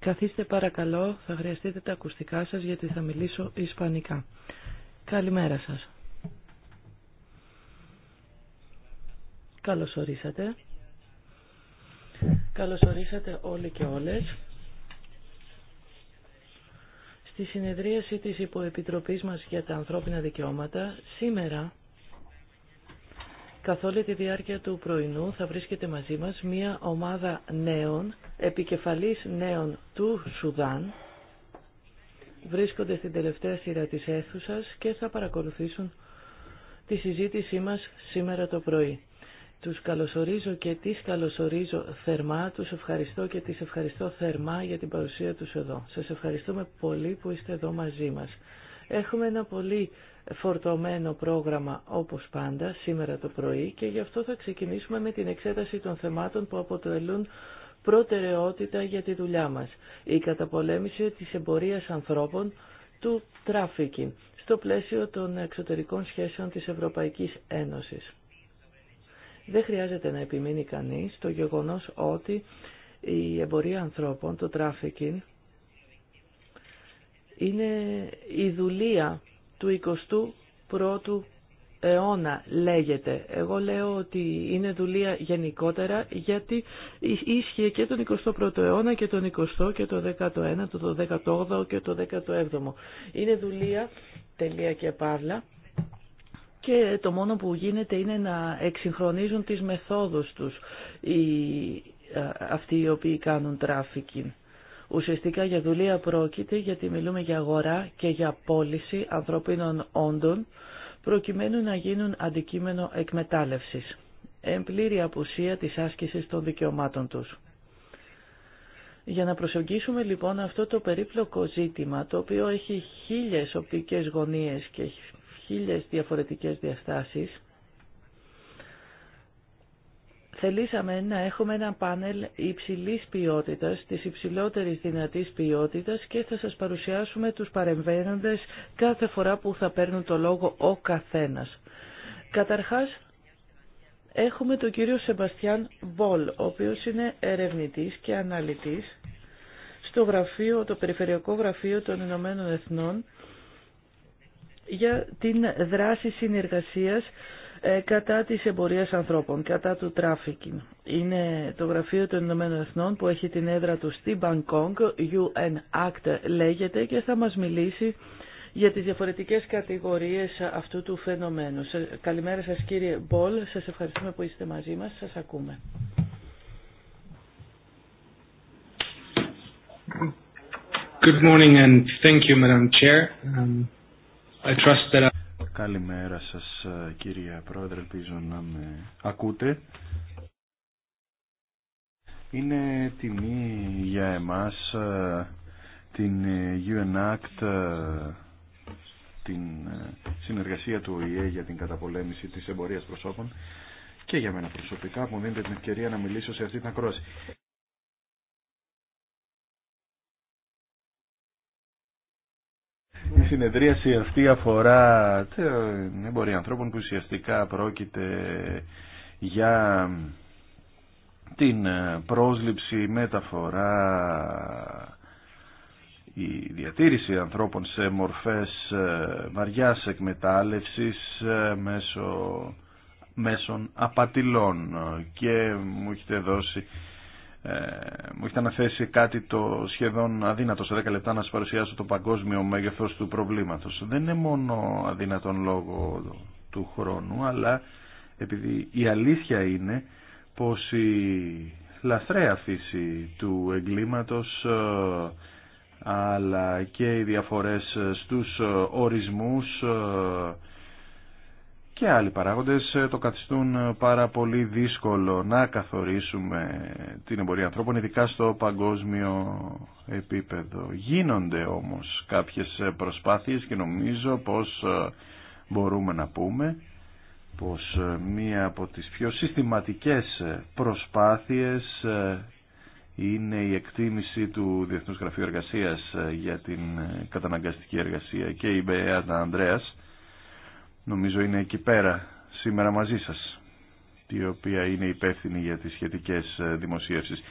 Καθίστε παρακαλώ, θα χρειαστείτε τα ακουστικά σας γιατί θα μιλήσω ισπανικά. Καλημέρα σας. Καλώς ορίσατε. Καλώς ορίσατε όλοι και όλες. Στη συνεδρίαση της Υποεπιτροπής μας για τα ανθρώπινα δικαιώματα, σήμερα Καθ' όλη τη διάρκεια του πρωινού θα βρίσκεται μαζί μας μία ομάδα νέων, επικεφαλής νέων του Σουδάν, βρίσκονται στην τελευταία σειρά της αίθουσας και θα παρακολουθήσουν τη συζήτησή μας σήμερα το πρωί. Τους καλωσορίζω και τις καλωσορίζω θερμά, τους ευχαριστώ και τις ευχαριστώ θερμά για την παρουσία τους εδώ. Σας ευχαριστούμε πολύ που είστε εδώ μαζί μας. Έχουμε ένα πολύ φορτωμένο πρόγραμμα όπως πάντα σήμερα το πρωί και γι' αυτό θα ξεκινήσουμε με την εξέταση των θεμάτων που αποτελούν προτεραιότητα για τη δουλειά μας. Η καταπολέμηση της εμπορίας ανθρώπων του τράφικιν στο πλαίσιο των εξωτερικών σχέσεων της Ευρωπαϊκής Ένωσης. Δεν χρειάζεται να επιμείνει κανείς το γεγονός ότι η εμπορία ανθρώπων, το τράφικιν, είναι η δουλεία του 21ου αιώνα λέγεται. Εγώ λέω ότι είναι δουλεία γενικότερα γιατί ίσχυε και τον 21ο αιώνα και τον 20ο και τον 19ο, τον 18ο και τον 17ο. Είναι δουλεία, τελεία και παύλα, και το μόνο που γίνεται είναι να εξυγχρονίζουν τις μεθόδους τους οι, αυτοί οι οποίοι κάνουν τράφικινγκ. Ουσιαστικά για δουλεία πρόκειται γιατί μιλούμε για αγορά και για πώληση ανθρώπινων όντων προκειμένου να γίνουν αντικείμενο εκμετάλλευσης. Εμπλήρη απουσία της άσκησης των δικαιωμάτων τους. Για να προσεγγίσουμε λοιπόν αυτό το περίπλοκο ζήτημα, το οποίο έχει χίλιες οπτικές γωνίες και χίλιες διαφορετικές διαστάσεις, θελήσαμε να έχουμε ένα πάνελ υψηλής ποιότητας, της υψηλότερης δυνατής ποιότητας και θα σας παρουσιάσουμε τους παρεμβαίνοντες κάθε φορά που θα παίρνουν το λόγο ο καθένας. Καταρχάς, έχουμε τον κύριο Σεμπαστιάν Βολ, ο οποίος είναι ερευνητής και αναλυτής στο γραφείο, το Περιφερειακό Γραφείο των Ηνωμένων Εθνών για την δράση συνεργασίας ε, κατά της εμπορίας ανθρώπων, κατά του τράφικιν. Είναι το γραφείο των Ηνωμένων Εθνών που έχει την έδρα του στη Μπανκόγκ, UN Act λέγεται, και θα μας μιλήσει για τις διαφορετικές κατηγορίες αυτού του φαινομένου. Καλημέρα σας κύριε Μπολ, σας ευχαριστούμε που είστε μαζί μας, σας ακούμε. Good morning and thank you, Madam Chair. Um, I trust that Καλημέρα σας ε, κυρία Πρόεδρε, ελπίζω να με ακούτε. Είναι τιμή για εμάς ε, την ε, UNACT, την συνεργασία του ΟΗΕ για την καταπολέμηση της εμπορίας προσώπων και για μένα προσωπικά που μου δίνετε την ευκαιρία να μιλήσω σε αυτή την ακρόαση. συνεδρίαση αυτή αφορά την εμπορία ανθρώπων που ουσιαστικά πρόκειται για την ε, πρόσληψη, μεταφορά, η διατήρηση ανθρώπων σε μορφές ε, βαριάς εκμετάλλευσης ε, μέσω μέσων απατηλών και μου έχετε δώσει ε, μου έχετε αναθέσει κάτι το σχεδόν αδύνατο σε 10 λεπτά να σας παρουσιάσω το παγκόσμιο μέγεθος του προβλήματος. Δεν είναι μόνο αδύνατον λόγο του χρόνου, αλλά επειδή η αλήθεια είναι πως η λαθρέα φύση του εγκλήματος ε, αλλά και οι διαφορές στους ορισμούς ε, και άλλοι παράγοντες ε, το καθιστούν ε, πάρα πολύ δύσκολο να καθορίσουμε την εμπορία ανθρώπων, ειδικά στο παγκόσμιο επίπεδο. Γίνονται όμως κάποιες ε, προσπάθειες και νομίζω πως μπορούμε να πούμε πως μία από τις πιο συστηματικές προσπάθειες είναι η εκτίμηση του Διεθνούς Γραφείου Εργασίας για την καταναγκαστική εργασία και η Μπεάτα Ανδρέας νομίζω είναι εκεί πέρα σήμερα μαζί σας, η οποία είναι υπεύθυνη για τις σχετικές ε, δημοσίευσεις.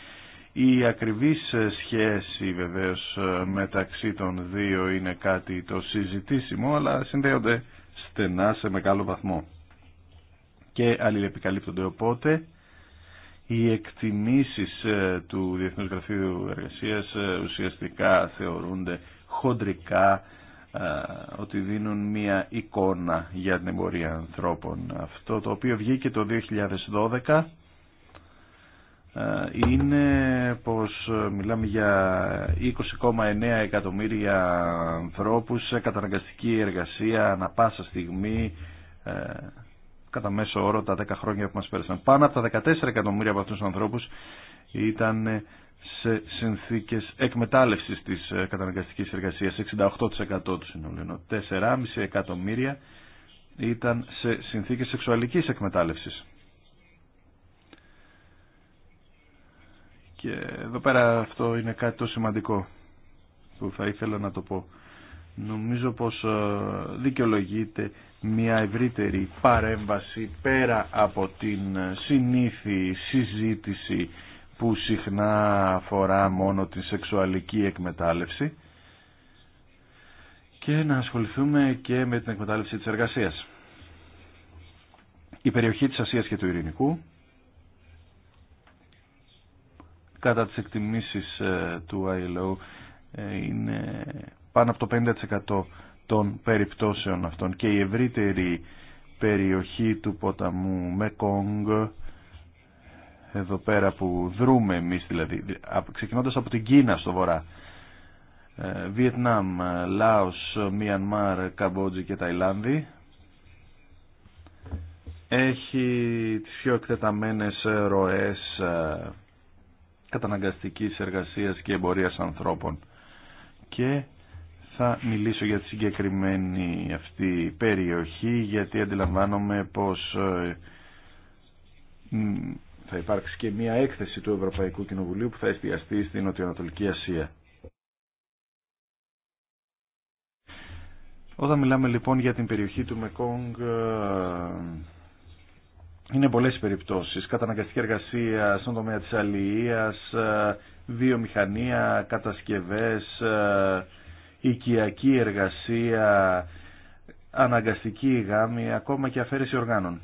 Η ακριβής ε, σχέση βεβαίως ε, μεταξύ των δύο είναι κάτι το συζητήσιμο, αλλά συνδέονται στενά σε μεγάλο βαθμό και αλληλεπικαλύπτονται. Οπότε οι εκτιμήσεις του Διεθνούς Γραφείου Εργασίας ουσιαστικά θεωρούνται χοντρικά ότι δίνουν μία εικόνα για την εμπορία ανθρώπων. Αυτό το οποίο βγήκε το 2012 είναι πως μιλάμε για 20,9 εκατομμύρια ανθρώπους σε καταναγκαστική εργασία ανα πάσα στιγμή κατά μέσο όρο τα 10 χρόνια που μας πέρασαν. Πάνω από τα 14 εκατομμύρια από αυτούς τους ανθρώπους ήταν σε συνθήκες εκμετάλλευσης της ε, καταναγκαστικής εργασίας, 68% του συνολίνου. 4,5 εκατομμύρια ήταν σε συνθήκες σεξουαλικής εκμετάλλευσης. Και εδώ πέρα αυτό είναι κάτι το σημαντικό που θα ήθελα να το πω. Νομίζω πως ε, δικαιολογείται μια ευρύτερη παρέμβαση πέρα από την ε, συνήθη συζήτηση που συχνά αφορά μόνο τη σεξουαλική εκμετάλλευση και να ασχοληθούμε και με την εκμετάλλευση της εργασίας. Η περιοχή της Ασίας και του Ειρηνικού κατά τις εκτιμήσεις ε, του ILO ε, είναι πάνω από το 50% των περιπτώσεων αυτών και η ευρύτερη περιοχή του ποταμού Μεκόγκ εδώ πέρα που δρούμε εμείς δηλαδή, ξεκινώντας από την Κίνα στο βορρά, ε, Βιετνάμ, Λάος, Μιανμάρ, Καμπότζη και Ταϊλάνδη, έχει τις πιο εκτεταμένες ροές ε, καταναγκαστικής εργασίας και εμπορίας ανθρώπων. Και θα μιλήσω για τη συγκεκριμένη αυτή περιοχή γιατί αντιλαμβάνομαι πως ε, θα υπάρξει και μια έκθεση του Ευρωπαϊκού Κοινοβουλίου που θα εστιαστεί στην Νοτιοανατολική Ασία. Όταν μιλάμε λοιπόν για την περιοχή του Μεκόγκ, ε, είναι πολλές περιπτώσεις. Καταναγκαστική εργασία στον τομέα της αλληλείας, ε, βιομηχανία, κατασκευές, ε, οικιακή εργασία, αναγκαστική γάμη, ακόμα και αφαίρεση οργάνων.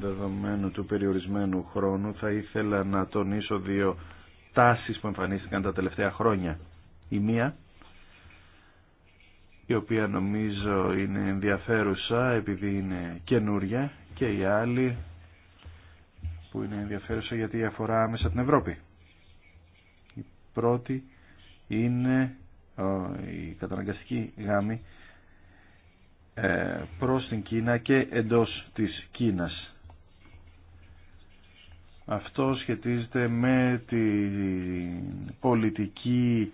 δεδομένου του περιορισμένου χρόνου θα ήθελα να τονίσω δύο τάσεις που εμφανίστηκαν τα τελευταία χρόνια. Η μία, η οποία νομίζω είναι ενδιαφέρουσα επειδή είναι καινούρια και η άλλη που είναι ενδιαφέρουσα γιατί αφορά άμεσα την Ευρώπη. Η πρώτη είναι η καταναγκαστική γάμη ε, προς την Κίνα και εντός της Κίνας. Αυτό σχετίζεται με την πολιτική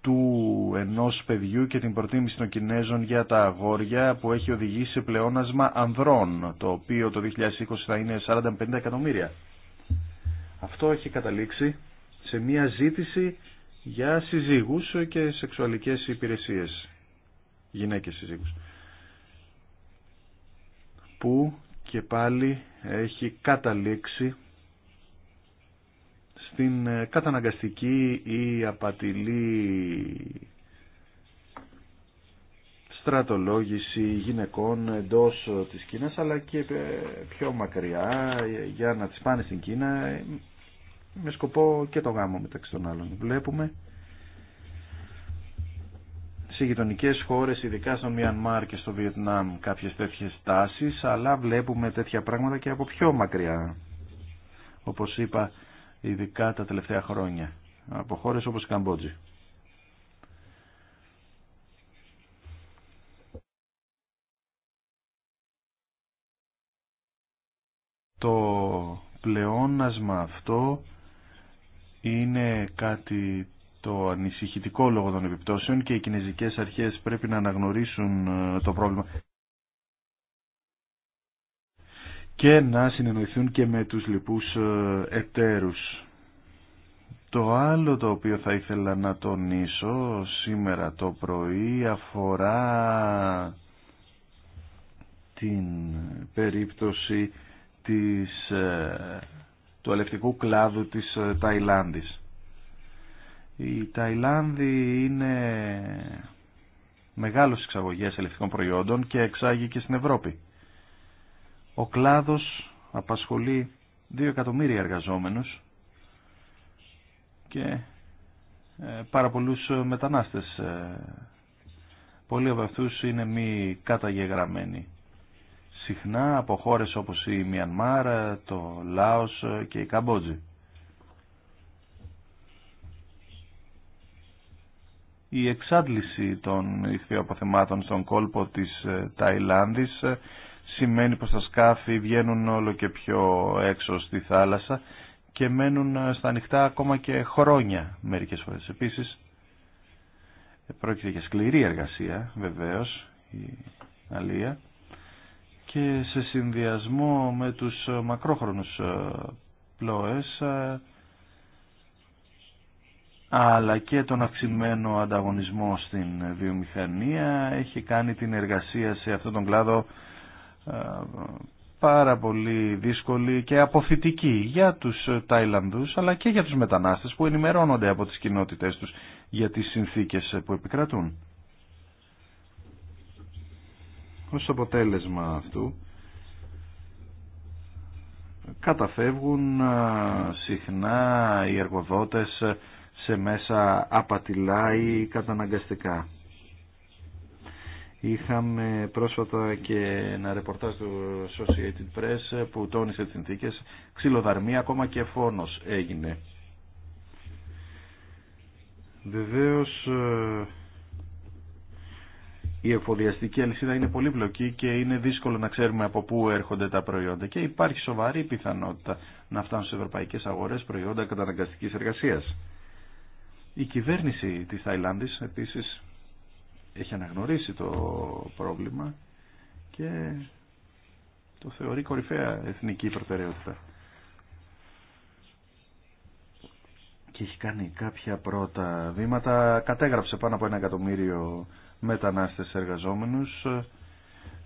του ενός παιδιού και την προτίμηση των Κινέζων για τα αγόρια που έχει οδηγήσει σε πλεόνασμα ανδρών, το οποίο το 2020 θα είναι 45 εκατομμύρια. Αυτό έχει καταλήξει σε μια ζήτηση για συζύγους και σεξουαλικές υπηρεσίες, γυναίκες συζύγους που και πάλι έχει καταλήξει στην ε, καταναγκαστική ή απατηλή στρατολόγηση γυναικών εντός της Κίνας αλλά και ε, πιο μακριά ε, για να τις πάνε στην Κίνα με σκοπό και το γάμο μεταξύ των άλλων. Βλέπουμε σε γειτονικέ χώρες, ειδικά στο Μιανμάρ και στο Βιετνάμ, κάποιες τέτοιε τάσει. αλλά βλέπουμε τέτοια πράγματα και από πιο μακριά, όπως είπα, ειδικά τα τελευταία χρόνια, από χώρε όπως η Καμπότζη. Το πλεόνασμα αυτό είναι κάτι το ανησυχητικό λόγο των επιπτώσεων και οι κινέζικες αρχές πρέπει να αναγνωρίσουν ε, το πρόβλημα και να συνεννοηθούν και με τους λοιπούς ε, εταίρους. Το άλλο το οποίο θα ήθελα να τονίσω σήμερα το πρωί αφορά την περίπτωση της, ε, του αλευτικού κλάδου της Ταϊλάνδης. Η Ταϊλάνδη είναι μεγάλος εξαγωγές ελευθερικών προϊόντων και εξάγει και στην Ευρώπη. Ο κλάδος απασχολεί 2 εκατομμύρια εργαζόμενους και ε, πάρα πολλούς ε, μετανάστες. Ε. Πολλοί από αυτούς είναι μη καταγεγραμμένοι. Συχνά από χώρες όπως η Μιανμάρα, το Λάος και η Καμπότζη. η εξάντληση των ηχθειοποθεμάτων στον κόλπο της ε, Ταϊλάνδης ε, σημαίνει πως τα σκάφη βγαίνουν όλο και πιο έξω στη θάλασσα και μένουν ε, στα ανοιχτά ακόμα και χρόνια μερικές φορές. Επίσης, πρόκειται για σκληρή εργασία βεβαίως η Αλία και σε συνδυασμό με τους μακρόχρονους πλώες αλλά και τον αυξημένο ανταγωνισμό στην βιομηχανία έχει κάνει την εργασία σε αυτόν τον κλάδο ε, πάρα πολύ δύσκολη και αποθητική για τους Ταϊλανδούς αλλά και για τους μετανάστες που ενημερώνονται από τις κοινότητες τους για τις συνθήκες που επικρατούν. Ως αποτέλεσμα αυτού καταφεύγουν ε, συχνά οι εργοδότες ε, σε μέσα απατηλά ή καταναγκαστικά. Είχαμε πρόσφατα και ένα ρεπορτάζ του Associated Press που τόνισε τις συνθήκες ξυλοδαρμία, ακόμα και φόνος έγινε. Βεβαίως ε, η εφοδιαστική αλυσίδα είναι πολύ πλοκή και είναι δύσκολο να ξέρουμε από πού έρχονται τα προϊόντα και υπάρχει σοβαρή πιθανότητα να φτάνουν σε ευρωπαϊκές αγορές προϊόντα καταναγκαστικής εργασίας. Η κυβέρνηση της Θαϊλάνδης επίσης έχει αναγνωρίσει το πρόβλημα και το θεωρεί κορυφαία εθνική προτεραιότητα. Και έχει κάνει κάποια πρώτα βήματα. Κατέγραψε πάνω από ένα εκατομμύριο μετανάστες εργαζόμενους.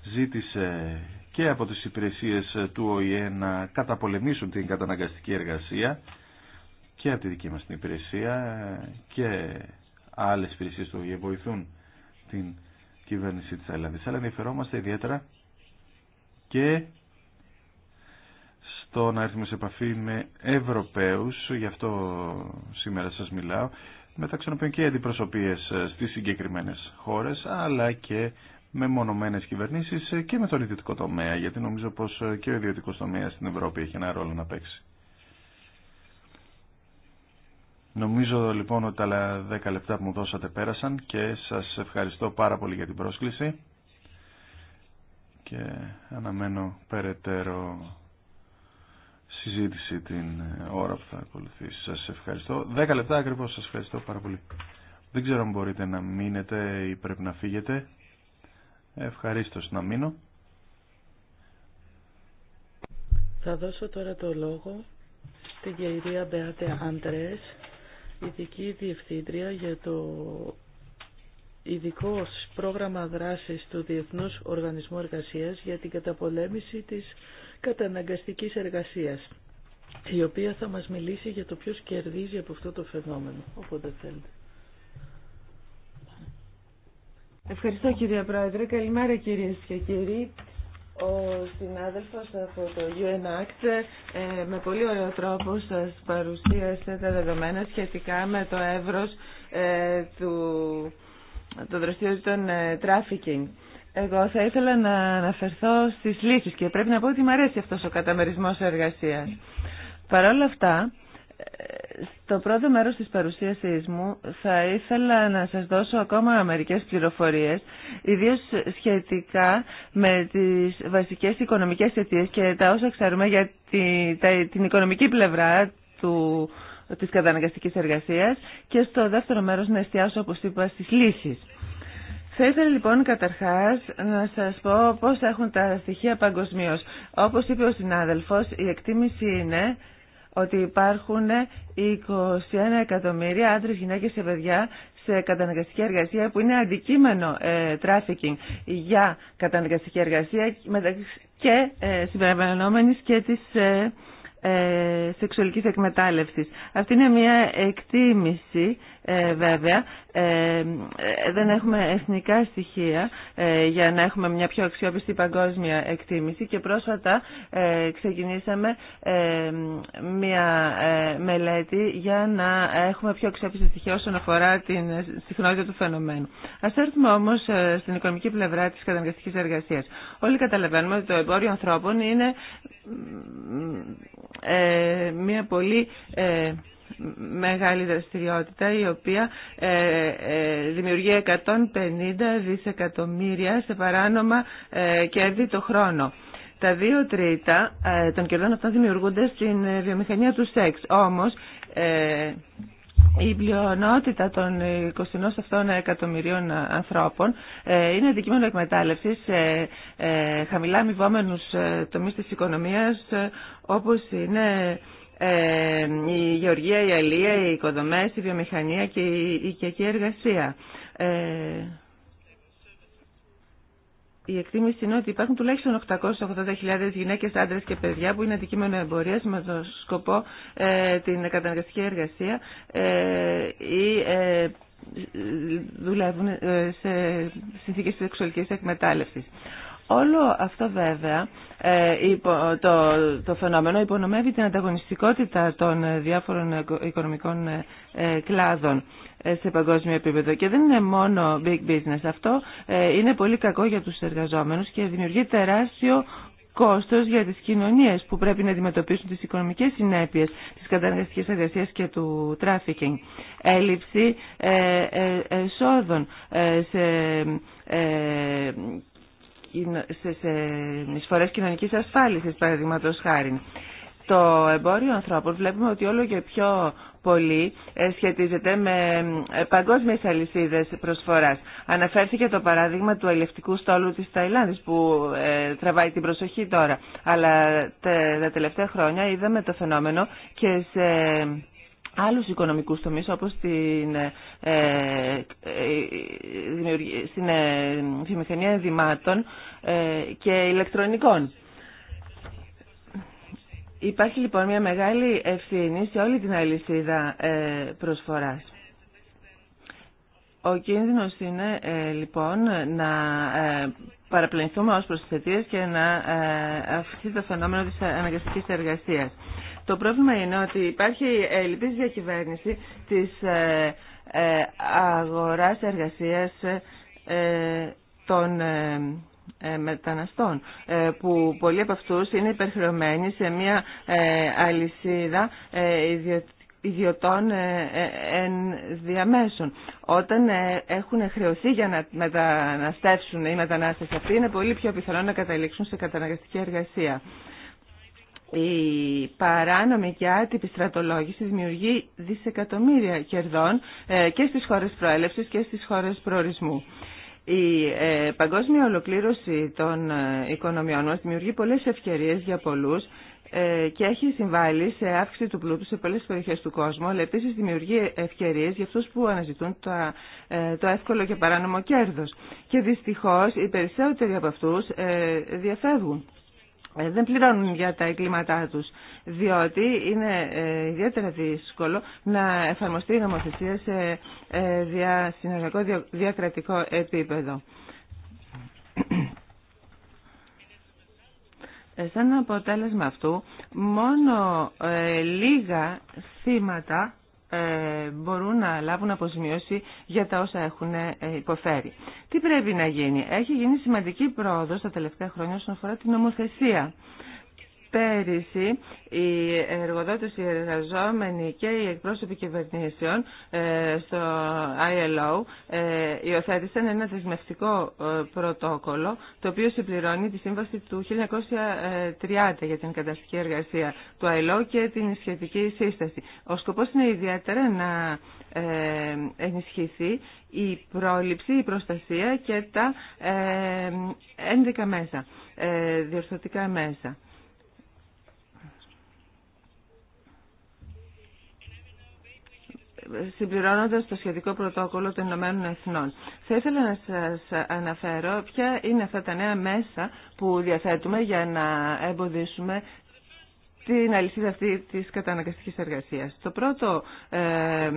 Ζήτησε και από τις υπηρεσίες του ΟΗΕ να καταπολεμήσουν την καταναγκαστική εργασία και από τη δική μας την υπηρεσία ε, και άλλες υπηρεσίες που βοηθούν την κυβέρνηση της Ελλάδας. Αλλά ενδιαφερόμαστε ιδιαίτερα και στο να έρθουμε σε επαφή με Ευρωπαίους, γι' αυτό σήμερα σας μιλάω, μεταξύ των οποίων και αντιπροσωπείες ε, στις συγκεκριμένες χώρες, αλλά και με μονομένες κυβερνήσεις ε, και με τον ιδιωτικό τομέα, γιατί νομίζω πως και ο ιδιωτικός τομέας στην Ευρώπη έχει ένα ρόλο να παίξει. Νομίζω λοιπόν ότι τα 10 λεπτά που μου δώσατε πέρασαν και σας ευχαριστώ πάρα πολύ για την πρόσκληση και αναμένω περαιτέρω συζήτηση την ώρα που θα ακολουθήσει. Σας ευχαριστώ. 10 λεπτά ακριβώς σας ευχαριστώ πάρα πολύ. Δεν ξέρω αν μπορείτε να μείνετε ή πρέπει να φύγετε. Ευχαρίστω να μείνω. Θα δώσω τώρα το λόγο στην κυρία Μπεάτε άντρε ειδική διευθύντρια για το ειδικό πρόγραμμα δράσης του Διεθνούς Οργανισμού Εργασίας για την καταπολέμηση της καταναγκαστικής εργασίας η οποία θα μας μιλήσει για το ποιος κερδίζει από αυτό το φαινόμενο, όποτε θέλετε. Ευχαριστώ κυρία Πρόεδρε. Καλημέρα κυρίες και κύριοι. Ο συνάδελφος από το UNACT ε, με πολύ ωραίο τρόπο σας παρουσίασε τα δεδομένα σχετικά με το εύρος ε, του, των δραστηριοτήτων ε, trafficking. Εγώ θα ήθελα να αναφερθώ στις λύσεις και πρέπει να πω ότι μου αρέσει αυτός ο καταμερισμός εργασίας. Παρ' όλα αυτά, στο πρώτο μέρος της παρουσίασής μου θα ήθελα να σας δώσω ακόμα μερικές πληροφορίες, ιδίως σχετικά με τις βασικές οικονομικές αιτίε και τα όσα ξέρουμε για την οικονομική πλευρά του, της καταναγκαστικής εργασίας και στο δεύτερο μέρος να εστιάσω, όπως είπα, στις λύσεις. Θα ήθελα λοιπόν καταρχάς να σας πω πώς έχουν τα στοιχεία παγκοσμίω. Όπως είπε ο συνάδελφος, η εκτίμηση είναι ότι υπάρχουν 21 εκατομμύρια άντρε γυναίκες και παιδιά σε καταναγκαστική εργασία που είναι αντικείμενο ε, τράφικινγκ για καταναγκαστική εργασία και ε, και της ε, ε, σεξουαλικής Αυτή είναι μια εκτίμηση ε, βέβαια. Ε, ε, δεν έχουμε εθνικά στοιχεία ε, για να έχουμε μια πιο αξιόπιστη παγκόσμια εκτίμηση και πρόσφατα ξεκινήσαμε μια μελέτη για να έχουμε πιο αξιόπιστη στοιχεία όσον αφορά την συχνότητα του φαινομένου. Ας έρθουμε όμως στην οικονομική πλευρά της καταναγκαστικής εργασίας. Όλοι καταλαβαίνουμε ότι το εμπόριο ανθρώπων είναι ε, μια πολύ ε, μεγάλη δραστηριότητα η οποία ε, δημιουργεί 150 δισεκατομμύρια σε παράνομα κέρδη το χρόνο. Τα δύο τρίτα των κερδών αυτών δημιουργούνται στην βιομηχανία του σεξ. Όμως η πλειονότητα των 20 αυτών εκατομμυρίων ανθρώπων είναι αντικείμενο εκμετάλλευση σε χαμηλά αμοιβόμενου τομεί τη οικονομίας όπως είναι ε, η γεωργία, η αλία, οι οικοδομές, η βιομηχανία και η οικιακή εργασία. Ε, η εκτίμηση είναι ότι υπάρχουν τουλάχιστον 880.000 γυναίκες, άντρες και παιδιά που είναι αντικείμενο εμπορίας με τον σκοπό ε, την καταναγκαστική εργασία ή δουλεύουν σε συνθήκες σεξουαλικής εκμετάλλευσης. Όλο αυτό βέβαια ε, το, φαινόμενο υπονομεύει την ανταγωνιστικότητα των ε, διάφορων οικονομικών ε, κλάδων σε παγκόσμιο επίπεδο. Και δεν είναι μόνο big business αυτό, είναι πολύ κακό για τους εργαζόμενους και δημιουργεί τεράστιο κόστος για τις κοινωνίες που πρέπει να αντιμετωπίσουν τις οικονομικές συνέπειες της καταναγκαστικής εργασίας και του τράφικινγκ. Έλλειψη εσόδων σε σε, σε εισφορές κοινωνικής ασφάλισης, παραδείγματος χάρη. Το εμπόριο ανθρώπων βλέπουμε ότι όλο και πιο πολύ ε, σχετίζεται με ε, παγκόσμιες αλυσίδες προσφοράς. Αναφέρθηκε το παράδειγμα του ελευτικού στόλου της Ταϊλάνδης που ε, τραβάει την προσοχή τώρα. Αλλά τα τελευταία χρόνια είδαμε το φαινόμενο και σε άλλους οικονομικούς τομείς όπως τη ε, ε στην ε, βιομηχανία ενδυμάτων ε, και ηλεκτρονικών. Υπάρχει λοιπόν μια μεγάλη ευθύνη σε όλη την αλυσίδα προσφοράς. Ο κίνδυνος είναι λοιπόν να παραπλανηθούμε ως προσθετίες και να αυξηθεί το φαινόμενο της αναγκαστικής εργασίας. Το πρόβλημα είναι ότι υπάρχει ελληνική διακυβέρνηση της ε, ε, αγοράς εργασίας ε, των μεταναστών που πολλοί από αυτούς είναι υπερχρεωμένοι σε μια αλυσίδα ιδιωτών διαμέσων. Όταν έχουν χρεωθεί για να μεταναστεύσουν οι μετανάστες αυτοί είναι πολύ πιο πιθανό να καταλήξουν σε καταναγκαστική εργασία. Η παράνομη και άτυπη στρατολόγηση δημιουργεί δισεκατομμύρια κερδών ε, και στις χώρες προέλευσης και στις χώρες προορισμού. Η ε, παγκόσμια ολοκλήρωση των ε, οικονομιών μας δημιουργεί πολλές ευκαιρίες για πολλούς και έχει συμβάλει σε αύξηση του πλούτου σε πολλές περιοχές του κόσμου, αλλά επίσης δημιουργεί ευκαιρίες για αυτούς που αναζητούν το, εύκολο και παράνομο κέρδος. Και δυστυχώς οι περισσότεροι από αυτούς διαφεύγουν. Ε, δεν πληρώνουν για τα εγκλήματά τους, διότι είναι ε, ιδιαίτερα δύσκολο να εφαρμοστεί η νομοθεσία σε ε, διασυνοριακό διακρατικό επίπεδο. Σαν αποτέλεσμα αυτού, μόνο λίγα θύματα ε, μπορούν να λάβουν αποζημίωση για τα όσα έχουν ε, υποφέρει. Τι πρέπει να γίνει. Έχει γίνει σημαντική πρόοδος τα τελευταία χρόνια όσον αφορά την νομοθεσία. Πέρυσι οι εργοδότες, οι εργαζόμενοι και οι εκπρόσωποι κυβερνήσεων ε, στο ILO ε, υιοθέτησαν ένα δεσμευτικό ε, πρωτόκολλο το οποίο συμπληρώνει τη σύμβαση του 1930 για την καταστική εργασία του ILO και την σχετική σύσταση. Ο σκοπός είναι ιδιαίτερα να ενισχυθεί η πρόληψη, η προστασία και τα ένδικα μέσα, διορθωτικά μέσα. συμπληρώνοντας το σχετικό πρωτόκολλο των Ηνωμένων Εθνών. Θα ήθελα να σας αναφέρω ποια είναι αυτά τα νέα μέσα που διαθέτουμε για να εμποδίσουμε την αλυσίδα αυτή της καταναγκαστικής εργασίας. Το πρώτο ε,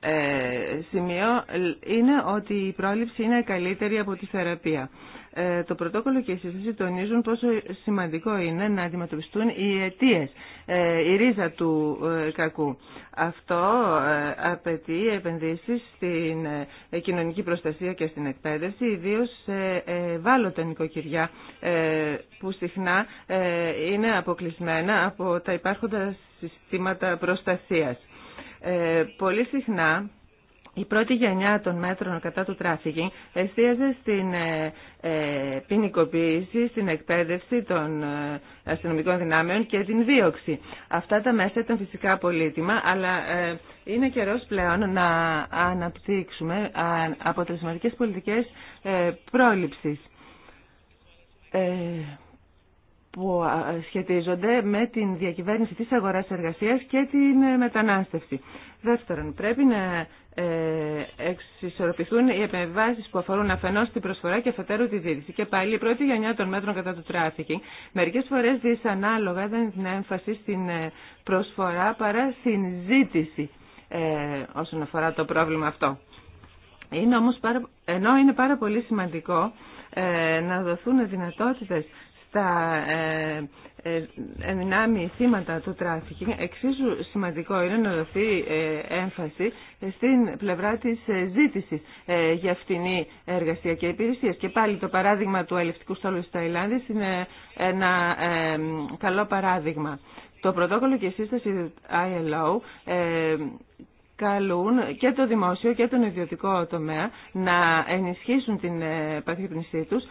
ε, σημείο είναι ότι η πρόληψη είναι καλύτερη από τη θεραπεία. Ε, το πρωτόκολλο και η συζήτηση τονίζουν πόσο σημαντικό είναι να αντιμετωπιστούν οι αιτίε, ε, η ρίζα του κακού. Αυτό απαιτεί επενδύσεις στην κοινωνική προστασία και στην εκπαίδευση, ιδίω σε βάλλοντα νοικοκυριά που συχνά είναι αποκλεισμένα από τα υπάρχοντα συστήματα προστασίας. Ε, πολύ συχνά η πρώτη γενιά των μέτρων κατά του τράφικινγκ εστίαζε στην ε, ε, ποινικοποίηση, στην εκπαίδευση των αστυνομικών δυνάμεων και την δίωξη. Αυτά τα μέσα ήταν φυσικά πολύτιμα, αλλά είναι καιρός πλέον να αναπτύξουμε αποτελεσματικές πολιτικές πρόληψης που σχετίζονται με την διακυβέρνηση της αγοράς εργασίας και την ε, μετανάστευση. Δεύτερον, πρέπει να ε, εξισορροπηθούν οι επεμβάσεις που αφορούν αφενός την προσφορά και αφετέρου τη δίδυση. Και πάλι η πρώτη γενιά των μέτρων κατά του τράφικινγκ μερικές φορές δυσανάλογα δεν την έμφαση στην ε, προσφορά παρά στην ζήτηση όσον αφορά το πρόβλημα αυτό. Είναι όμως πάρα... Ενώ είναι πάρα πολύ σημαντικό να δοθούν δυνατότητες τα ε, ε, θύματα του τράφικινγκ, εξίσου σημαντικό είναι να δοθεί ε, έμφαση στην πλευρά της ε, ζήτησης ε, για φτηνή εργασία και υπηρεσίες. Και πάλι το παράδειγμα του ελευθερικού στόλου της Ταϊλάνδης είναι ένα καλό παράδειγμα. Το πρωτόκολλο και η σύσταση του ILO καλούν και το δημόσιο και τον ιδιωτικό τομέα να ενισχύσουν την παθήπνησή τους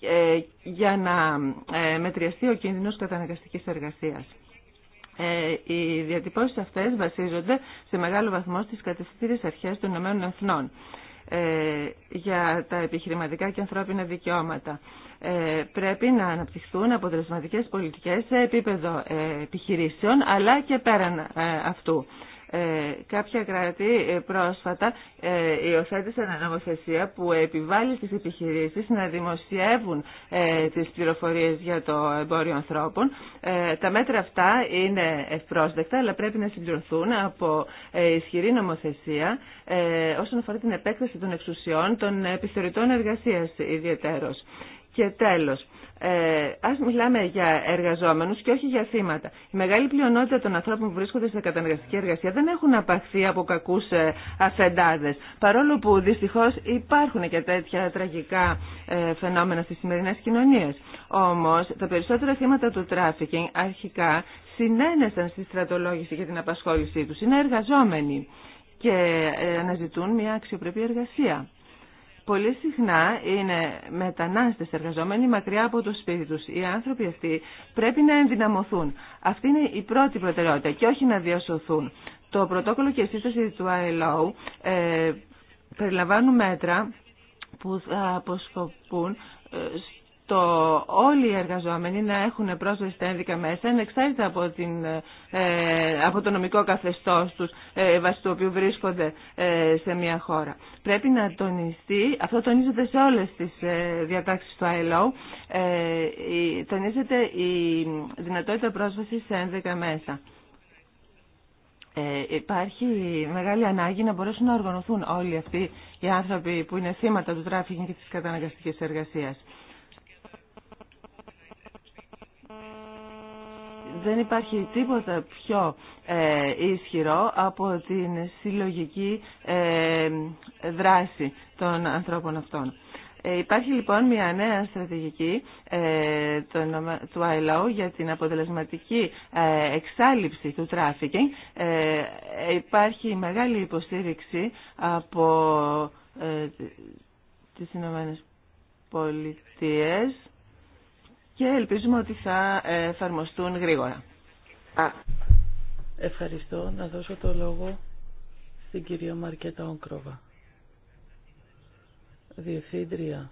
ε, για να ε, μετριαστεί ο κίνδυνος καταναγκαστικής εργασίας. Ε, οι διατυπώσεις αυτές βασίζονται σε μεγάλο βαθμό στις κατευθυντήριες αρχές των Ηνωμένων Εθνών για τα επιχειρηματικά και ανθρώπινα δικαιώματα. πρέπει να αναπτυχθούν αποτελεσματικές πολιτικές σε επίπεδο επιχειρήσεων αλλά και πέραν αυτού. Ε, κάποια κράτη ε, πρόσφατα ε, υιοθέτησαν νομοθεσία που επιβάλλει στις επιχειρήσεις να δημοσιεύουν ε, τις πληροφορίες για το εμπόριο ανθρώπων. Ε, τα μέτρα αυτά είναι ευπρόσδεκτα, αλλά πρέπει να συμπληρωθούν από ισχυρή νομοθεσία όσον αφορά την επέκταση των εξουσιών των επιθεωρητών εργασίας ιδιαίτερως. Και τέλος, ε, ας μιλάμε για εργαζόμενους και όχι για θύματα. Η μεγάλη πλειονότητα των ανθρώπων που βρίσκονται σε καταναγκαστική εργασία δεν έχουν απαχθεί από κακούς ε, αφεντάδες. Παρόλο που δυστυχώς υπάρχουν και τέτοια τραγικά ε, φαινόμενα στις σημερινές κοινωνίες. Όμως τα περισσότερα θύματα του τράφικινγκ αρχικά συνένεσαν στη στρατολόγηση για την απασχόλησή τους. Είναι εργαζόμενοι και ε, αναζητούν μια αξιοπρεπή εργασία πολύ συχνά είναι μετανάστες εργαζόμενοι μακριά από το σπίτι τους. Οι άνθρωποι αυτοί πρέπει να ενδυναμωθούν. Αυτή είναι η πρώτη προτεραιότητα και όχι να διασωθούν. Το πρωτόκολλο και η σύσταση του ILO ε, περιλαμβάνουν μέτρα που θα αποσκοπούν ε, το όλοι οι εργαζόμενοι να έχουν πρόσβαση στα ένδικα μέσα, ανεξάρτητα από, ε, από το νομικό καθεστώς τους, ε, βάσει του οποίου βρίσκονται ε, σε μια χώρα. Πρέπει να τονιστεί, αυτό τονίζεται σε όλες τις ε, διατάξεις του ILO, ε, η, τονίζεται η δυνατότητα πρόσβασης σε ένδικα μέσα. υπάρχει μεγάλη ανάγκη να μπορέσουν να οργανωθούν όλοι αυτοί οι άνθρωποι που είναι θύματα του τράφικινγκ και της καταναγκαστικής εργασίας. δεν υπάρχει τίποτα πιο ε, ισχυρό από την συλλογική ε, δράση των ανθρώπων αυτών. Ε, υπάρχει λοιπόν μια νέα στρατηγική ε, του ILO για την αποτελεσματική ε, εξάλληψη του τράφικινγκ. Ε, υπάρχει μεγάλη υποστήριξη από τις Ηνωμένες Πολιτείες και ελπίζουμε ότι θα εφαρμοστούν γρήγορα. Ευχαριστώ. Να δώσω το λόγο στην κυρία Μαρκέτα Όγκροβα, Διευθύντρια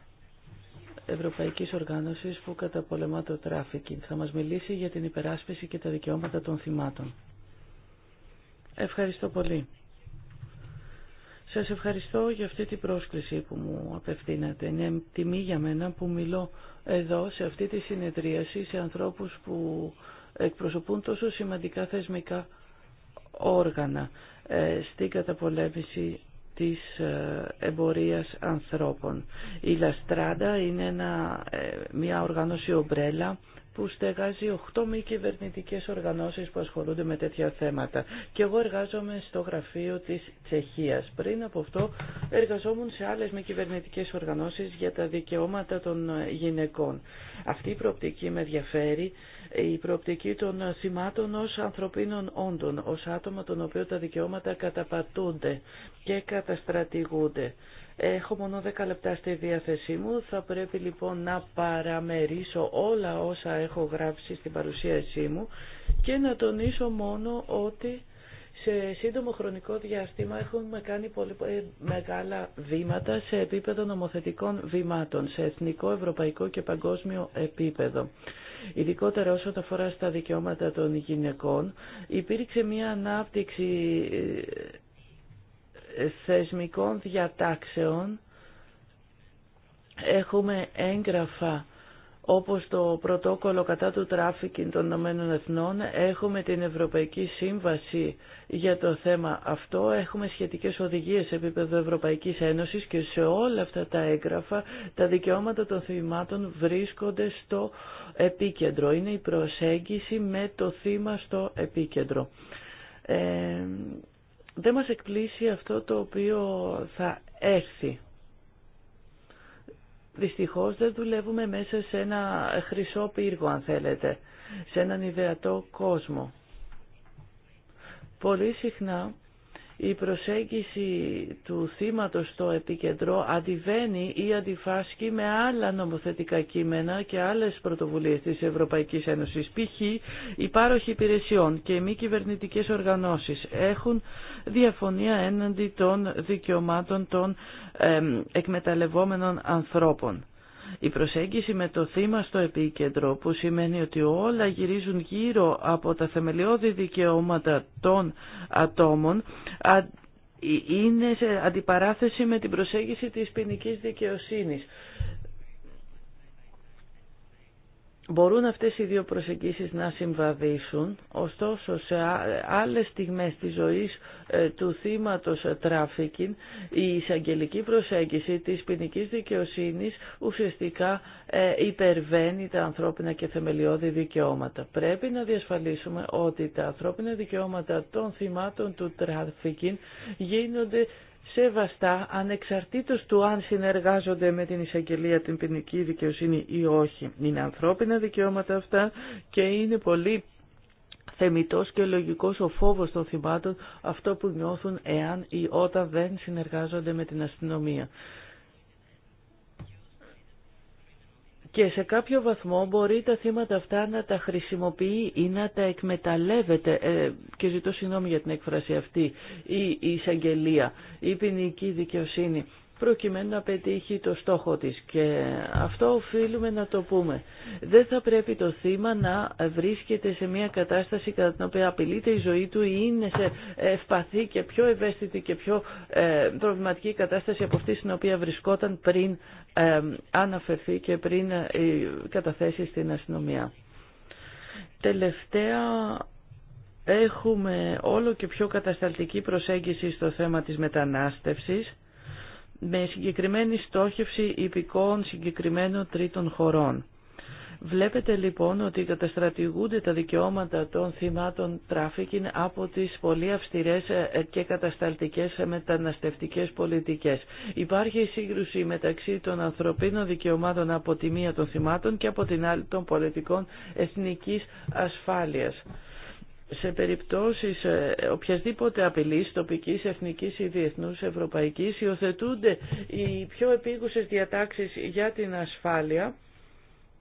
Ευρωπαϊκής Οργάνωσης που καταπολεμά το τράφικινγκ. Θα μας μιλήσει για την υπεράσπιση και τα δικαιώματα των θυμάτων. Ευχαριστώ πολύ. Σας ευχαριστώ για αυτή την πρόσκληση που μου απευθύνατε. Είναι τιμή για μένα που μιλώ εδώ σε αυτή τη συνεδρίαση σε ανθρώπους που εκπροσωπούν τόσο σημαντικά θεσμικά όργανα ε, στην καταπολέμηση της ε, εμπορίας ανθρώπων. Η Λαστράντα είναι ε, μια οργάνωση ομπρέλα που στεγάζει 8 μη κυβερνητικέ οργανώσεις που ασχολούνται με τέτοια θέματα. Και εγώ εργάζομαι στο γραφείο της Τσεχίας. Πριν από αυτό εργαζόμουν σε άλλες μη κυβερνητικέ οργανώσεις για τα δικαιώματα των γυναικών. Αυτή η προοπτική με ενδιαφέρει η προοπτική των σημάτων ως ανθρωπίνων όντων, ως άτομα των οποίων τα δικαιώματα καταπατούνται και καταστρατηγούνται. Έχω μόνο 10 λεπτά στη διάθεσή μου, θα πρέπει λοιπόν να παραμερίσω όλα όσα έχω γράψει στην παρουσίασή μου και να τονίσω μόνο ότι σε σύντομο χρονικό διάστημα έχουμε κάνει πολύ ε, μεγάλα βήματα σε επίπεδο νομοθετικών βημάτων, σε εθνικό, ευρωπαϊκό και παγκόσμιο επίπεδο ειδικότερα όσον αφορά στα δικαιώματα των γυναικών, υπήρξε μια ανάπτυξη ε, ε, θεσμικών διατάξεων. Έχουμε έγγραφα όπως το πρωτόκολλο κατά του τράφικιν των Ηνωμένων Εθνών, έχουμε την Ευρωπαϊκή Σύμβαση για το θέμα αυτό, έχουμε σχετικές οδηγίες σε επίπεδο Ευρωπαϊκής Ένωσης και σε όλα αυτά τα έγγραφα τα δικαιώματα των θυμάτων βρίσκονται στο επίκεντρο. Είναι η προσέγγιση με το θύμα στο επίκεντρο. Ε, δεν μας εκπλήσει αυτό το οποίο θα έρθει Δυστυχώς δεν δουλεύουμε μέσα σε ένα χρυσό πύργο, αν θέλετε, σε έναν ιδεατό κόσμο. Πολύ συχνά η προσέγγιση του θύματος στο επικεντρό αντιβαίνει ή αντιφάσκει με άλλα νομοθετικά κείμενα και άλλες πρωτοβουλίες της Ευρωπαϊκής Ένωσης. Π.χ. οι πάροχοι υπηρεσιών και οι μη κυβερνητικέ οργανώσεις έχουν διαφωνία έναντι των δικαιωμάτων των εκμεταλλευόμενων ανθρώπων. Η προσέγγιση με το θύμα στο επίκεντρο που σημαίνει ότι όλα γυρίζουν γύρω από τα θεμελιώδη δικαιώματα των ατόμων είναι σε αντιπαράθεση με την προσέγγιση της ποινική δικαιοσύνης. Μπορούν αυτές οι δύο προσεγγίσεις να συμβαδίσουν, ωστόσο σε άλλες στιγμές της ζωής ε, του θύματος τράφικιν η εισαγγελική προσέγγιση της ποινική δικαιοσύνης ουσιαστικά ε, υπερβαίνει τα ανθρώπινα και θεμελιώδη δικαιώματα. Πρέπει να διασφαλίσουμε ότι τα ανθρώπινα δικαιώματα των θυμάτων του τράφικιν γίνονται σεβαστά ανεξαρτήτως του αν συνεργάζονται με την εισαγγελία την ποινική δικαιοσύνη ή όχι. Είναι ανθρώπινα δικαιώματα αυτά και είναι πολύ θεμητός και λογικός ο φόβος των θυμάτων αυτό που νιώθουν εάν ή όταν δεν συνεργάζονται με την αστυνομία. και σε κάποιο βαθμό μπορεί τα θύματα αυτά να τα χρησιμοποιεί ή να τα εκμεταλλεύεται ε, και ζητώ συγγνώμη για την έκφραση αυτή η, η εισαγγελία, η ποινική δικαιοσύνη προκειμένου να πετύχει το στόχο της και αυτό οφείλουμε να το πούμε. Δεν θα πρέπει το θύμα να βρίσκεται σε μια κατάσταση κατά την οποία απειλείται η ζωή του ή είναι σε ευπαθή και πιο ευαίσθητη και πιο ε, προβληματική κατάσταση από αυτή στην οποία βρισκόταν πριν ε, αναφερθεί και πριν ε, καταθέσει στην αστυνομία. Τελευταία έχουμε όλο και πιο κατασταλτική προσέγγιση στο θέμα της μετανάστευσης με συγκεκριμένη στόχευση υπηκόων συγκεκριμένων τρίτων χωρών. Βλέπετε λοιπόν ότι καταστρατηγούνται τα δικαιώματα των θυμάτων τράφικιν από τις πολύ αυστηρές ε, και κατασταλτικές ε, μεταναστευτικές πολιτικές. Υπάρχει σύγκρουση μεταξύ των ανθρωπίνων δικαιωμάτων από τη μία των θυμάτων και από την άλλη των πολιτικών εθνικής ασφάλειας σε περιπτώσεις ε, οποιασδήποτε απειλής τοπικής, εθνικής ή διεθνούς ευρωπαϊκής υιοθετούνται οι πιο επίγουσες διατάξεις για την ασφάλεια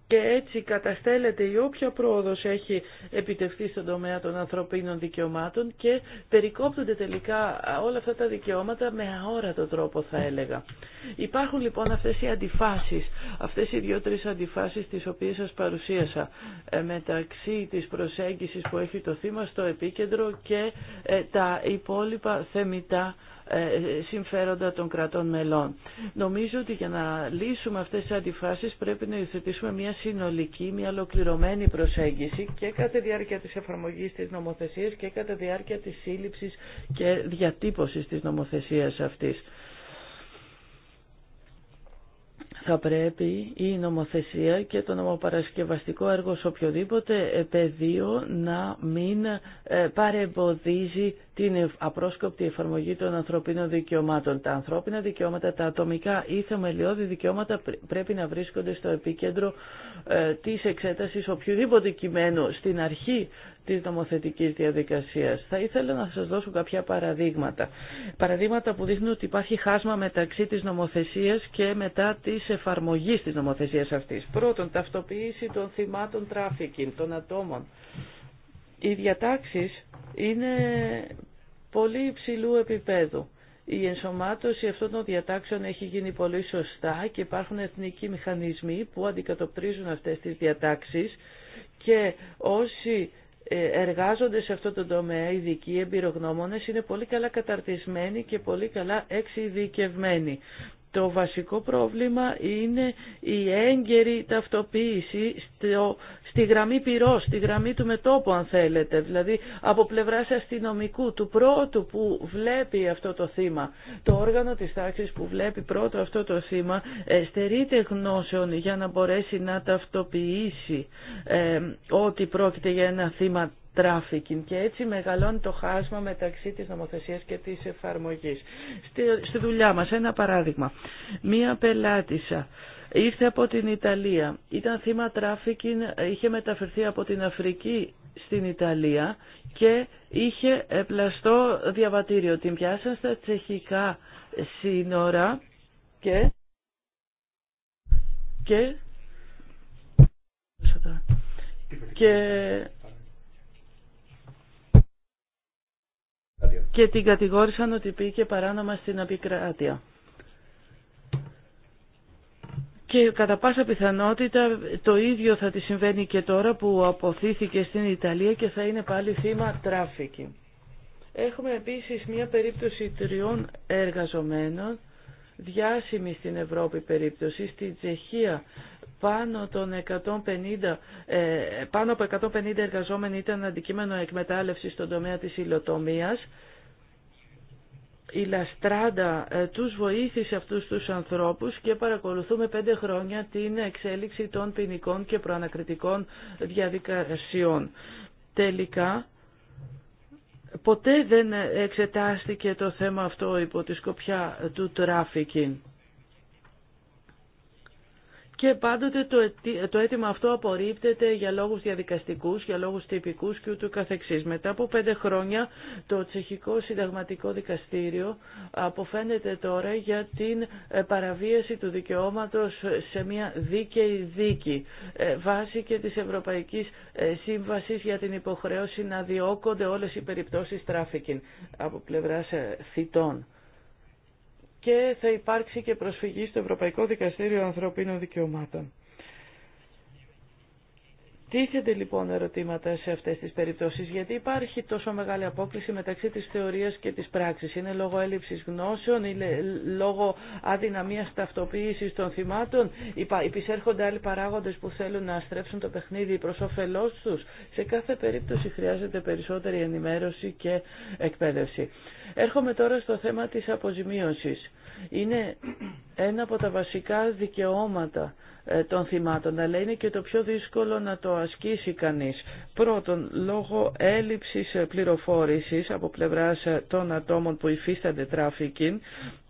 και έτσι καταστέλλεται η όποια πρόοδος έχει επιτευχθεί στον τομέα των ανθρωπίνων δικαιωμάτων και περικόπτονται τελικά όλα αυτά τα δικαιώματα με αόρατο τρόπο θα έλεγα. Υπάρχουν λοιπόν αυτές οι αντιφάσεις, αυτές οι δύο-τρεις αντιφάσεις τις οποίες σας παρουσίασα ε, μεταξύ της προσέγγισης που έχει το θύμα στο επίκεντρο και ε, τα υπόλοιπα θεμητά ε, συμφέροντα των κρατών μελών. Νομίζω ότι για να λύσουμε αυτές τις αντιφάσεις πρέπει να υιοθετήσουμε μια συνολική, μια ολοκληρωμένη προσέγγιση και κατά τη διάρκεια της εφαρμογής της νομοθεσίας και κατά διάρκεια της σύλληψης και διατύπωσης της νομοθεσίας αυτής θα πρέπει η νομοθεσία και το νομοπαρασκευαστικό έργο σε οποιοδήποτε πεδίο να μην ε, παρεμποδίζει την απρόσκοπτη εφαρμογή των ανθρωπίνων δικαιωμάτων. Τα ανθρώπινα δικαιώματα, τα ατομικά ή θεμελιώδη δικαιώματα πρέπει να βρίσκονται στο επίκεντρο ε, της εξέτασης οποιοδήποτε κειμένου στην αρχή της νομοθετικής διαδικασίας. Θα ήθελα να σας δώσω κάποια παραδείγματα. Παραδείγματα που δείχνουν ότι υπάρχει χάσμα μεταξύ της νομοθεσίας και μετά της εφαρμογής της νομοθεσίας αυτής. Πρώτον, ταυτοποίηση των θυμάτων τράφικιν, των ατόμων. Οι διατάξεις είναι πολύ υψηλού επίπεδου. Η ενσωμάτωση αυτών των διατάξεων έχει γίνει πολύ σωστά και υπάρχουν εθνικοί μηχανισμοί που αντικατοπτρίζουν αυτές τις διατάξεις και όσοι ε, εργάζονται σε αυτό το τομέα ειδικοί εμπειρογνώμονες είναι πολύ καλά καταρτισμένοι και πολύ καλά εξειδικευμένοι. Το βασικό πρόβλημα είναι η έγκαιρη ταυτοποίηση στο, στη γραμμή πυρός, στη γραμμή του μετόπου αν θέλετε, δηλαδή από πλευράς αστυνομικού, του πρώτου που βλέπει αυτό το θύμα. Το όργανο της τάξης που βλέπει πρώτο αυτό το θύμα ε, στερείται γνώσεων για να μπορέσει να ταυτοποιήσει ε, ότι πρόκειται για ένα θύμα trafficking και έτσι μεγαλώνει το χάσμα μεταξύ της νομοθεσίας και της εφαρμογής. Στη, στη δουλειά μας ένα παράδειγμα. Μία πελάτησα ήρθε από την Ιταλία, ήταν θύμα trafficking, είχε μεταφερθεί από την Αφρική στην Ιταλία και είχε πλαστό διαβατήριο. Την πιάσαν στα τσεχικά σύνορα και... και και και την κατηγόρησαν ότι πήγε παράνομα στην Απικράτεια. Και κατά πάσα πιθανότητα το ίδιο θα τη συμβαίνει και τώρα που αποθήθηκε στην Ιταλία και θα είναι πάλι θύμα τράφικη. Έχουμε επίσης μια περίπτωση τριών εργαζομένων, διάσημη στην Ευρώπη περίπτωση, στη Τσεχία πάνω, των 150, ε, πάνω από 150 εργαζόμενοι ήταν αντικείμενο εκμετάλλευσης στον τομέα της υλοτομίας. Η Λαστράντα ε, τους βοήθησε αυτούς τους ανθρώπους και παρακολουθούμε πέντε χρόνια την εξέλιξη των ποινικών και προανακριτικών διαδικασιών. Τελικά, ποτέ δεν εξετάστηκε το θέμα αυτό υπό τη σκοπιά του τράφικιν. Και πάντοτε το αίτημα αυτό απορρίπτεται για λόγους διαδικαστικούς, για λόγους τυπικούς και ούτου καθεξής. Μετά από πέντε χρόνια το Τσεχικό Συνταγματικό Δικαστήριο αποφαίνεται τώρα για την ε, παραβίαση του δικαιώματος σε μια δίκαιη δίκη ε, βάσει και της Ευρωπαϊκής ε, Σύμβασης για την υποχρέωση να διώκονται όλες οι περιπτώσεις τράφικιν από πλευράς θητών και θα υπάρξει και προσφυγή στο Ευρωπαϊκό Δικαστήριο Ανθρωπίνων Δικαιωμάτων. Τίθενται λοιπόν ερωτήματα σε αυτές τις περιπτώσεις, γιατί υπάρχει τόσο μεγάλη απόκληση μεταξύ της θεωρίας και της πράξης. Είναι λόγω έλλειψη γνώσεων, είναι λόγω αδυναμίας ταυτοποίηση των θυμάτων, υπησέρχονται άλλοι παράγοντες που θέλουν να στρέψουν το παιχνίδι προ όφελό του. Σε κάθε περίπτωση χρειάζεται περισσότερη ενημέρωση και εκπαίδευση. Έρχομαι τώρα στο θέμα τη αποζημίωση. Είναι ένα από τα βασικά δικαιώματα ε, των θυμάτων, αλλά είναι και το πιο δύσκολο να το ασκήσει κανείς. Πρώτον, λόγω έλλειψης ε, πληροφόρησης από πλευράς ε, των ατόμων που υφίστανται τράφικιν,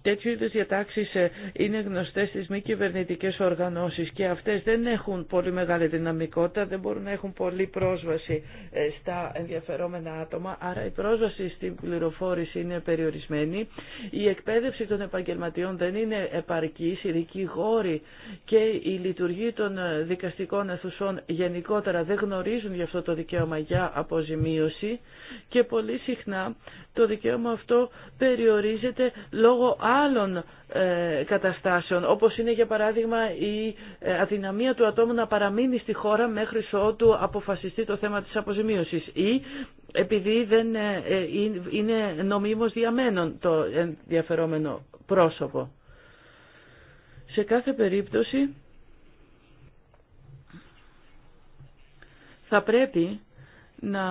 τέτοιου είδους διατάξεις είναι γνωστές στις μη κυβερνητικέ οργανώσεις και αυτές δεν έχουν πολύ μεγάλη δυναμικότητα, δεν μπορούν να έχουν πολύ πρόσβαση στα ενδιαφερόμενα άτομα, άρα η πρόσβαση στην πληροφόρηση είναι περιορισμένη. Η εκπαίδευση των επαγγελματιών δεν είναι επαρκείς, οι δικηγόροι και η λειτουργοί των δικαστικών αθουσών γενικότερα δεν γνωρίζουν γι' αυτό το δικαίωμα για αποζημίωση και πολύ συχνά το δικαίωμα αυτό περιορίζεται λόγω άλλων ε, καταστάσεων, όπως είναι για παράδειγμα η ε, αδυναμία του ατόμου να παραμείνει στη χώρα μέχρι ότου αποφασιστεί το θέμα της αποζημίωσης ή επειδή δεν ε, είναι νομίμως διαμένων το ενδιαφερόμενο πρόσωπο. Σε κάθε περίπτωση θα πρέπει να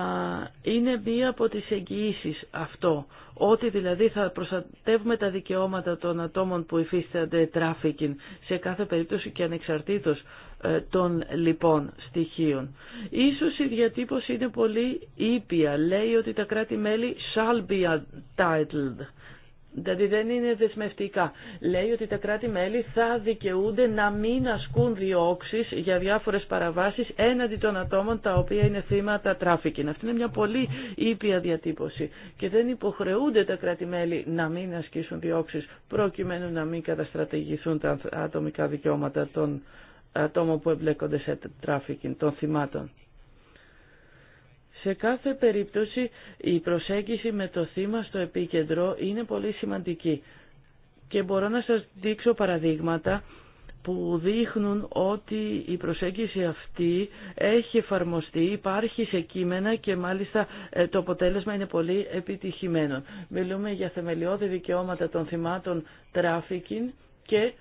είναι μία από τις εγγυήσεις αυτό, ότι δηλαδή θα προστατεύουμε τα δικαιώματα των ατόμων που υφίστανται τράφικιν σε κάθε περίπτωση και ανεξαρτήτως ε, των λοιπόν στοιχείων. Ίσως η διατύπωση είναι πολύ ήπια. Λέει ότι τα κράτη-μέλη shall be entitled Δηλαδή δεν είναι δεσμευτικά. Λέει ότι τα κράτη-μέλη θα δικαιούνται να μην ασκούν διώξει για διάφορε παραβάσει έναντι των ατόμων τα οποία είναι θύματα τράφικιν. Αυτή είναι μια πολύ ήπια διατύπωση. Και δεν υποχρεούνται τα κράτη-μέλη να μην ασκήσουν διώξει προκειμένου να μην καταστρατηγηθούν τα ατομικά δικαιώματα των ατόμων που εμπλέκονται σε τράφικιν, των θυμάτων. Σε κάθε περίπτωση η προσέγγιση με το θύμα στο επίκεντρο είναι πολύ σημαντική και μπορώ να σας δείξω παραδείγματα που δείχνουν ότι η προσέγγιση αυτή έχει εφαρμοστεί, υπάρχει σε κείμενα και μάλιστα ε, το αποτέλεσμα είναι πολύ επιτυχημένο. Μιλούμε για θεμελιώδη δικαιώματα των θυμάτων τράφικιν και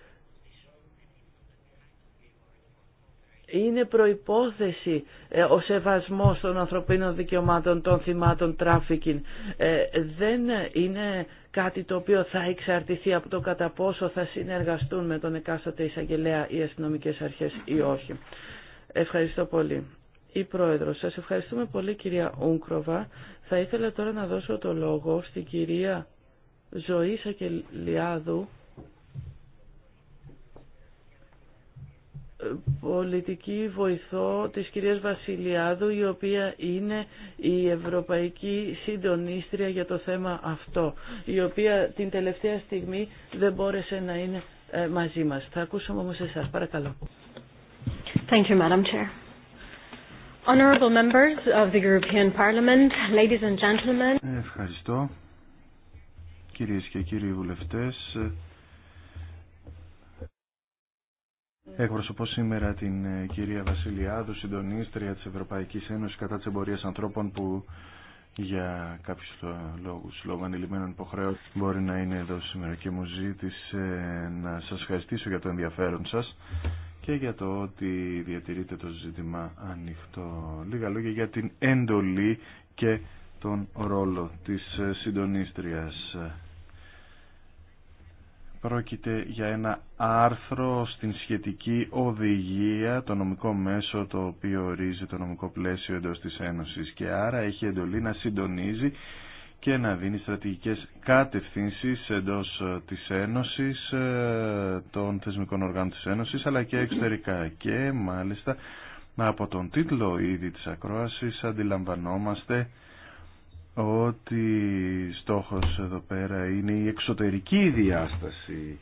είναι προϋπόθεση ε, ο σεβασμός των ανθρωπίνων δικαιωμάτων των θυμάτων τράφικιν. Ε, δεν είναι κάτι το οποίο θα εξαρτηθεί από το κατά πόσο θα συνεργαστούν με τον εκάστοτε εισαγγελέα οι αστυνομικέ αρχές ή όχι. Ευχαριστώ πολύ. Η Πρόεδρος, σας ευχαριστούμε πολύ κυρία Ούγκροβα. Θα ήθελα τώρα να δώσω το λόγο στην κυρία Ζωή Σακελιάδου πολιτική βοηθό της κυρίας Βασιλιάδου η οποία είναι η Ευρωπαϊκή Συντονίστρια για το θέμα αυτό η οποία την τελευταία στιγμή δεν μπόρεσε να είναι ε, μαζί μας. Θα ακούσουμε όμως εσάς. Παρακαλώ. Thank you, Ευχαριστώ. Κυρίες και κύριοι βουλευτές, Εκπροσωπώ σήμερα την ε, κυρία Βασιλιάδου, συντονίστρια της Ευρωπαϊκής Ένωσης κατά της εμπορίας ανθρώπων που για κάποιους λόγους, λόγω ανηλυμένων υποχρεώσεων μπορεί να είναι εδώ σήμερα και μου ζήτησε ε, να σας ευχαριστήσω για το ενδιαφέρον σας και για το ότι διατηρείτε το ζήτημα ανοιχτό. Λίγα λόγια για την έντολη και τον ρόλο της ε, συντονίστριας. Πρόκειται για ένα άρθρο στην σχετική οδηγία, το νομικό μέσο το οποίο ορίζει το νομικό πλαίσιο εντός της Ένωσης και άρα έχει εντολή να συντονίζει και να δίνει στρατηγικές κατευθύνσεις εντός ε, της Ένωσης, ε, των θεσμικών οργάνων της Ένωσης, αλλά και εξωτερικά. Και μάλιστα από τον τίτλο ήδη της ακρόασης αντιλαμβανόμαστε ότι στόχος εδώ πέρα είναι η εξωτερική διάσταση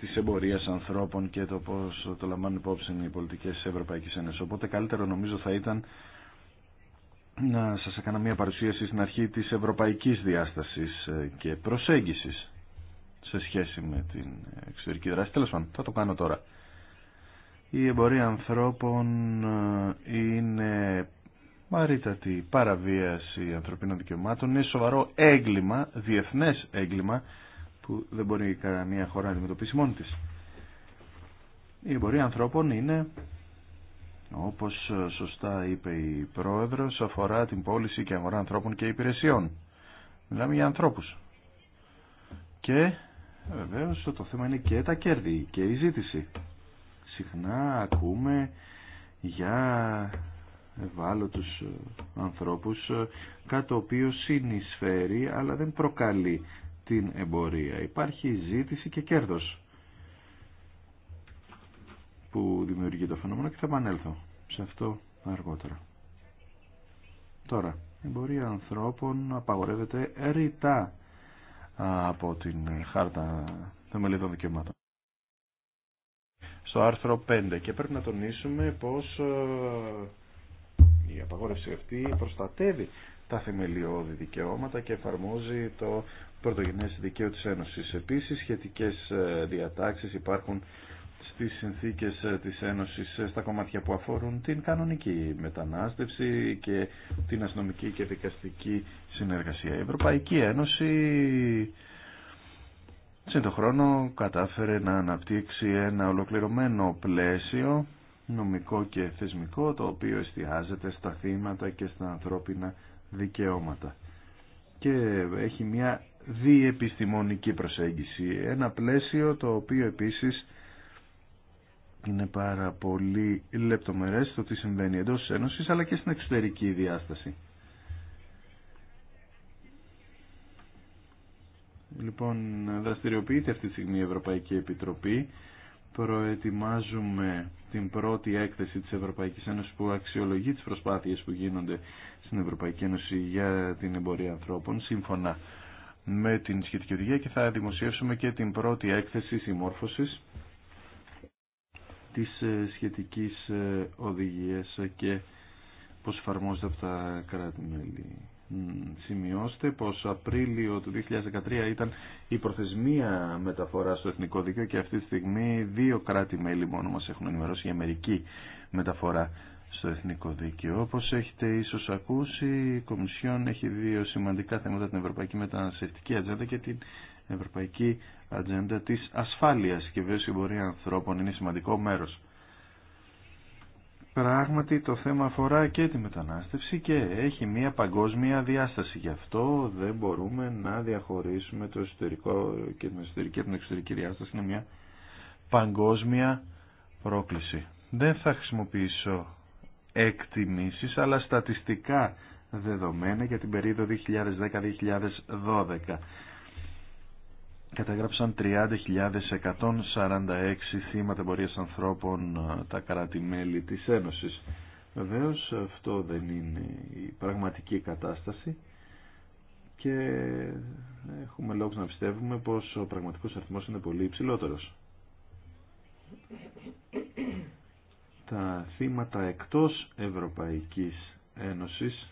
της εμπορίας ανθρώπων και το πώς το λαμβάνουν υπόψη οι πολιτικές της Ευρωπαϊκής Ένωσης. Οπότε καλύτερο νομίζω θα ήταν να σας έκανα μια παρουσίαση στην αρχή της ευρωπαϊκής διάστασης και προσέγγισης σε σχέση με την εξωτερική δράση. Τέλος πάντων, θα το κάνω τώρα. Η εμπορία ανθρώπων ε, είναι μαρίτατη παραβίαση ανθρωπίνων δικαιωμάτων είναι σοβαρό έγκλημα, διεθνές έγκλημα που δεν μπορεί καμία χώρα να αντιμετωπίσει μόνη της. Η εμπορία ανθρώπων είναι, όπως σωστά είπε η Πρόεδρος, αφορά την πώληση και αγορά ανθρώπων και υπηρεσιών. Μιλάμε για ανθρώπους. Και βεβαίως το θέμα είναι και τα κέρδη και η ζήτηση. Συχνά ακούμε για ευάλωτους ε, ανθρώπους ε, κάτι το οποίο συνεισφέρει αλλά δεν προκαλεί την εμπορία. Υπάρχει ζήτηση και κέρδος που δημιουργεί το φαινόμενο και θα επανέλθω σε αυτό αργότερα. Τώρα, η εμπορία ανθρώπων απαγορεύεται ρητά από την χάρτα θεμελιδών δικαιωμάτων. Στο άρθρο 5 και πρέπει να τονίσουμε πως ε, η απαγόρευση αυτή προστατεύει τα θεμελιώδη δικαιώματα και εφαρμόζει το πρωτογενές δικαίου της Ένωσης. Επίσης, σχετικές ε, διατάξεις υπάρχουν στις συνθήκες ε, της Ένωσης ε, στα κομμάτια που αφορούν την κανονική μετανάστευση και την αστυνομική και δικαστική συνεργασία. Η Ευρωπαϊκή Ένωση σύντο χρόνο κατάφερε να αναπτύξει ένα ολοκληρωμένο πλαίσιο νομικό και θεσμικό το οποίο εστιάζεται στα θύματα και στα ανθρώπινα δικαιώματα και έχει μια διεπιστημονική προσέγγιση ένα πλαίσιο το οποίο επίσης είναι πάρα πολύ λεπτομερές στο τι συμβαίνει εντός της Ένωσης αλλά και στην εξωτερική διάσταση Λοιπόν, δραστηριοποιείται αυτή τη στιγμή η Ευρωπαϊκή Επιτροπή προετοιμάζουμε την πρώτη έκθεση της Ευρωπαϊκής Ένωσης που αξιολογεί τις προσπάθειες που γίνονται στην Ευρωπαϊκή Ένωση για την εμπορία ανθρώπων σύμφωνα με την σχετική οδηγία και θα δημοσιεύσουμε και την πρώτη έκθεση συμμόρφωσης της ε, σχετικής ε, οδηγίας και πώς εφαρμόζεται από τα κράτη-μέλη σημειώστε πως Απρίλιο του 2013 ήταν η προθεσμία μεταφορά στο Εθνικό Δίκαιο και αυτή τη στιγμή δύο κράτη-μέλη μόνο μας έχουν ενημερώσει για μερική μεταφορά στο Εθνικό Δίκαιο. Όπως έχετε ίσως ακούσει, η Κομισιόν έχει δύο σημαντικά θέματα, την Ευρωπαϊκή Μεταναστευτική Ατζέντα και την Ευρωπαϊκή Ατζέντα της Ασφάλειας και βέβαια η Συμπορία ανθρώπων είναι σημαντικό μέρος Πράγματι το θέμα αφορά και τη μετανάστευση και έχει μια παγκόσμια διάσταση. Γι' αυτό δεν μπορούμε να διαχωρίσουμε το εσωτερικό και την εσωτερική, την εξωτερική διάσταση. Είναι μια παγκόσμια πρόκληση. Δεν θα χρησιμοποιήσω εκτιμήσεις αλλά στατιστικά δεδομένα για την περίοδο 2010-2012 καταγράψαν 30.146 θύματα εμπορίας ανθρώπων ε, τα κράτη-μέλη της Ένωσης. Βεβαίως αυτό δεν είναι η πραγματική κατάσταση και έχουμε λόγους να πιστεύουμε πως ο πραγματικός αριθμός είναι πολύ υψηλότερος. Τα θύματα εκτός Ευρωπαϊκής Ένωσης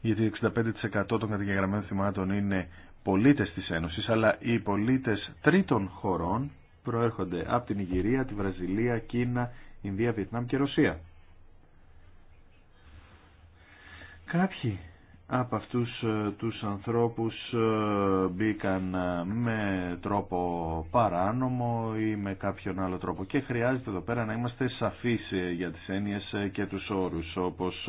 γιατί 65% των καταγεγραμμένων θυμάτων είναι πολίτες της Ένωσης, αλλά οι πολίτες τρίτων χωρών προέρχονται από την Ιγυρία, τη Βραζιλία, Κίνα, Ινδία, Βιετνάμ και Ρωσία. Κάποιοι από αυτούς ε, τους ανθρώπους ε, μπήκαν ε, με τρόπο παράνομο ή με κάποιον άλλο τρόπο και χρειάζεται εδώ πέρα να είμαστε σαφείς για τις έννοιες και τους όρους όπως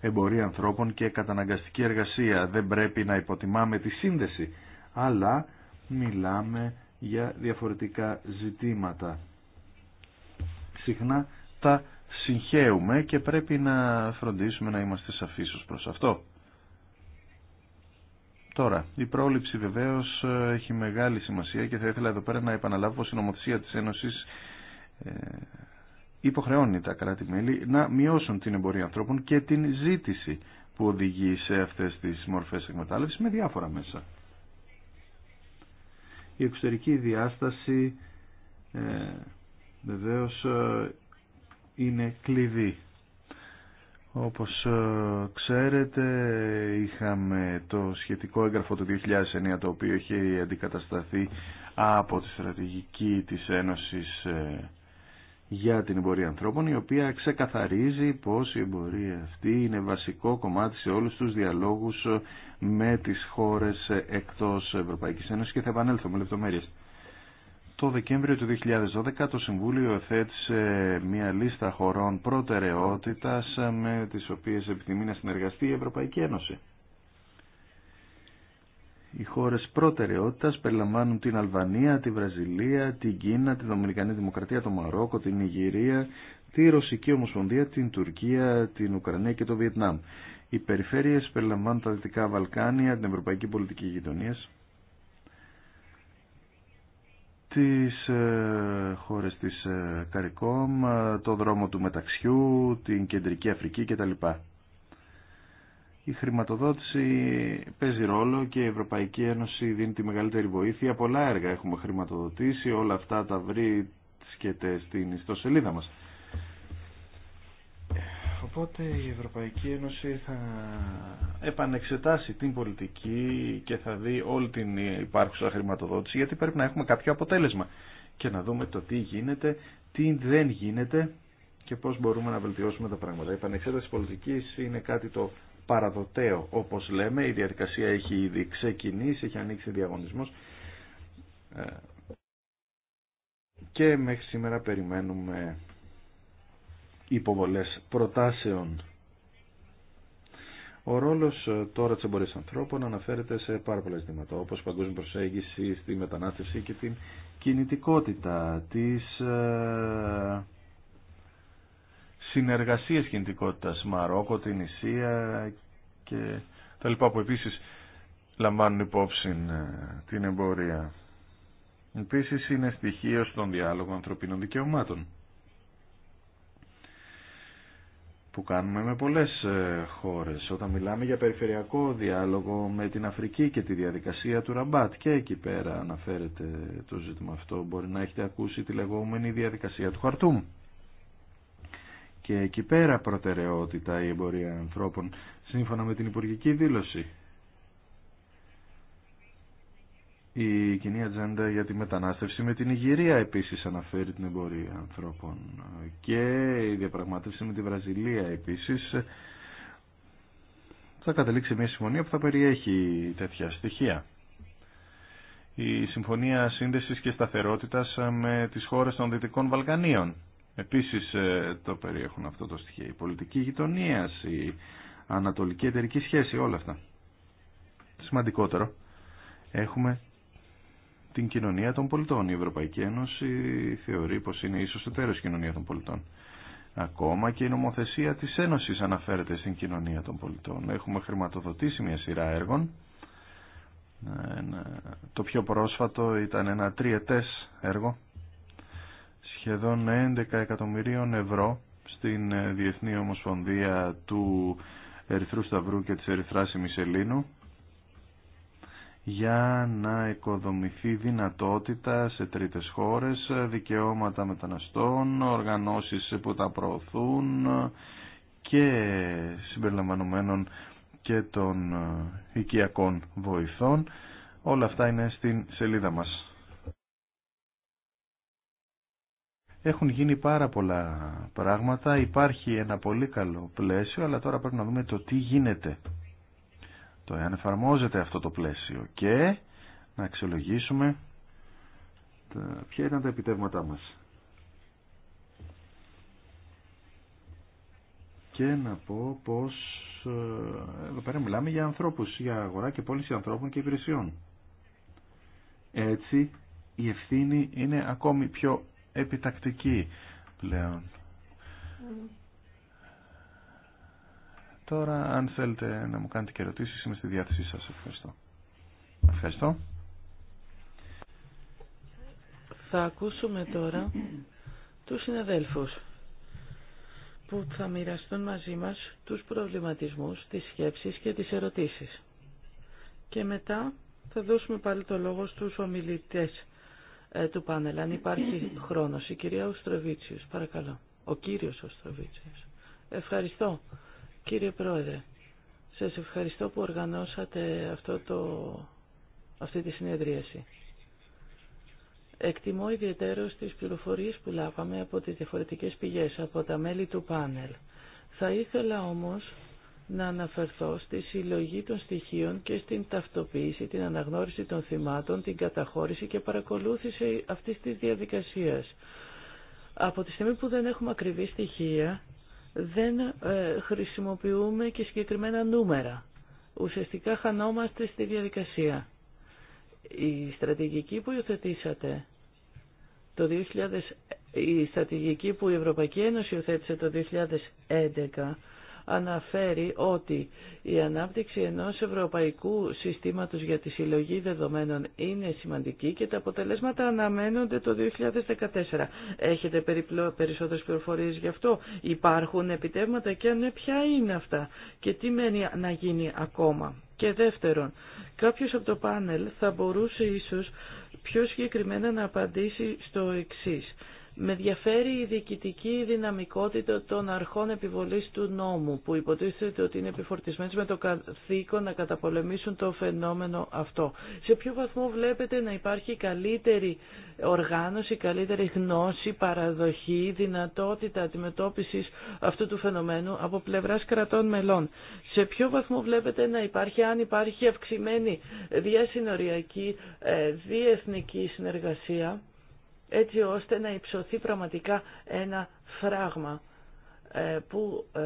εμπορία ανθρώπων και καταναγκαστική εργασία. Δεν πρέπει να υποτιμάμε τη σύνδεση, αλλά μιλάμε για διαφορετικά ζητήματα. Συχνά τα συγχαίουμε και πρέπει να φροντίσουμε να είμαστε σαφείς ως προς αυτό. Τώρα, η πρόληψη βεβαίως ε, έχει μεγάλη σημασία και θα ήθελα εδώ πέρα να επαναλάβω πως η νομοθεσία της Ένωσης ε, υποχρεώνει τα κράτη-μέλη να μειώσουν την εμπορία ανθρώπων και την ζήτηση που οδηγεί σε αυτές τις μορφές εκμετάλλευσης με διάφορα μέσα. Η εξωτερική διάσταση ε, βεβαίως ε, είναι κλειδί. Όπως ε, ξέρετε είχαμε το σχετικό έγγραφο του 2009 το οποίο είχε αντικατασταθεί από τη στρατηγική της Ένωσης ε, για την εμπορία ανθρώπων η οποία ξεκαθαρίζει πως η εμπορία αυτή είναι βασικό κομμάτι σε όλους τους διαλόγους με τις χώρες εκτός Ευρωπαϊκής Ένωσης και θα επανέλθω με λεπτομέρειες. Το Δεκέμβριο του 2012 το Συμβούλιο θέτησε μια λίστα χωρών προτεραιότητας με τις οποίες επιθυμεί να συνεργαστεί η Ευρωπαϊκή Ένωση. Οι χώρες προτεραιότητας περιλαμβάνουν την Αλβανία, τη Βραζιλία, την Κίνα, τη Δομινικανή Δημοκρατία, το Μαρόκο, την Ιγυρία, τη Ρωσική Ομοσπονδία, την Τουρκία, την Ουκρανία και το Βιετνάμ. Οι περιφέρειες περιλαμβάνουν τα Δυτικά Βαλκάνια, την Ευρωπαϊκή Πολιτική Γειτονίας, τις ε, χώρες της ε, Καρικόμ, ε, το δρόμο του μεταξιού, την Κεντρική Αφρική κτλ η χρηματοδότηση παίζει ρόλο και η Ευρωπαϊκή Ένωση δίνει τη μεγαλύτερη βοήθεια. Πολλά έργα έχουμε χρηματοδοτήσει, όλα αυτά τα βρίσκεται στην ιστοσελίδα μας. Οπότε η Ευρωπαϊκή Ένωση θα επανεξετάσει την πολιτική και θα δει όλη την υπάρχουσα χρηματοδότηση γιατί πρέπει να έχουμε κάποιο αποτέλεσμα και να δούμε το τι γίνεται, τι δεν γίνεται και πώς μπορούμε να βελτιώσουμε τα πράγματα. Η επανεξέταση πολιτικής είναι κάτι το παραδοτέο όπως λέμε. Η διαδικασία έχει ήδη ξεκινήσει, έχει ανοίξει διαγωνισμός ε, και μέχρι σήμερα περιμένουμε υποβολές προτάσεων. Ο ρόλος ε, τώρα της εμπορίας ανθρώπων αναφέρεται σε πάρα πολλά ζητήματα, όπως παγκόσμια προσέγγιση στη μετανάστευση και την κινητικότητα της ε, συνεργασίες κινητικότητας Μαρόκο, την Ισία και τα λοιπά που επίσης λαμβάνουν υπόψη ε, την εμπορία. Επίσης είναι στοιχείο στον διάλογο ανθρωπίνων δικαιωμάτων που κάνουμε με πολλές ε, χώρες όταν μιλάμε για περιφερειακό διάλογο με την Αφρική και τη διαδικασία του Ραμπάτ και εκεί πέρα αναφέρεται το ζήτημα αυτό μπορεί να έχετε ακούσει τη λεγόμενη διαδικασία του Χαρτούμ και εκεί πέρα προτεραιότητα η εμπορία ανθρώπων σύμφωνα με την Υπουργική Δήλωση. Η κοινή ατζέντα για τη μετανάστευση με την Ιγυρία επίσης αναφέρει την εμπορία ανθρώπων και η διαπραγμάτευση με τη Βραζιλία επίσης θα καταλήξει μια συμφωνία που θα περιέχει τέτοια στοιχεία. Η Συμφωνία Σύνδεσης και Σταθερότητας με τις χώρες των Δυτικών Βαλκανίων Επίσης ε, το περιέχουν αυτό το στοιχείο. Η πολιτική γειτονία, η ανατολική εταιρική σχέση, όλα αυτά. Σημαντικότερο, έχουμε την κοινωνία των πολιτών. Η Ευρωπαϊκή Ένωση θεωρεί πως είναι ίσως εταίρος κοινωνία των πολιτών. Ακόμα και η νομοθεσία της Ένωσης αναφέρεται στην κοινωνία των πολιτών. Έχουμε χρηματοδοτήσει μια σειρά έργων. Το πιο πρόσφατο ήταν ένα τριετές έργο σχεδόν 11 εκατομμυρίων ευρώ στην ε, Διεθνή Ομοσπονδία του Ερυθρού Σταυρού και της Ερυθράς Ημισελίνου για να οικοδομηθεί δυνατότητα σε τρίτες χώρες, ε, δικαιώματα μεταναστών, οργανώσεις που τα προωθούν και συμπεριλαμβανομένων και των ε, οικιακών βοηθών. Όλα αυτά είναι στην σελίδα μας. Έχουν γίνει πάρα πολλά πράγματα, υπάρχει ένα πολύ καλό πλαίσιο, αλλά τώρα πρέπει να δούμε το τι γίνεται. Το εάν εφαρμόζεται αυτό το πλαίσιο και να αξιολογήσουμε τα... ποια ήταν τα επιτεύγματά μας. Και να πω πως ε, εδώ πέρα μιλάμε για ανθρώπους, για αγορά και πώληση ανθρώπων και υπηρεσιών. Έτσι η ευθύνη είναι ακόμη πιο επιτακτική πλέον. Τώρα, αν θέλετε να μου κάνετε και ερωτήσεις, είμαι στη διάθεσή σας. Ευχαριστώ. Ευχαριστώ. Θα ακούσουμε τώρα τους συναδέλφους που θα μοιραστούν μαζί μας τους προβληματισμούς, τις σκέψεις και τις ερωτήσεις. Και μετά θα δώσουμε πάλι το λόγο στους ομιλητές ε, του πάνελ. Αν υπάρχει χρόνος. Η κυρία Οστροβίτσιος, παρακαλώ. Ο κύριος Οστροβίτσιος. Ευχαριστώ, κύριε Πρόεδρε. Σας ευχαριστώ που οργανώσατε αυτό το, αυτή τη συνεδρίαση. Εκτιμώ ιδιαίτερως τις πληροφορίες που λάβαμε από τις διαφορετικές πηγές, από τα μέλη του πάνελ. Θα ήθελα όμως να αναφερθώ στη συλλογή των στοιχείων και στην ταυτοποίηση, την αναγνώριση των θυμάτων, την καταχώρηση και παρακολούθηση αυτής της διαδικασίας. Από τη στιγμή που δεν έχουμε ακριβή στοιχεία, δεν ε, χρησιμοποιούμε και συγκεκριμένα νούμερα. Ουσιαστικά χανόμαστε στη διαδικασία. Η στρατηγική που υιοθετήσατε το 2000, η στρατηγική που η Ευρωπαϊκή Ένωση υιοθέτησε το 2011 αναφέρει ότι η ανάπτυξη ενός ευρωπαϊκού συστήματος για τη συλλογή δεδομένων είναι σημαντική και τα αποτελέσματα αναμένονται το 2014. Έχετε περισσότερε περισσότερες πληροφορίες γι' αυτό. Υπάρχουν επιτεύγματα και αν ναι, ποια είναι αυτά και τι μένει να γίνει ακόμα. Και δεύτερον, κάποιος από το πάνελ θα μπορούσε ίσως πιο συγκεκριμένα να απαντήσει στο εξής. Με διαφέρει η διοικητική δυναμικότητα των αρχών επιβολής του νόμου, που υποτίθεται ότι είναι επιφορτισμένες με το καθήκον να καταπολεμήσουν το φαινόμενο αυτό. Σε ποιο βαθμό βλέπετε να υπάρχει καλύτερη οργάνωση, καλύτερη γνώση, παραδοχή, δυνατότητα αντιμετώπισης αυτού του φαινομένου από πλευράς κρατών μελών. Σε ποιο βαθμό βλέπετε να υπάρχει, αν υπάρχει αυξημένη διασυνοριακή, ε, διεθνική συνεργασία έτσι ώστε να υψωθεί πραγματικά ένα φράγμα ε, που ε,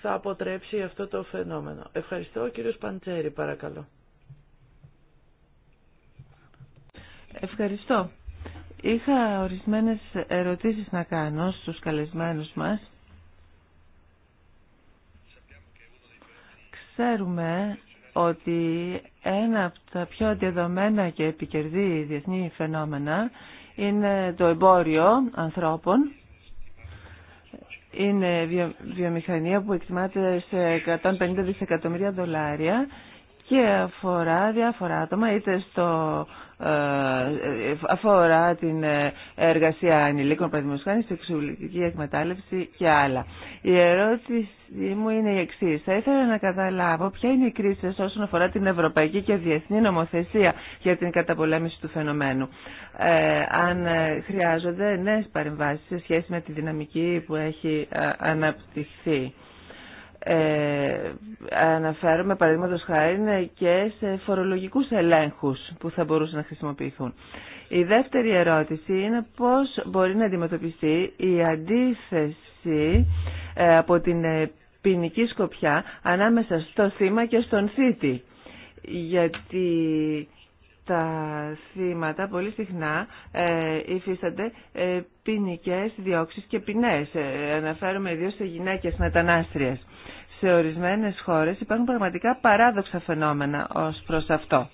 θα αποτρέψει αυτό το φαινόμενο. Ευχαριστώ. Ο κύριος Παντσέρη, παρακαλώ. Ευχαριστώ. Είχα ορισμένες ερωτήσεις να κάνω στους καλεσμένους μας. Ξέρουμε ότι ένα από τα πιο διαδομένα και επικερδή διεθνή φαινόμενα είναι το εμπόριο ανθρώπων. Είναι βιομηχανία που εκτιμάται σε 150 δισεκατομμύρια δολάρια και αφορά διάφορα άτομα είτε στο ε, αφορά την ε, εργασία ανηλίκων, παραδείγματος χάρη, σεξουαλική εκμετάλλευση και άλλα. Η ερώτηση μου είναι η εξή. Θα ήθελα να καταλάβω ποια είναι η κρίση όσον αφορά την ευρωπαϊκή και διεθνή νομοθεσία για την καταπολέμηση του φαινομένου. Ε, αν ε, χρειάζονται νέε παρεμβάσει σε σχέση με τη δυναμική που έχει αναπτυχθεί ε, αναφέρομαι παραδείγματο χάρη και σε φορολογικούς ελέγχους που θα μπορούσαν να χρησιμοποιηθούν. Η δεύτερη ερώτηση είναι πώς μπορεί να αντιμετωπιστεί η αντίθεση ε, από την ποινική σκοπιά ανάμεσα στο θύμα και στον θήτη. Γιατί τα θύματα πολύ συχνά ε, υφίστανται ε, ποινικέ διώξεις και ποινές. Ε, αναφέρομαι ιδίως σε γυναίκες μετανάστριες σε ορισμένες χώρες υπάρχουν πραγματικά παράδοξα φαινόμενα ως προς αυτό.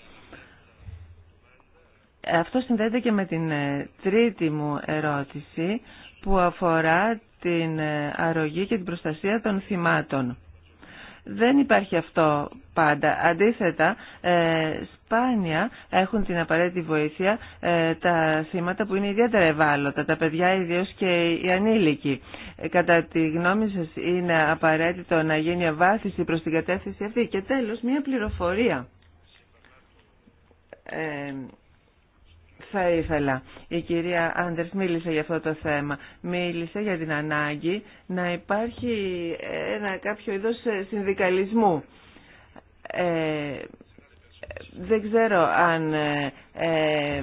Αυτό συνδέεται και με την ε, τρίτη μου ερώτηση που αφορά την ε, αρρωγή και την προστασία των θυμάτων. Δεν υπάρχει αυτό πάντα. Αντίθετα, ε, σπάνια έχουν την απαραίτητη βοήθεια ε, τα θύματα που είναι ιδιαίτερα ευάλωτα, τα παιδιά ιδίω και οι ανήλικοι. Ε, κατά τη γνώμη σας είναι απαραίτητο να γίνει βάθηση προ την κατεύθυνση αυτή. Και τέλος, μία πληροφορία. Ε, θα ήθελα. Η κυρία Άντερς μίλησε για αυτό το θέμα. Μίλησε για την ανάγκη να υπάρχει ένα κάποιο είδος συνδικαλισμού. Ε, δεν ξέρω αν ε, ε,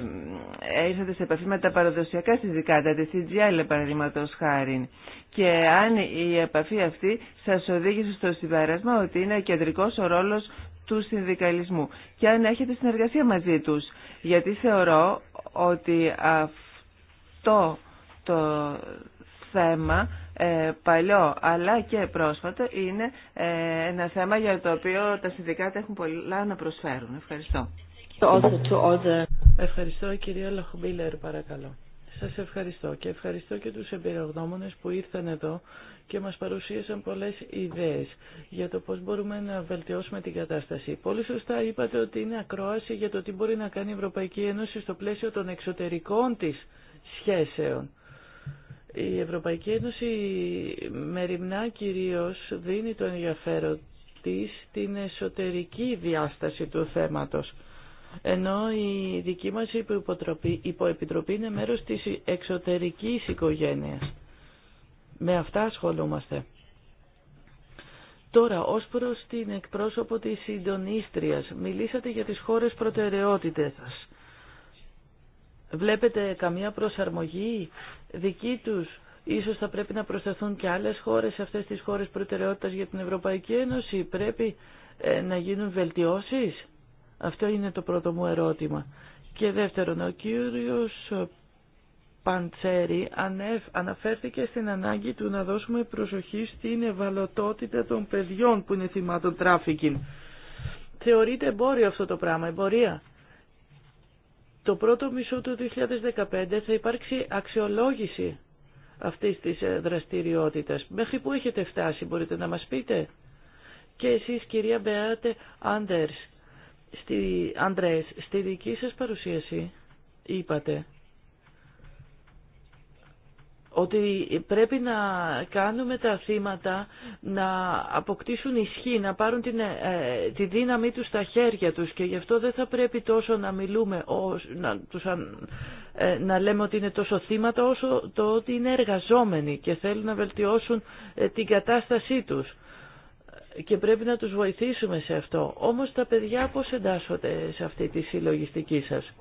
ε, ήρθατε σε επαφή με τα παραδοσιακά συνδικάτα, τη CGI, παραδείγματος χάρη. Και αν η επαφή αυτή σας οδήγησε στο συμπέρασμα ότι είναι κεντρικός ο ρόλος του συνδικαλισμού. Και αν έχετε συνεργασία μαζί τους. Γιατί θεωρώ ότι αυτό το θέμα ε, παλιό αλλά και πρόσφατο είναι ε, ένα θέμα για το οποίο τα συνδικάτα έχουν πολλά να προσφέρουν. Ευχαριστώ. Ευχαριστώ κυρία Λαχμπίλερ παρακαλώ. Σας ευχαριστώ και ευχαριστώ και τους εμπειρογνώμονες που ήρθαν εδώ και μας παρουσίασαν πολλές ιδέες για το πώς μπορούμε να βελτιώσουμε την κατάσταση. Πολύ σωστά είπατε ότι είναι ακρόαση για το τι μπορεί να κάνει η Ευρωπαϊκή Ένωση στο πλαίσιο των εξωτερικών της σχέσεων. Η Ευρωπαϊκή Ένωση μεριμνά κυρίως δίνει το ενδιαφέρον της την εσωτερική διάσταση του θέματος ενώ η δική μας υποεπιτροπή είναι μέρος της εξωτερικής οικογένειας. Με αυτά ασχολούμαστε. Τώρα, ως προς την εκπρόσωπο της συντονίστριας, μιλήσατε για τις χώρες προτεραιότητες σας. Βλέπετε καμία προσαρμογή δική τους Ίσως θα πρέπει να προσταθούν και άλλες χώρες, αυτές τις χώρες προτεραιότητας για την Ευρωπαϊκή Ένωση. Πρέπει ε, να γίνουν βελτιώσεις. Αυτό είναι το πρώτο μου ερώτημα. Και δεύτερον, ο κύριος Παντσέρη αναφέρθηκε στην ανάγκη του να δώσουμε προσοχή στην ευαλωτότητα των παιδιών που είναι θυμάτων τράφικιν. Θεωρείται εμπόριο αυτό το πράγμα, εμπορία το πρώτο μισό του 2015 θα υπάρξει αξιολόγηση αυτής της ε, δραστηριότητας. Μέχρι που έχετε φτάσει, μπορείτε να μας πείτε. Και εσείς, κυρία Μπεάτε Άντερς, στη, στη δική σας παρουσίαση είπατε ότι πρέπει να κάνουμε τα θύματα να αποκτήσουν ισχύ, να πάρουν την, ε, τη δύναμή τους στα χέρια τους και γι' αυτό δεν θα πρέπει τόσο να μιλούμε, να, ε, να λέμε ότι είναι τόσο θύματα όσο το ότι είναι εργαζόμενοι και θέλουν να βελτιώσουν ε, την κατάστασή τους και πρέπει να τους βοηθήσουμε σε αυτό. Όμως τα παιδιά πώς εντάσσονται σε αυτή τη συλλογιστική σας.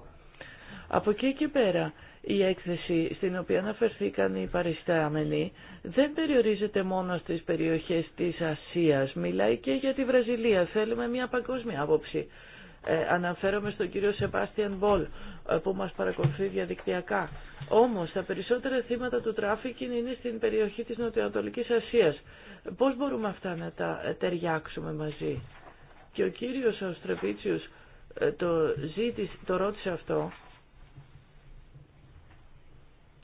Από εκεί και πέρα η έκθεση στην οποία αναφερθήκαν οι παριστάμενοι δεν περιορίζεται μόνο στις περιοχές της Ασίας, μιλάει και για τη Βραζιλία. Θέλουμε μια παγκόσμια άποψη. Ε, αναφέρομαι στον κύριο Σεπάστιαν Μπολ ε, που μας παρακολουθεί διαδικτυακά. Όμως τα περισσότερα θύματα του τράφικιν είναι στην περιοχή της Νοτιοανατολικής Ασίας. Πώς μπορούμε αυτά να τα ε, ταιριάξουμε μαζί. Και ο κύριος Αυστρεπίτσιος το, το ρώτησε αυτό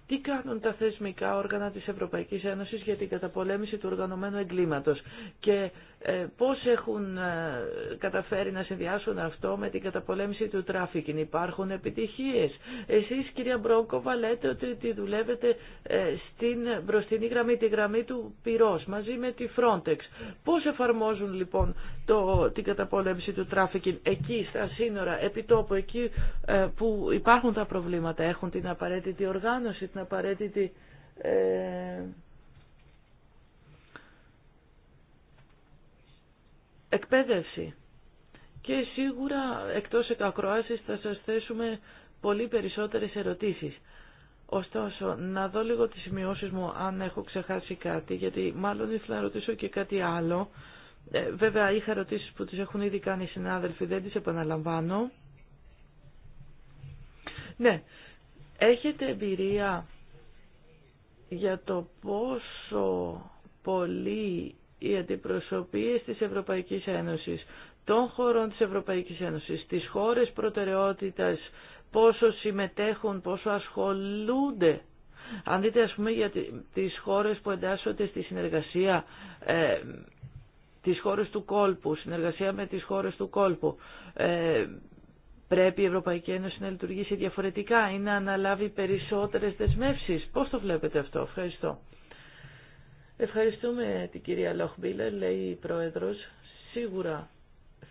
τι κάνουν τα θεσμικά όργανα της Ευρωπαϊκής Ένωσης για την καταπολέμηση του οργανωμένου εγκλήματος και ε, πώς έχουν ε, καταφέρει να συνδυάσουν αυτό με την καταπολέμηση του τράφικιν. Υπάρχουν επιτυχίες. Εσείς κυρία Μπρόκοβα λέτε ότι δουλεύετε ε, στην μπροστινή γραμμή, τη γραμμή του πυρός μαζί με τη Frontex. Πώς εφαρμόζουν λοιπόν το, την καταπολέμηση του τράφικιν εκεί στα σύνορα, επί τόπου, εκεί που υπάρχουν τα προβλήματα, έχουν την απαραίτητη οργάνωση, την απαραίτητη ε, εκπαίδευση. Και σίγουρα εκτός εκακροάσεις θα σας θέσουμε πολύ περισσότερες ερωτήσεις. Ωστόσο, να δω λίγο τις σημειώσεις μου αν έχω ξεχάσει κάτι, γιατί μάλλον ήθελα να ρωτήσω και κάτι άλλο. Ε, βέβαια, είχα ερωτήσεις που τις έχουν ήδη κάνει οι συνάδελφοι, δεν τις επαναλαμβάνω. Ναι, Έχετε εμπειρία για το πόσο πολύ οι αντιπροσωπείες της Ευρωπαϊκής Ένωσης, των χωρών της Ευρωπαϊκής Ένωσης, τις χώρες προτεραιότητας, πόσο συμμετέχουν, πόσο ασχολούνται. Αν δείτε ας πούμε για τις χώρες που εντάσσονται στη συνεργασία, ε, τις χώρες του κόλπου, συνεργασία με τις χώρες του κόλπου, ε, Πρέπει η Ευρωπαϊκή Ένωση να λειτουργήσει διαφορετικά ή να αναλάβει περισσότερες δεσμεύσεις. Πώς το βλέπετε αυτό. Ευχαριστώ. Ευχαριστούμε την κυρία Λοχμπίλερ, λέει η Πρόεδρος. Σίγουρα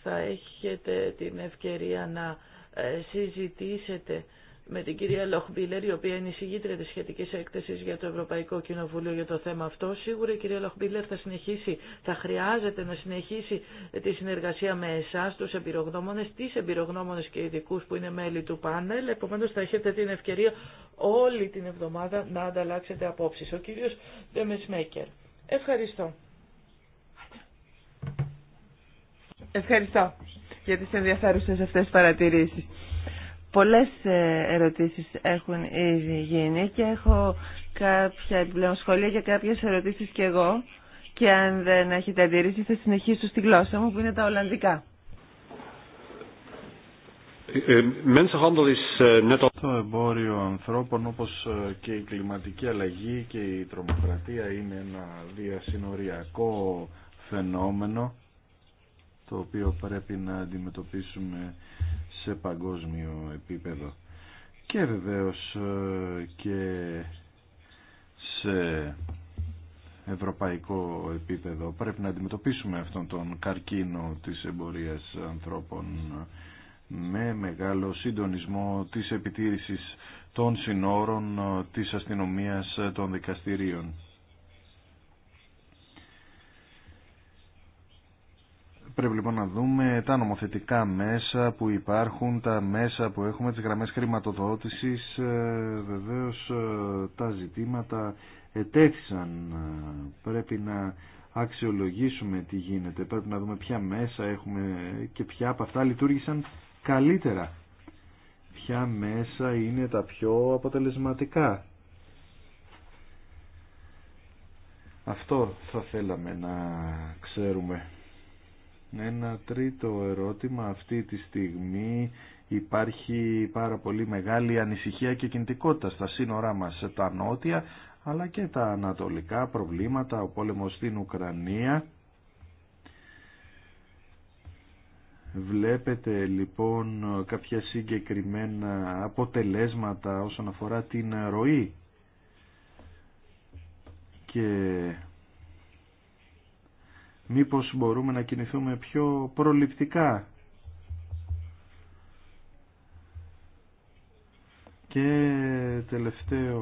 θα έχετε την ευκαιρία να ε, συζητήσετε με την κυρία Λοχμπίλερ, η οποία είναι η συγγήτρια της σχετικής έκθεσης για το Ευρωπαϊκό Κοινοβούλιο για το θέμα αυτό. Σίγουρα η κυρία Λοχμπίλερ θα συνεχίσει, θα χρειάζεται να συνεχίσει τη συνεργασία με εσάς, τους εμπειρογνώμονες, τις εμπειρογνώμονες και ειδικού που είναι μέλη του πάνελ. Επομένως θα έχετε την ευκαιρία όλη την εβδομάδα να ανταλλάξετε απόψεις. Ο κύριος Δεμεσμέκερ. Ευχαριστώ. Ευχαριστώ για τις ενδιαφέρουσες αυτές παρατηρήσεις. Πολλές ε, ερωτήσεις έχουν ήδη γίνει και έχω κάποια επιπλέον σχόλια για κάποιες ερωτήσεις και εγώ και αν δεν έχετε αντιρρήσει θα συνεχίσω στη γλώσσα μου που είναι τα Ολλανδικά. Ε, ε, το εμπόριο ανθρώπων όπως και η κλιματική αλλαγή και η τρομοκρατία είναι ένα διασυνοριακό φαινόμενο το οποίο πρέπει να αντιμετωπίσουμε σε παγκόσμιο επίπεδο και βεβαίως ε, και σε ευρωπαϊκό επίπεδο πρέπει να αντιμετωπίσουμε αυτόν τον καρκίνο της εμπορίας ανθρώπων με μεγάλο συντονισμό της επιτήρησης των συνόρων, ε, της αστυνομίας, ε, των δικαστηρίων. Πρέπει λοιπόν να δούμε τα νομοθετικά μέσα που υπάρχουν, τα μέσα που έχουμε, τις γραμμές χρηματοδότησης, ε, βεβαίως ε, τα ζητήματα ετέθησαν. Ε, πρέπει να αξιολογήσουμε τι γίνεται, πρέπει να δούμε ποια μέσα έχουμε και ποια από αυτά λειτουργήσαν καλύτερα. Ποια μέσα είναι τα πιο αποτελεσματικά. Αυτό θα θέλαμε να ξέρουμε. Ένα τρίτο ερώτημα. Αυτή τη στιγμή υπάρχει πάρα πολύ μεγάλη ανησυχία και κινητικότητα στα σύνορά μας τα νότια αλλά και τα ανατολικά προβλήματα, ο πόλεμος στην Ουκρανία. Βλέπετε λοιπόν κάποια συγκεκριμένα αποτελέσματα όσον αφορά την ροή και Μήπως μπορούμε να κινηθούμε πιο προληπτικά Και τελευταίο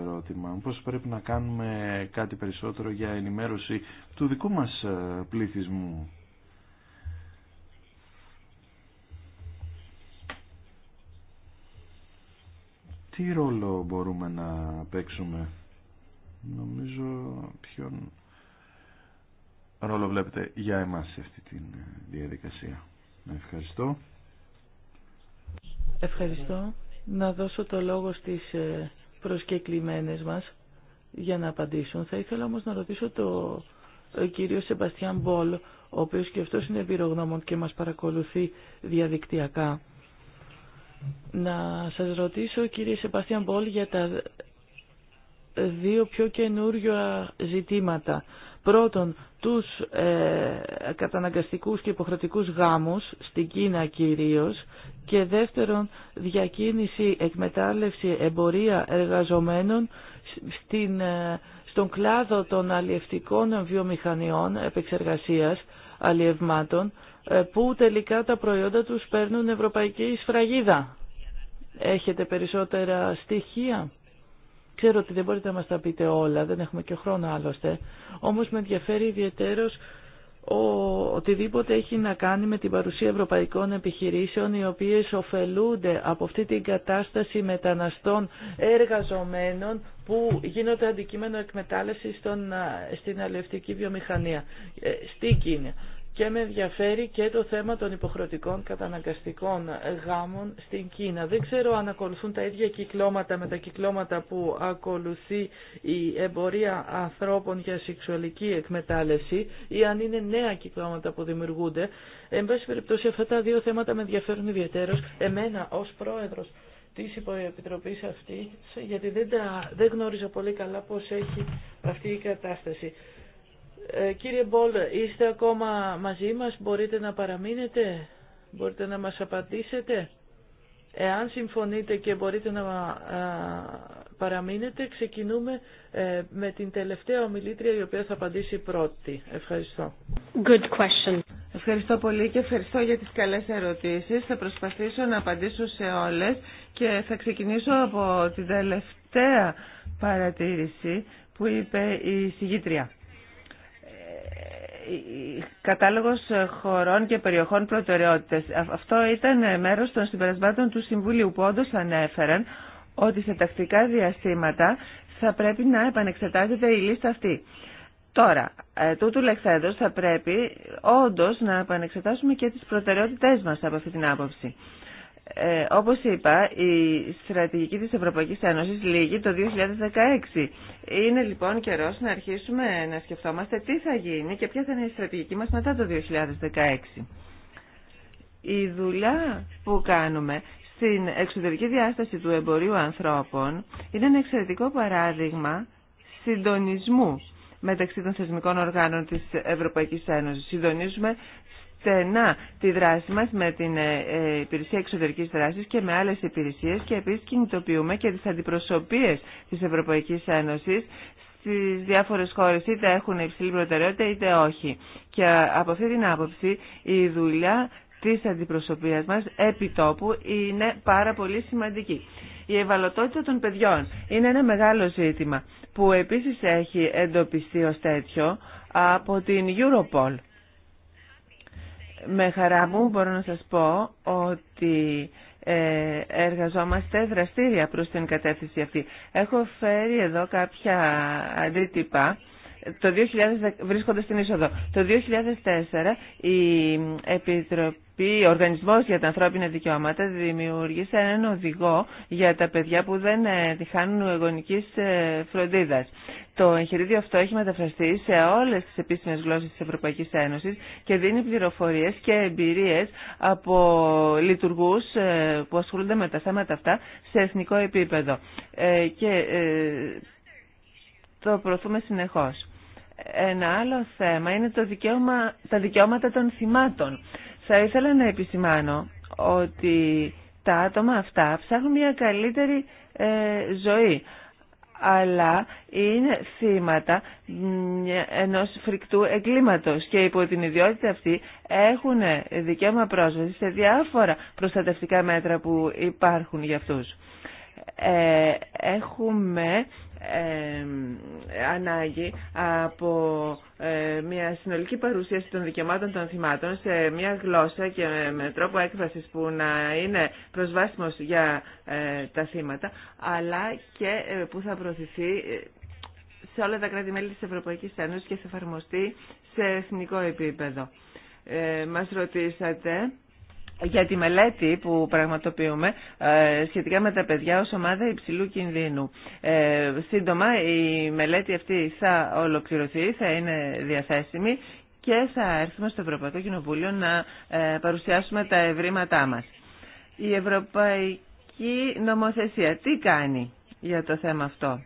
ερώτημα, πώς πρέπει να κάνουμε κάτι περισσότερο για ενημέρωση του δικού μας ε, πληθυσμού. Τι ρόλο μπορούμε να παίξουμε, νομίζω ποιον ρόλο βλέπετε για εμάς σε αυτή τη ε, διαδικασία. Ευχαριστώ. Ευχαριστώ. Να δώσω το λόγο στις ε, προσκεκλημένες μας για να απαντήσουν. Θα ήθελα όμως να ρωτήσω το ε, κύριο Σεμπαστιάν Μπόλ, ο οποίος και αυτός είναι εμπειρογνώμων και μας παρακολουθεί διαδικτυακά. Να σας ρωτήσω, κύριε Σεμπαστιάν Μπόλ, για τα δύο πιο καινούργια ζητήματα Πρώτον, τους ε, καταναγκαστικούς και υποχρεωτικούς γάμους, στην Κίνα κυρίως, και δεύτερον, διακίνηση, εκμετάλλευση, εμπορία εργαζομένων στην, ε, στον κλάδο των αλλιευτικών βιομηχανιών επεξεργασίας αλλιευμάτων, ε, που τελικά τα προϊόντα τους παίρνουν ευρωπαϊκή σφραγίδα. Έχετε περισσότερα στοιχεία Ξέρω ότι δεν μπορείτε να μας τα πείτε όλα, δεν έχουμε και χρόνο άλλωστε, όμως με ενδιαφέρει ιδιαίτερος ο, οτιδήποτε έχει να κάνει με την παρουσία ευρωπαϊκών επιχειρήσεων οι οποίες ωφελούνται από αυτή την κατάσταση μεταναστών εργαζομένων που γίνονται αντικείμενο εκμετάλλευση στον, στην αλληλευτική βιομηχανία, ε, στην Κίνα και με ενδιαφέρει και το θέμα των υποχρεωτικών καταναγκαστικών γάμων στην Κίνα. Δεν ξέρω αν ακολουθούν τα ίδια κυκλώματα με τα κυκλώματα που ακολουθεί η εμπορία ανθρώπων για σεξουαλική εκμετάλλευση ή αν είναι νέα κυκλώματα που δημιουργούνται. Εν πάση περιπτώσει αυτά τα δύο θέματα με ενδιαφέρουν ιδιαίτερως. Εμένα ως πρόεδρος τη υποεπιτροπή αυτή, γιατί δεν, τα, δεν γνώριζα πολύ καλά πώ έχει αυτή η κατάσταση. Ε, κύριε Μπόλ, είστε ακόμα μαζί μας, μπορείτε να παραμείνετε, μπορείτε να μας απαντήσετε. Εάν συμφωνείτε και μπορείτε να ε, παραμείνετε, ξεκινούμε ε, με την τελευταία ομιλήτρια η οποία θα απαντήσει πρώτη. Ευχαριστώ. Good question. Ευχαριστώ πολύ και ευχαριστώ για τις καλές ερωτήσεις. Θα προσπαθήσω να απαντήσω σε όλες και θα ξεκινήσω από την τελευταία παρατήρηση που είπε η συγγήτρια κατάλογος χωρών και περιοχών προτεραιότητες. Αυτό ήταν μέρος των συμπερασμάτων του Συμβουλίου που όντως ανέφεραν ότι σε τακτικά διαστήματα θα πρέπει να επανεξετάζεται η λίστα αυτή. Τώρα, ε, τούτου λεχθέντος θα πρέπει όντως να επανεξετάσουμε και τις προτεραιότητές μας από αυτή την άποψη. Ε, όπως είπα, η στρατηγική της Ευρωπαϊκής Ένωσης λύγει το 2016. Είναι λοιπόν καιρός να αρχίσουμε να σκεφτόμαστε τι θα γίνει και ποια θα είναι η στρατηγική μας μετά το 2016. Η δουλειά που κάνουμε στην εξωτερική διάσταση του εμπορίου ανθρώπων είναι ένα εξαιρετικό παράδειγμα συντονισμού μεταξύ των θεσμικών οργάνων της Ευρωπαϊκής Ένωσης. Συντονίζουμε στενά τη δράση μας με την ε, ε, Υπηρεσία Εξωτερικής Δράσης και με άλλες υπηρεσίες και επίσης κινητοποιούμε και τις αντιπροσωπείες της Ευρωπαϊκής Ένωσης στις διάφορες χώρες είτε έχουν υψηλή προτεραιότητα είτε όχι. Και από αυτή την άποψη η δουλειά της αντιπροσωπείας μας επί τόπου είναι πάρα πολύ σημαντική. Η ευαλωτότητα των παιδιών είναι ένα μεγάλο ζήτημα που επίσης έχει εντοπιστεί ως τέτοιο από την Europol. Με χαρά μου μπορώ να σας πω ότι ε, εργαζόμαστε δραστήρια προς την κατεύθυνση αυτή. Έχω φέρει εδώ κάποια αντίτυπα το βρίσκονται στην είσοδο. Το 2004 η Επιτροπή, Οργανισμός για τα Ανθρώπινα Δικαιώματα δημιούργησε έναν οδηγό για τα παιδιά που δεν ε, τυχάνουν χάνουν ε, φροντίδας. Το εγχειρίδιο αυτό έχει μεταφραστεί σε όλες τις επίσημες γλώσσες της Ευρωπαϊκής Ένωσης και δίνει πληροφορίες και εμπειρίες από λειτουργούς ε, που ασχολούνται με τα θέματα αυτά σε εθνικό επίπεδο. Και το προωθούμε συνεχώς. Ένα άλλο θέμα είναι το δικαίωμα, τα δικαιώματα των θυμάτων. Θα ήθελα να επισημάνω ότι τα άτομα αυτά ψάχνουν μια καλύτερη ε, ζωή αλλά είναι θύματα ενός φρικτού εγκλήματος και υπό την ιδιότητα αυτή έχουν δικαίωμα πρόσβαση σε διάφορα προστατευτικά μέτρα που υπάρχουν για αυτούς. Ε, έχουμε ε, ανάγκη από ε, μια συνολική παρουσίαση των δικαιωμάτων των θυμάτων σε μια γλώσσα και με, τρόπο έκφρασης που να είναι προσβάσιμος για ε, τα θύματα, αλλά και ε, που θα προωθηθεί σε όλα τα κράτη-μέλη της Ευρωπαϊκής Ένωσης και θα εφαρμοστεί σε εθνικό επίπεδο. Μας ρωτήσατε για τη μελέτη που πραγματοποιούμε ε, σχετικά με τα παιδιά ως ομάδα υψηλού κινδύνου. Ε, σύντομα η μελέτη αυτή θα ολοκληρωθεί, θα είναι διαθέσιμη και θα έρθουμε στο Ευρωπαϊκό Κοινοβούλιο να ε, παρουσιάσουμε τα ευρήματά μας. Η Ευρωπαϊκή Νομοθεσία τι κάνει για το θέμα αυτό.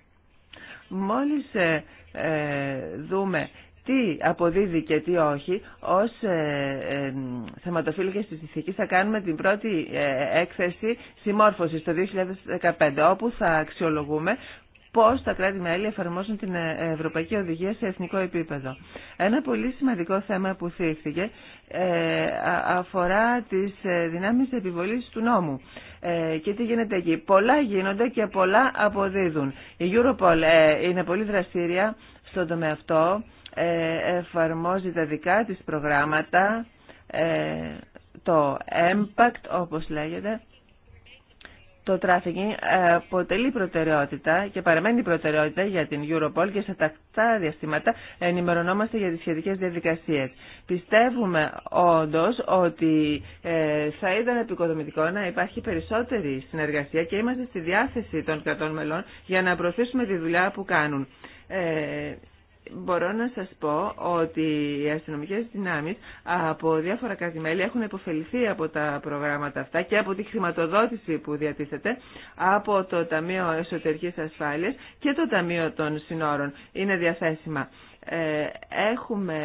Μόλις δούμε τι αποδίδει και τι όχι, ως ε, ε, θεματοφύλακες της ηθικής θα κάνουμε την πρώτη ε, έκθεση συμμόρφωσης το 2015, όπου θα αξιολογούμε πώς τα κράτη-μέλη εφαρμόσουν την ε, Ευρωπαϊκή Οδηγία σε εθνικό επίπεδο. Ένα πολύ σημαντικό θέμα που θύχθηκε ε, αφορά τις ε, δυνάμεις επιβολής του νόμου. Και τι γίνεται εκεί. Πολλά γίνονται και πολλά αποδίδουν. Η Europol είναι πολύ δραστήρια στον τομέα αυτό ε, εφαρμόζει τα δικά της προγράμματα, ε, το impact όπως λέγεται, το τράφικινγκ ε, αποτελεί προτεραιότητα και παραμένει προτεραιότητα για την Europol και σε τακτά διαστήματα ενημερωνόμαστε για τις σχετικές διαδικασίες. Πιστεύουμε όντως ότι θα ήταν επικοδομητικό να υπάρχει περισσότερη συνεργασία και είμαστε στη διάθεση των κρατών μελών για να προωθήσουμε τη δουλειά που κάνουν μπορώ να σας πω ότι οι αστυνομικές δυνάμεις από καθημέλη έχουν υποφεληθεί από τα προγράμματα αυτά και από τη χρηματοδότηση που διατίθεται από το Ταμείο Εσωτερικής Ασφάλειας και το Ταμείο των Συνόρων. Είναι διαθέσιμα. Ε, έχουμε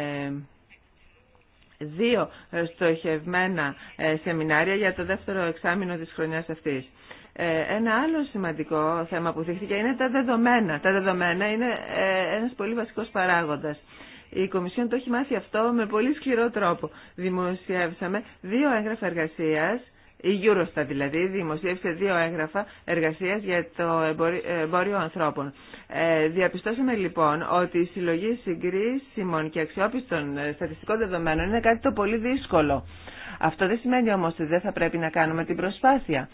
δύο στοχευμένα ε, σεμινάρια για το δεύτερο εξάμεινο της χρονιάς αυτής. Ε, ένα άλλο σημαντικό θέμα που δείχθηκε είναι τα δεδομένα. Τα δεδομένα είναι ε, ένας πολύ βασικός παράγοντας. Η Κομισιόν το έχει μάθει αυτό με πολύ σκληρό τρόπο. Δημοσιεύσαμε δύο έγγραφα εργασίας, η Eurostat δηλαδή, δημοσίευσε δύο έγγραφα εργασίας για το ε, εμπόριο ανθρώπων. διαπιστώσαμε λοιπόν ότι η συλλογή συγκρίσιμων και αξιόπιστων στατιστικών δεδομένων είναι κάτι το πολύ δύσκολο. Αυτό δεν σημαίνει όμως ότι δεν θα πρέπει να κάνουμε την προσπάθεια.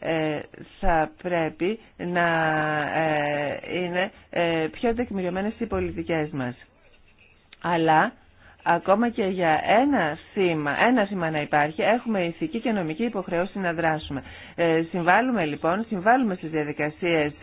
Ε, θα πρέπει να ε, είναι ε, πιο τεκμηριωμένες οι πολιτικές μας. Αλλά ακόμα και για ένα σήμα, ένα να υπάρχει, έχουμε ηθική και νομική υποχρεώση να δράσουμε. Ε, συμβάλλουμε λοιπόν, συμβάλλουμε στις διαδικασίες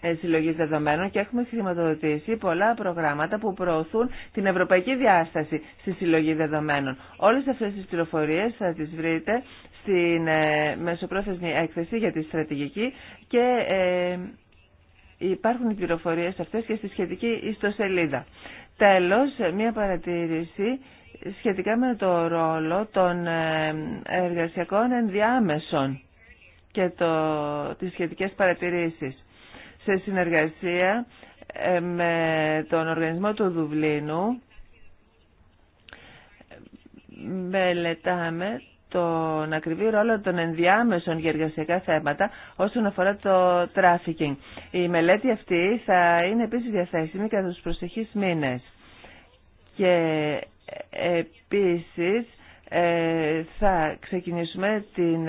ε, συλλογής δεδομένων και έχουμε χρηματοδοτήσει πολλά προγράμματα που προωθούν την ευρωπαϊκή διάσταση στη συλλογή δεδομένων. Όλες αυτές τις πληροφορίες θα τις βρείτε στην ε, μεσοπρόθεσμη έκθεση για τη στρατηγική και ε, υπάρχουν οι πληροφορίες αυτές και στη σχετική ιστοσελίδα. Τέλος, μία παρατήρηση σχετικά με το ρόλο των ε, εργασιακών ενδιάμεσων και το, τις σχετικές παρατηρήσεις. Σε συνεργασία με τον οργανισμό του Δουβλίνου μελετάμε τον ακριβή ρόλο των ενδιάμεσων για εργασιακά θέματα όσον αφορά το τράφικινγκ. Η μελέτη αυτή θα είναι επίσης διαθέσιμη κατά τους προσεχείς μήνες. Και επίσης ε, θα ξεκινήσουμε την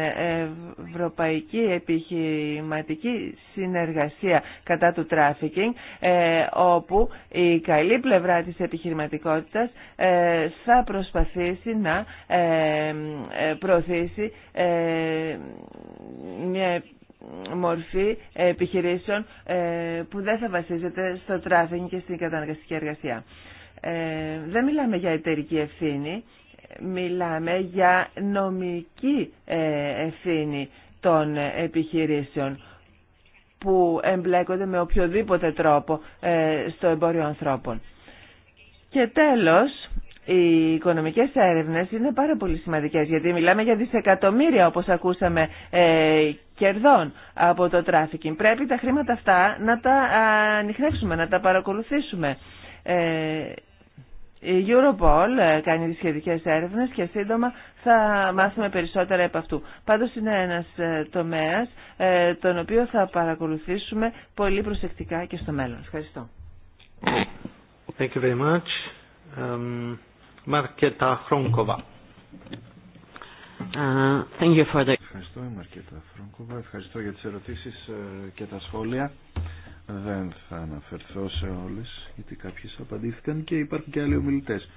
Ευρωπαϊκή Επιχειρηματική Συνεργασία κατά του τράφικινγκ ε, όπου η καλή πλευρά της επιχειρηματικότητας ε, θα προσπαθήσει να προωθήσει μια μορφή επιχειρήσεων που δεν θα βασίζεται στο τράφικινγκ και στην καταναγκαστική εργασία. Δεν μιλάμε για εταιρική ευθύνη μιλάμε για νομική ε, ευθύνη των επιχειρήσεων που εμπλέκονται με οποιοδήποτε τρόπο ε, στο εμπόριο ανθρώπων. Και τέλος, οι οικονομικές έρευνες είναι πάρα πολύ σημαντικές γιατί μιλάμε για δισεκατομμύρια όπως ακούσαμε ε, κερδών από το τράφικινγκ. Πρέπει τα χρήματα αυτά να τα ανοιχνεύσουμε, να τα παρακολουθήσουμε. Η Europol ε, κάνει τις σχετικές έρευνες και σύντομα θα μάθουμε περισσότερα από αυτού. Πάντως είναι ένας ε, τομέας ε, τον οποίο θα παρακολουθήσουμε πολύ προσεκτικά και στο μέλλον. Ευχαριστώ. Thank you very much. Um, Marketa uh, thank you for the... Ευχαριστώ, Μαρκέτα Χρόνκοβα. Ευχαριστώ για τις ερωτήσεις και τα σχόλια. Δεν θα αναφερθώ σε όλες, γιατί κάποιες απαντήθηκαν και υπάρχουν και άλλοι ομιλητές.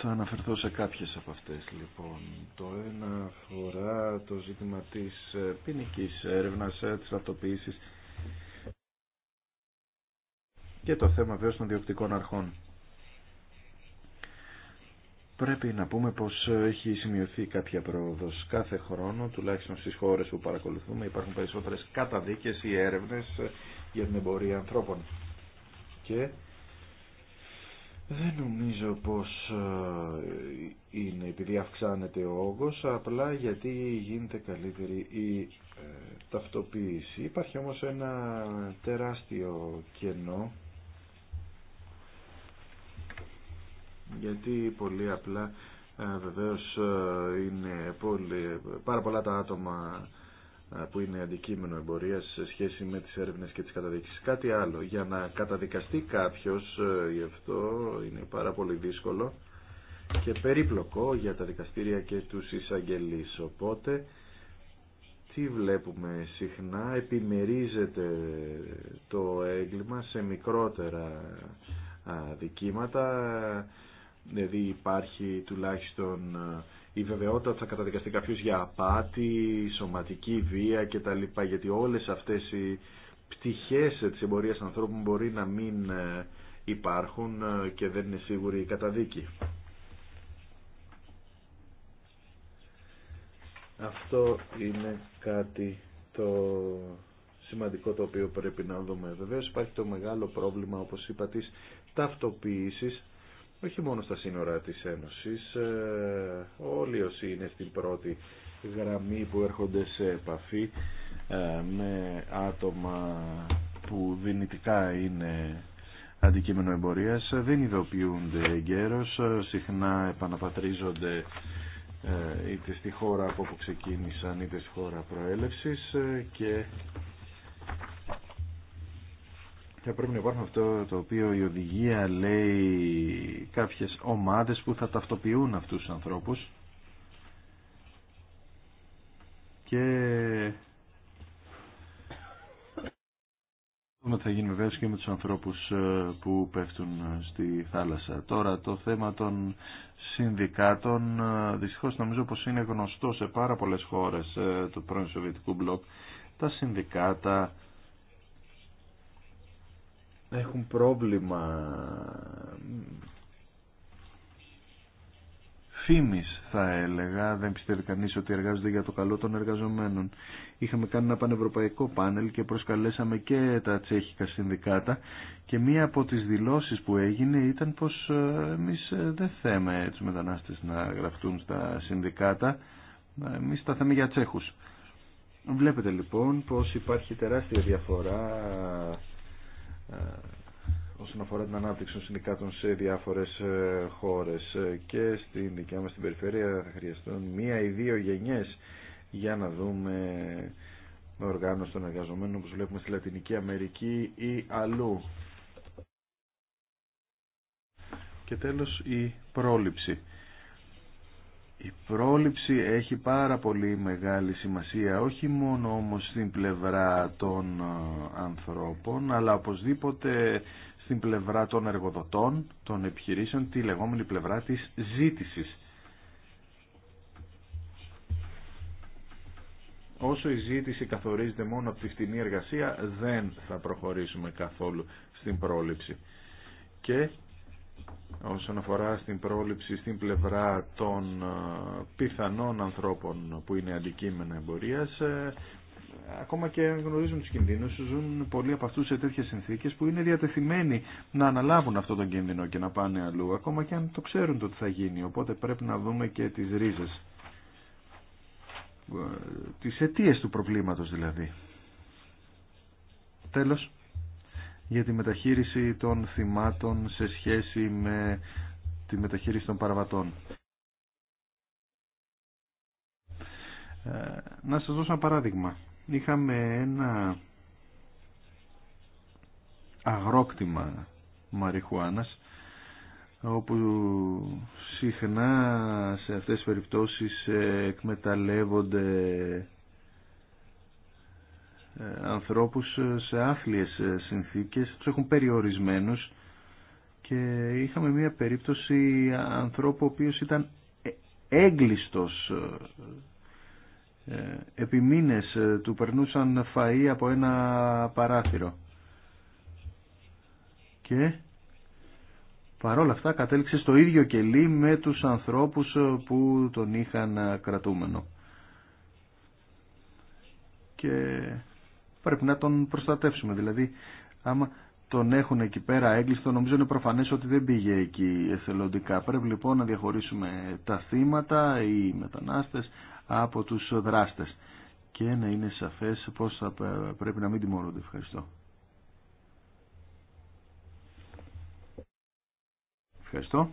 Θα αναφερθώ σε κάποιες από αυτές λοιπόν. Το ένα αφορά το ζήτημα της ε, ποινική έρευνας, ε, της αυτοποίησης και το θέμα βέβαια των διοκτικών αρχών πρέπει να πούμε πως έχει σημειωθεί κάποια πρόοδος κάθε χρόνο, τουλάχιστον στις χώρες που παρακολουθούμε υπάρχουν περισσότερες καταδίκες ή έρευνες για την εμπορία ανθρώπων. Και δεν νομίζω πως ε, είναι επειδή αυξάνεται ο όγκος, απλά γιατί γίνεται καλύτερη η ε, ταυτοποίηση. Υπάρχει όμως ένα τεράστιο κενό γιατί πολύ απλά ε, βεβαίως ε, είναι πολύ, πάρα πολλά τα άτομα ε, που είναι αντικείμενο εμπορίας σε σχέση με τις έρευνες και τις καταδίκησεις. Κάτι άλλο, για να καταδικαστεί κάποιος, γι' αυτό είναι πάρα πολύ δύσκολο και περίπλοκο για τα δικαστήρια και τους εισαγγελείς. Οπότε, τι βλέπουμε συχνά, επιμερίζεται το έγκλημα σε μικρότερα δικήματα Δηλαδή υπάρχει τουλάχιστον ε, η βεβαιότητα ότι θα καταδικαστεί κάποιο για απάτη, σωματική βία κτλ. Γιατί όλες αυτές οι πτυχές τη εμπορία ανθρώπων μπορεί να μην ε, υπάρχουν ε, και δεν είναι σίγουρη η καταδίκη. Αυτό είναι κάτι το σημαντικό το οποίο πρέπει να δούμε. Βεβαίως υπάρχει το μεγάλο πρόβλημα, όπως είπα, της ταυτοποίησης όχι μόνο στα σύνορα της Ένωσης, ε, όλοι όσοι είναι στην πρώτη γραμμή που έρχονται σε επαφή ε, με άτομα που δυνητικά είναι αντικείμενο εμπορίας δεν ειδοποιούνται εγκαίρως, ε, συχνά επαναπατρίζονται είτε στη χώρα από όπου ξεκίνησαν είτε στη χώρα προέλευσης και θα πρέπει να υπάρχουν αυτό το οποίο η οδηγία λέει κάποιες ομάδες που θα ταυτοποιούν αυτούς τους ανθρώπους και θα γίνει βέβαια και με τους ανθρώπους ε, που πέφτουν ε, στη θάλασσα. Τώρα το θέμα των συνδικάτων ε, δυστυχώς νομίζω πως είναι γνωστό σε πάρα πολλές χώρες του πρώην Σοβιετικού Μπλοκ. Τα συνδικάτα έχουν πρόβλημα φήμης θα έλεγα, δεν πιστεύει κανείς ότι εργάζονται για το καλό των εργαζομένων. Είχαμε κάνει ένα πανευρωπαϊκό πάνελ και προσκαλέσαμε και τα τσέχικα συνδικάτα και μία από τις δηλώσεις που έγινε ήταν πως ε, εμείς ε, δεν θέμε τους μετανάστες να γραφτούν στα συνδικάτα, ε, εμείς τα θέμε για τσέχους. Βλέπετε λοιπόν πως υπάρχει τεράστια διαφορά ε, όσον αφορά την ανάπτυξη των συνδικάτων σε διάφορες ε, χώρες ε, και στην δικιά μας την περιφέρεια θα χρειαστούν μία ή δύο γενιές για να δούμε οργάνωση των εργαζομένων όπως βλέπουμε στη Λατινική Αμερική ή αλλού. Και τέλος η πρόληψη. Η πρόληψη έχει πάρα πολύ μεγάλη σημασία, όχι μόνο όμως στην πλευρά των ε, ανθρώπων, αλλά οπωσδήποτε στην πλευρά των εργοδοτών, των επιχειρήσεων, τη λεγόμενη πλευρά της ζήτησης. Όσο η ζήτηση καθορίζεται μόνο από τη φτηνή εργασία, δεν θα προχωρήσουμε καθόλου στην πρόληψη. Και όσον αφορά στην πρόληψη στην πλευρά των ε, πιθανών ανθρώπων που είναι αντικείμενα εμπορίας ε, ακόμα και αν γνωρίζουν τους κινδύνους ζουν πολλοί από αυτούς σε τέτοιες συνθήκες που είναι διατεθειμένοι να αναλάβουν αυτόν τον κίνδυνο και να πάνε αλλού ακόμα και αν το ξέρουν το τι θα γίνει οπότε πρέπει να δούμε και τις ρίζες ε, τις αιτίες του προβλήματος δηλαδή τέλος για τη μεταχείριση των θυμάτων σε σχέση με τη μεταχείριση των παραβατών. Ε, να σας δώσω ένα παράδειγμα. Είχαμε ένα αγρόκτημα μαριχουάνας όπου συχνά σε αυτές τις περιπτώσεις εκμεταλλεύονται ε, ανθρώπους ε, σε άθλιες ε, συνθήκες, τους έχουν περιορισμένους και είχαμε μια περίπτωση ανθρώπου ο οποίος ήταν έγκλειστος επί μήνες του περνούσαν φαΐ από ένα παράθυρο και παρόλα αυτά κατέληξε στο ίδιο κελί με τους ανθρώπους που τον είχαν κρατούμενο και πρέπει να τον προστατεύσουμε. Δηλαδή, άμα τον έχουν εκεί πέρα έγκλειστο, νομίζω είναι προφανές ότι δεν πήγε εκεί εθελοντικά. Πρέπει λοιπόν να διαχωρίσουμε τα θύματα, οι μετανάστες, από τους δράστες. Και να είναι σαφές πώς πρέπει να μην τιμωρούνται. Ευχαριστώ. Ευχαριστώ.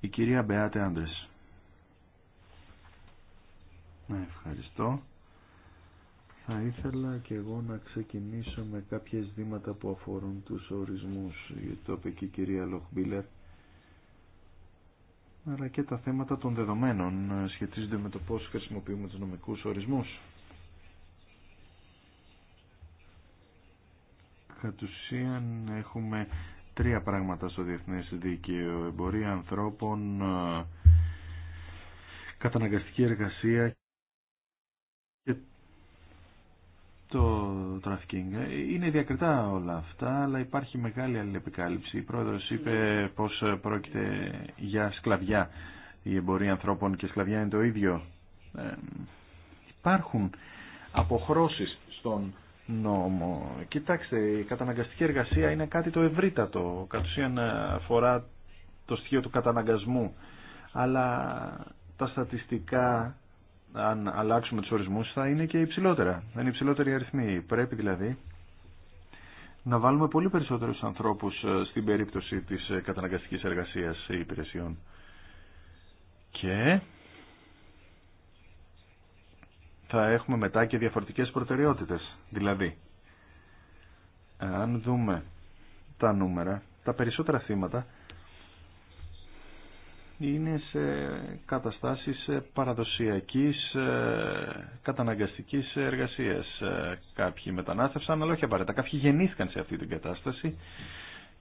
Η κυρία Μπεάτε Άντρες. Ναι, ευχαριστώ. Θα ήθελα και εγώ να ξεκινήσω με κάποια ζητήματα που αφορούν τους ορισμούς, γιατί το είπε και η κυρία Λοχμπίλερ, αλλά και τα θέματα των δεδομένων σχετίζονται με το πώς χρησιμοποιούμε τους νομικούς ορισμούς. Κατ' ουσίαν έχουμε τρία πράγματα στο διεθνές δίκαιο. Εμπορία ανθρώπων, ε, καταναγκαστική εργασία το τραφικίνγκ. Ε, είναι διακριτά όλα αυτά, αλλά υπάρχει μεγάλη αλληλεπικάλυψη. Η πρόεδρος είπε πως πρόκειται για σκλαβιά. Η εμπορία ανθρώπων και σκλαβιά είναι το ίδιο. Ε, υπάρχουν αποχρώσεις στον νόμο. Κοιτάξτε, η καταναγκαστική εργασία είναι κάτι το ευρύτατο. Κατ' ουσίαν ε, αφορά το στοιχείο του καταναγκασμού. Αλλά τα στατιστικά αν αλλάξουμε τους ορισμούς θα είναι και υψηλότερα. Θα είναι υψηλότεροι αριθμοί. Πρέπει δηλαδή να βάλουμε πολύ περισσότερους ανθρώπους ε, στην περίπτωση της ε, καταναγκαστικής εργασίας υπηρεσιών. Και θα έχουμε μετά και διαφορετικές προτεραιότητες. Δηλαδή, αν δούμε τα νούμερα, τα περισσότερα θύματα είναι σε καταστάσεις ε, παραδοσιακής ε, καταναγκαστικής εργασίας. Ε, κάποιοι μετανάστευσαν, αλλά όχι απαραίτητα. Κάποιοι γεννήθηκαν σε αυτή την κατάσταση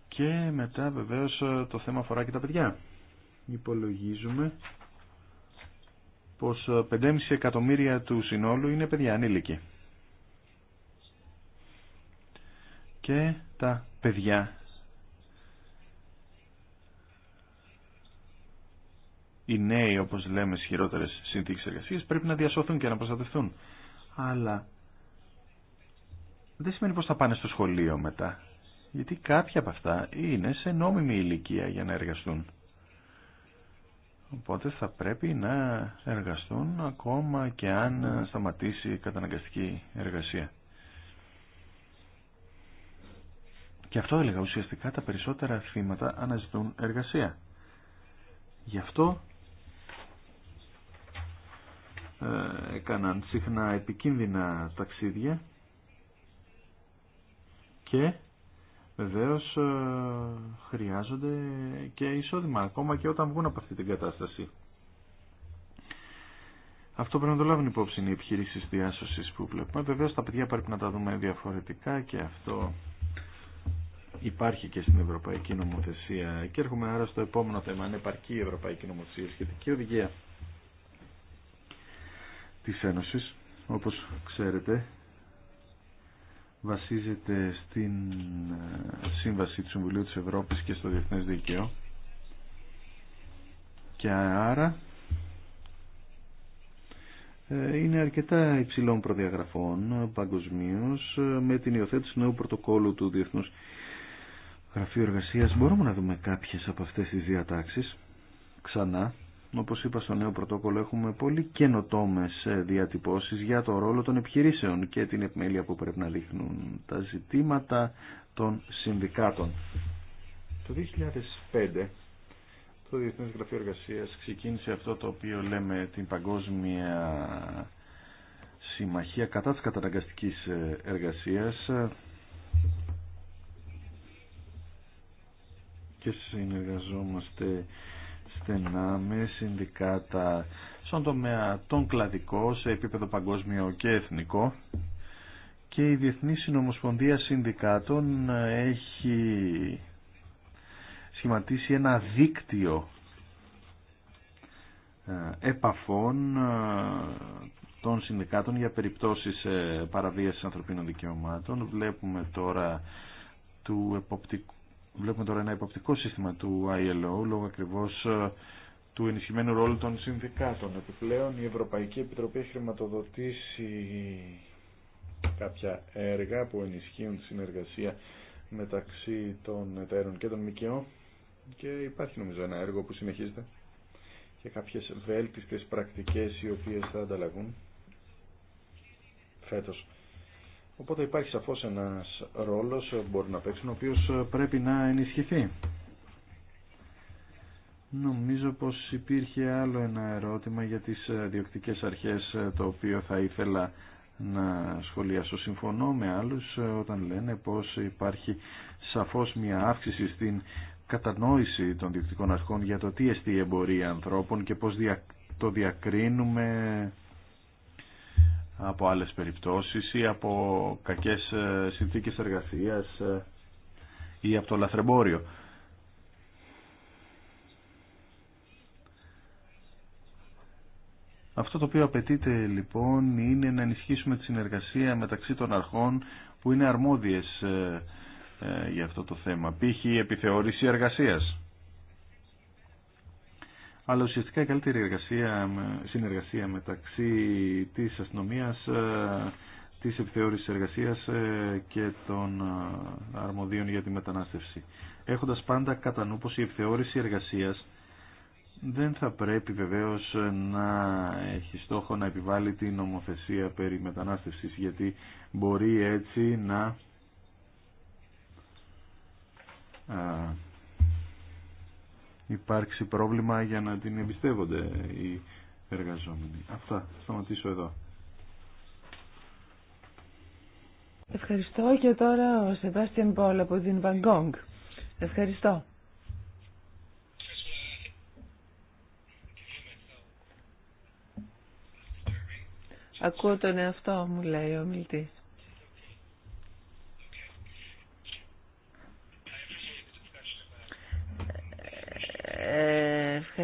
και μετά βεβαίως το θέμα αφορά και τα παιδιά. Υπολογίζουμε πως 5,5 εκατομμύρια του συνόλου είναι παιδιά ανήλικοι. Και τα παιδιά οι νέοι, όπω λέμε, χειρότερε συνθήκε εργασία πρέπει να διασωθούν και να προστατευτούν. Αλλά δεν σημαίνει πώ θα πάνε στο σχολείο μετά. Γιατί κάποια από αυτά είναι σε νόμιμη ηλικία για να εργαστούν. Οπότε θα πρέπει να εργαστούν ακόμα και αν σταματήσει η καταναγκαστική εργασία. Και αυτό έλεγα ουσιαστικά τα περισσότερα θύματα αναζητούν εργασία. Γι' αυτό ε, έκαναν συχνά επικίνδυνα ταξίδια και βεβαίως ε, χρειάζονται και εισόδημα ακόμα και όταν βγουν από αυτή την κατάσταση. Αυτό πρέπει να το λάβουν υπόψη οι επιχειρήσεις διάσωσης που βλέπουμε. Βεβαίως τα παιδιά πρέπει να τα δούμε διαφορετικά και αυτό υπάρχει και στην Ευρωπαϊκή Νομοθεσία. Και έρχομαι άρα στο επόμενο θέμα, αν επαρκεί η Ευρωπαϊκή Νομοθεσία σχετική οδηγία της Ένωσης, όπως ξέρετε, βασίζεται στην ε, Σύμβαση του Συμβουλίου της Ευρώπης και στο Διεθνές Δικαίο και άρα ε, είναι αρκετά υψηλών προδιαγραφών ε, παγκοσμίω με την υιοθέτηση νέου πρωτοκόλου του Διεθνούς Γραφείου Εργασίας. Μπορούμε να δούμε κάποιες από αυτές τις διατάξεις ξανά όπως είπα στο νέο πρωτόκολλο, έχουμε πολύ καινοτόμες ε, διατυπώσεις για το ρόλο των επιχειρήσεων και την επιμέλεια που πρέπει να δείχνουν τα ζητήματα των συνδικάτων. Το 2005 το Διεθνές Γραφείο Εργασίας ξεκίνησε αυτό το οποίο λέμε την Παγκόσμια Συμμαχία κατά της καταναγκαστικής ε, εργασίας και συνεργαζόμαστε στενά με συνδικάτα στον τομέα των κλαδικό σε επίπεδο παγκόσμιο και εθνικό και η Διεθνή Συνομοσπονδία Συνδικάτων ε, έχει σχηματίσει ένα δίκτυο ε, επαφών ε, των συνδικάτων για περιπτώσεις παραβίασης ανθρωπίνων δικαιωμάτων. Βλέπουμε τώρα του εποπτικού Βλέπουμε τώρα ένα υποπτικό σύστημα του ILO λόγω ακριβώς ε, του ενισχυμένου ρόλου των συνδικάτων. Επιπλέον η Ευρωπαϊκή Επιτροπή έχει χρηματοδοτήσει κάποια έργα που ενισχύουν τη συνεργασία μεταξύ των εταίρων και των ΜΚΟ και υπάρχει νομίζω ένα έργο που συνεχίζεται και κάποιες βέλτιστες πρακτικές οι οποίες θα ανταλλαγούν φέτος. Οπότε υπάρχει σαφώς ένας ρόλος που ε, μπορεί να παίξει, ο οποίος ε, πρέπει να ενισχυθεί. Νομίζω πως υπήρχε άλλο ένα ερώτημα για τις ε, διοκτικές αρχές, το οποίο θα ήθελα να σχολιάσω. Συμφωνώ με άλλους όταν λένε πως υπάρχει σαφώς μια αύξηση στην κατανόηση των διοκτικών αρχών για το τι εστί εμπορία ανθρώπων και πως το διακρίνουμε από άλλες περιπτώσεις ή από κακές ε, συνθήκες εργασίας ε, ή από το λαθρεμπόριο. Αυτό το οποίο απαιτείται λοιπόν είναι να ενισχύσουμε τη συνεργασία μεταξύ των αρχών που είναι αρμόδιες ε, για αυτό το θέμα. Π.χ. επιθεώρηση εργασίας αλλά ουσιαστικά η καλύτερη εργασία, συνεργασία μεταξύ της αστυνομίας, ε, της επιθεώρησης εργασίας ε, και των ε, αρμοδίων για τη μετανάστευση. Έχοντας πάντα κατά νου πως η επιθεώρηση εργασίας δεν θα πρέπει βεβαίως να έχει στόχο να επιβάλλει την νομοθεσία περί μετανάστευσης γιατί μπορεί έτσι να υπάρξει πρόβλημα για να την εμπιστεύονται οι εργαζόμενοι. Αυτά. Σταματήσω εδώ. Ευχαριστώ και τώρα ο Σεβάστιαν Πόλ από την Βαγκόγκ. Ευχαριστώ. Ακούω τον εαυτό μου, λέει ο μιλτής. Ε,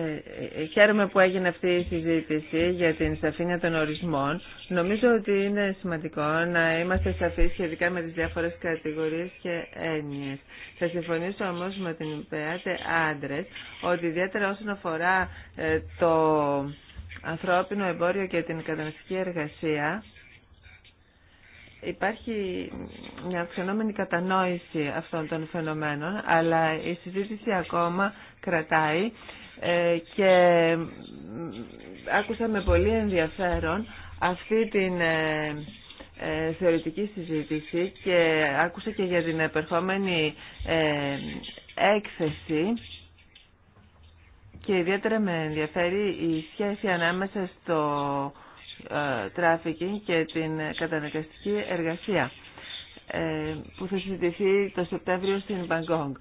ε, χαίρομαι που έγινε αυτή η συζήτηση για την σαφήνεια των ορισμών. Νομίζω ότι είναι σημαντικό να είμαστε σαφείς σχετικά με τις διάφορες κατηγορίες και έννοιες. Θα συμφωνήσω όμως με την Πεάτε Άντρες ότι ιδιαίτερα όσον αφορά ε, το ανθρώπινο εμπόριο και την καταναστική εργασία υπάρχει μια αυξανόμενη κατανόηση αυτών των φαινομένων, αλλά η συζήτηση ακόμα κρατάει ε, και άκουσα με πολύ ενδιαφέρον αυτή την ε, ε, θεωρητική συζήτηση και άκουσα και για την επερχόμενη έκθεση και ιδιαίτερα με ενδιαφέρει η σχέση ανάμεσα στο τράφικινγκ και την καταναγκαστική εργασία που θα συζητηθεί το Σεπτέμβριο στην Μπαγκόγκ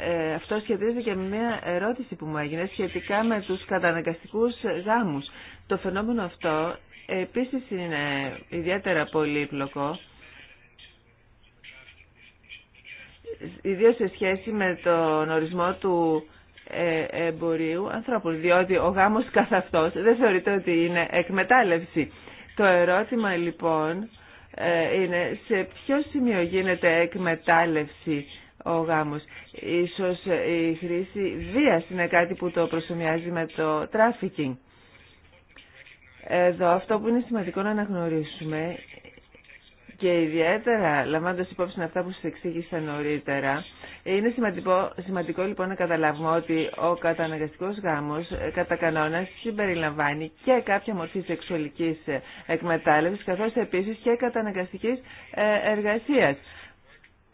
ε, αυτό σχετίζεται και με μια ερώτηση που μου έγινε σχετικά με τους καταναγκαστικούς γάμους. Το φαινόμενο αυτό επίσης είναι ιδιαίτερα πολύπλοκο, ιδίως σε σχέση με τον ορισμό του ε, εμπορίου ανθρώπων, διότι ο γάμος καθ' αυτός δεν θεωρείται ότι είναι εκμετάλλευση. Το ερώτημα λοιπόν ε, είναι σε ποιο σημείο γίνεται εκμετάλλευση ο γάμος. Ίσως η χρήση βίας είναι κάτι που το προσωμιάζει με το τράφικινγκ. Εδώ αυτό που είναι σημαντικό να αναγνωρίσουμε και ιδιαίτερα λαμβάνοντα υπόψη αυτά που σα εξήγησα νωρίτερα, είναι σημαντικό, σημαντικό λοιπόν να καταλάβουμε ότι ο καταναγκαστικό γάμο κατά κανόνα συμπεριλαμβάνει και κάποια μορφή σεξουαλική εκμετάλλευση καθώ επίση και καταναγκαστική ε, εργασία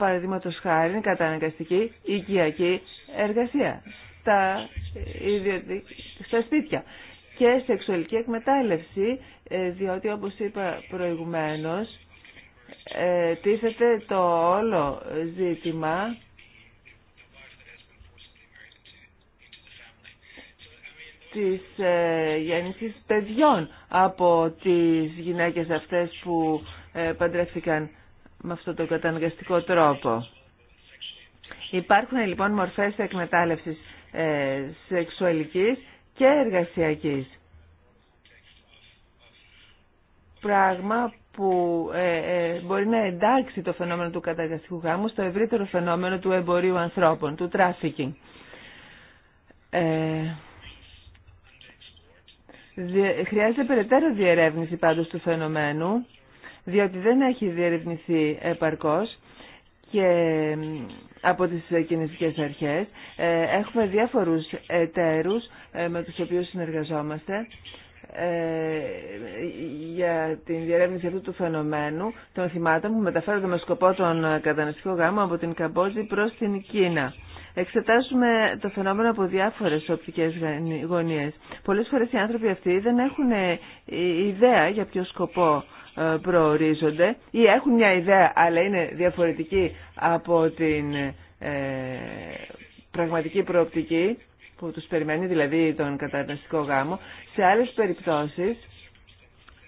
παραδείγματο χάρη είναι καταναγκαστική οικιακή εργασία στα, στα σπίτια και σεξουαλική εκμετάλλευση ε, διότι όπως είπα προηγουμένως ε, τίθεται το όλο ζήτημα της ε, γεννήσης παιδιών από τις γυναίκες αυτές που παντρεύτηκαν με αυτόν τον καταναγκαστικό τρόπο. Υπάρχουν λοιπόν μορφές εκμετάλλευσης ε, σεξουαλικής και εργασιακής. Πράγμα που ε, ε, μπορεί να εντάξει το φαινόμενο του καταναγκαστικού γάμου στο ευρύτερο φαινόμενο του εμπορίου ανθρώπων, του τράφικινγκ. Ε, χρειάζεται περαιτέρω διερεύνηση πάντως του φαινομένου διότι δεν έχει διερευνηθεί επαρκώς και από τις κινητικές αρχές. Ε, έχουμε διάφορους εταίρους ε, με τους οποίους συνεργαζόμαστε ε, για την διερεύνηση αυτού του φαινομένου των θυμάτων που μεταφέρονται με σκοπό τον καταναστικό γάμο από την Καμπότζη προς την Κίνα. Εξετάζουμε το φαινόμενο από διάφορες οπτικές γωνίες. Πολλές φορές οι άνθρωποι αυτοί δεν έχουν ιδέα για ποιο σκοπό ε, προορίζονται ή έχουν μια ιδέα αλλά είναι διαφορετική από την ε, πραγματική προοπτική που τους περιμένει, δηλαδή τον καταναστικό γάμο. Σε άλλες περιπτώσεις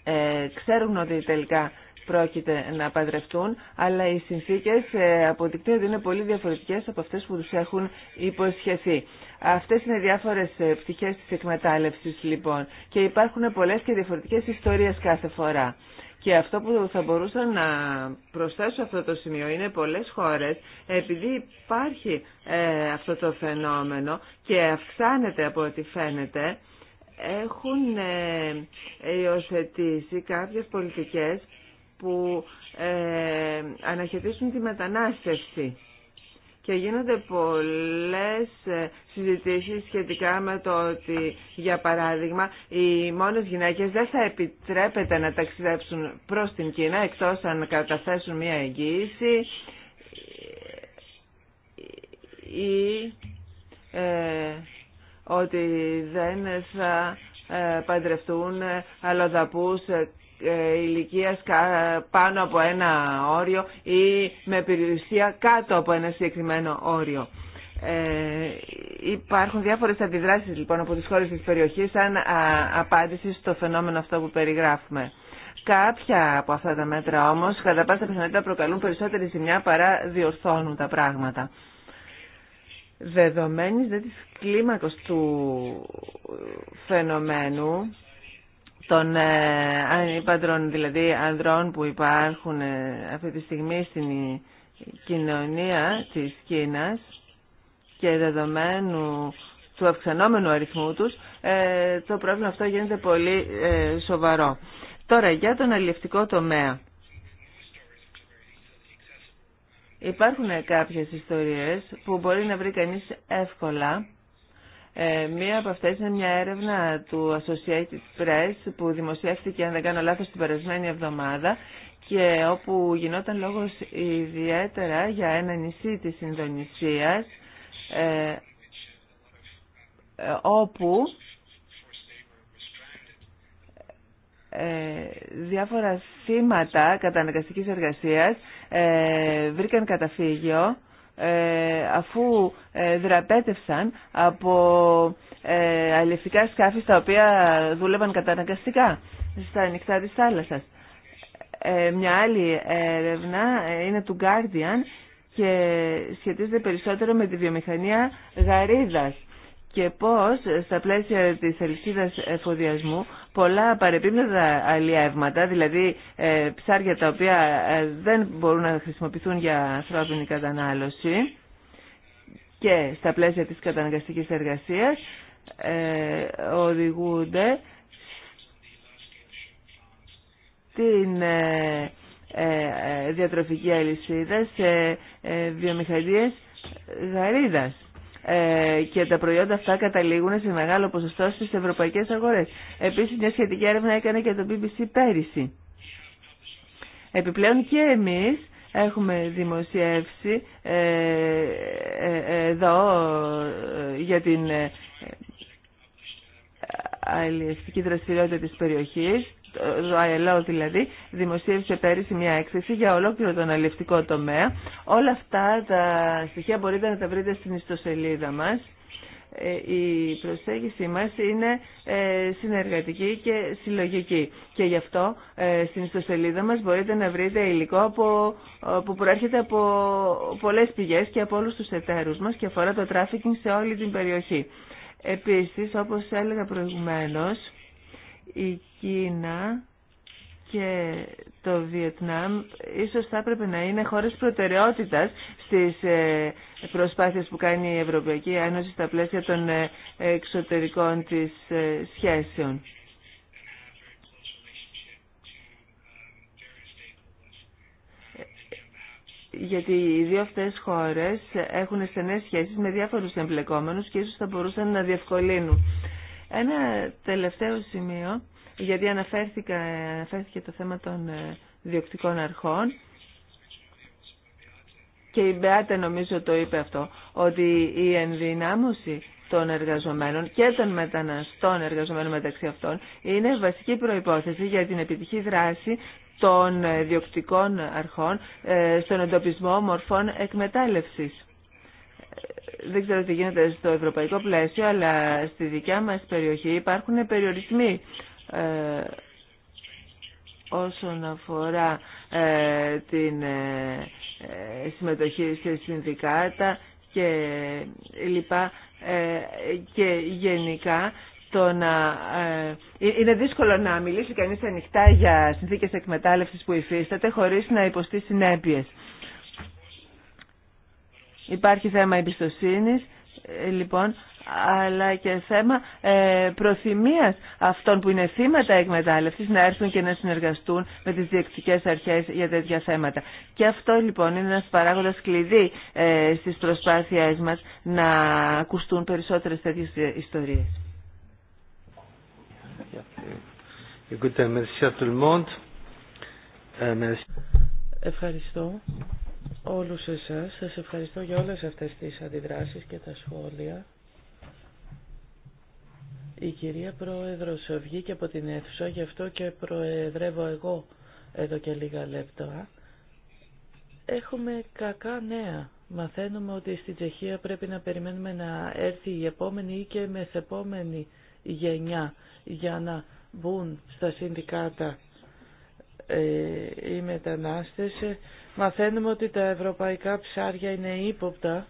ε, ξέρουν ότι τελικά πρόκειται να παντρευτούν, αλλά οι συνθήκες αποδεικνύουν ότι είναι πολύ διαφορετικές από αυτές που τους έχουν υποσχεθεί. Αυτές είναι διάφορες πτυχές της εκμετάλλευσης λοιπόν και υπάρχουν πολλές και διαφορετικές ιστορίες κάθε φορά. Και αυτό που θα μπορούσα να προσθέσω αυτό το σημείο είναι πολλές χώρες, επειδή υπάρχει ε, αυτό το φαινόμενο και αυξάνεται από ό,τι φαίνεται, έχουν ε, υιοθετήσει κάποιες πολιτικές που ε, αναχαιτήσουν τη μετανάστευση και γίνονται πολλές ε, συζητήσεις σχετικά με το ότι, για παράδειγμα, οι μόνες γυναίκες δεν θα επιτρέπεται να ταξιδέψουν προς την Κίνα εκτός αν καταθέσουν μια εγγύηση ή ε, ότι δεν θα ε, παντρευτούν αλλοδαπούς ε, Ηλικία πάνω από ένα όριο ή με περιουσία κάτω από ένα συγκεκριμένο όριο. Ε, υπάρχουν διάφορες αντιδράσεις λοιπόν από τις χώρες της περιοχής σαν απάντηση στο φαινόμενο αυτό που περιγράφουμε. Κάποια από αυτά τα μέτρα όμως κατά πάσα πιθανότητα προκαλούν περισσότερη ζημιά παρά διορθώνουν τα πράγματα. Δεδομένης δε της κλίμακος του φαινομένου των ε, ανήπαντρων, δηλαδή ανδρών που υπάρχουν ε, αυτή τη στιγμή στην κοινωνία της Κίνας και δεδομένου του αυξανόμενου αριθμού τους, ε, το πρόβλημα αυτό γίνεται πολύ σοβαρό. Τώρα, για τον αλληλευτικό τομέα. Υπάρχουν κάποιες ιστορίες που μπορεί να βρει κανείς εύκολα ε, μια έρευνα του Associated Press που δημοσιεύτηκε, αν δεν κάνω λάθος, την περασμένη εβδομάδα και όπου γινόταν λόγος ιδιαίτερα για ένα νησί της Ινδονησίας ε, ε, όπου διάφορα θύματα καταναγκαστικής εργασίας ε, βρήκαν καταφύγιο ε, αφού ε, δραπέτευσαν από ε, αλληλευτικά σκάφη στα οποία δούλευαν καταναγκαστικά στα ανοιχτά της θάλασσας. Μια άλλη έρευνα είναι του Guardian και σχετίζεται περισσότερο με τη βιομηχανία γαρίδας και πώς στα πλαίσια της αλυσίδας εφοδιασμού πολλά παρεπίπλατα αλλιεύματα, δηλαδή ε, ψάρια τα οποία ε, δεν μπορούν να χρησιμοποιηθούν για ανθρώπινη κατανάλωση και στα πλαίσια της καταναγκαστικής εργασίας ε, οδηγούνται στην ε, διατροφική αλυσίδα σε βιομηχανίες γαρίδας. Ε, και τα προϊόντα αυτά καταλήγουν σε μεγάλο ποσοστό στις ευρωπαϊκές αγορές. Επίσης μια σχετική έρευνα έκανε και το BBC πέρυσι. Επιπλέον και εμείς έχουμε δημοσιεύσει ε, ε, εδώ για την αλληλευτική δραστηριότητα της περιοχής ΖΟΑΕΛΑΟ δηλαδή, δημοσίευσε πέρυσι μια έκθεση για ολόκληρο τον αλληλευτικό τομέα. Όλα αυτά τα στοιχεία μπορείτε να τα βρείτε στην ιστοσελίδα μας. Ε, η προσέγγιση μας είναι ε, συνεργατική και συλλογική και γι' αυτό ε, στην ιστοσελίδα μας μπορείτε να βρείτε υλικό που προέρχεται από πολλές πηγές και από όλους τους εταίρους μας και αφορά το τράφικινγκ σε όλη την περιοχή. Επίσης, όπως έλεγα προηγουμένως, η Κίνα και το Βιετνάμ ίσως θα έπρεπε να είναι χώρες προτεραιότητας στις ε, προσπάθειες που κάνει η Ευρωπαϊκή Ένωση στα πλαίσια των ε, εξωτερικών της ε, σχέσεων. γιατί οι δύο αυτές χώρες έχουν στενές σχέσεις με διάφορους εμπλεκόμενους και ίσως θα μπορούσαν να διευκολύνουν. Ένα τελευταίο σημείο γιατί αναφέρθηκε, το θέμα των ε, διοκτικών αρχών και η Μπεάτε νομίζω το είπε αυτό, ότι η ενδυνάμωση των εργαζομένων και των μεταναστών εργαζομένων μεταξύ αυτών είναι βασική προϋπόθεση για την επιτυχή δράση των ε, διοκτικών αρχών ε, στον εντοπισμό μορφών εκμετάλλευσης. Δεν ξέρω τι γίνεται στο ευρωπαϊκό πλαίσιο, αλλά στη δικιά μας περιοχή υπάρχουν περιορισμοί ε, όσον αφορά ε, την ε, συμμετοχή σε συνδικάτα και λοιπά και γενικά το να, είναι δύσκολο να μιλήσει κανείς ανοιχτά για συνθήκες εκμετάλλευσης που υφίσταται χωρίς να υποστεί συνέπειες. Υπάρχει θέμα εμπιστοσύνης, λοιπόν, αλλά και θέμα ε, προθυμίας αυτών που είναι θύματα εκμετάλλευσης να έρθουν και να συνεργαστούν με τις διεκτικές αρχές για τέτοια θέματα. Και αυτό λοιπόν είναι ένας παράγοντας κλειδί ε, στις προσπάθειές μας να ακουστούν περισσότερες τέτοιες ιστορίες. Ε, ευχαριστώ όλους εσάς. Σας ευχαριστώ για όλες αυτές τις αντιδράσεις και τα σχόλια. Η κυρία Πρόεδρος βγήκε από την αίθουσα, γι' αυτό και προεδρεύω εγώ εδώ και λίγα λεπτά. Έχουμε κακά νέα. Μαθαίνουμε ότι στην Τσεχία πρέπει να περιμένουμε να έρθει η επόμενη ή και μεθεπόμενη γενιά για να μπουν στα συνδικάτα ε, οι μετανάστες. Μαθαίνουμε ότι τα ευρωπαϊκά ψάρια είναι ύποπτα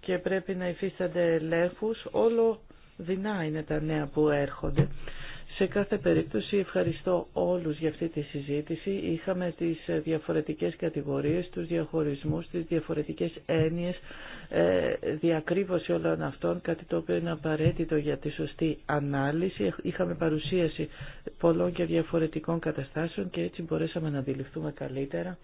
και πρέπει να υφίστανται ελέγχους. Όλο δεινά είναι τα νέα που έρχονται. Σε κάθε περίπτωση ευχαριστώ όλους για αυτή τη συζήτηση. Είχαμε τις διαφορετικές κατηγορίες, τους διαχωρισμούς, τις διαφορετικές έννοιες, ε, διακρύβωση όλων αυτών, κάτι το οποίο είναι απαραίτητο για τη σωστή ανάλυση. Είχαμε παρουσίαση πολλών και διαφορετικών καταστάσεων και έτσι μπορέσαμε να αντιληφθούμε καλύτερα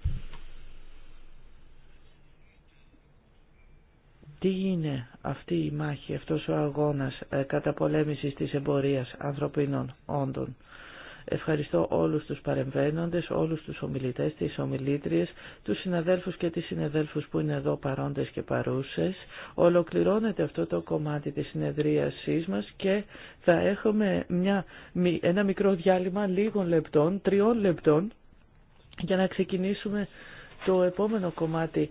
τι είναι αυτή η μάχη, αυτός ο αγώνας ε, κατά πολέμησης της εμπορίας ανθρωπίνων όντων. Ευχαριστώ όλους τους παρεμβαίνοντες, όλους τους ομιλητές, τις ομιλήτριες, τους συναδέλφους και τις συνεδέλφους που είναι εδώ παρόντες και παρούσες. Ολοκληρώνεται αυτό το κομμάτι της συνεδρίασής μας και θα έχουμε μια, ένα μικρό διάλειμμα λίγων λεπτών, τριών λεπτών, για να ξεκινήσουμε το επόμενο κομμάτι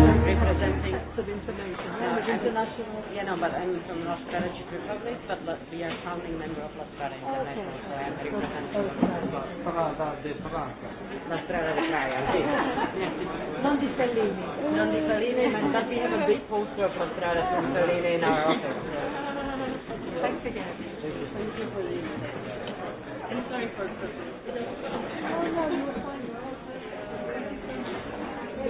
representing international. Yeah, no, but I'm from Czech Republic, but we are founding member of the International, so I'm representing. Non di Fellini. Non di Fellini, ma have a big poster of in our office. Thank you for the. I'm sorry for.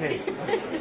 Okay.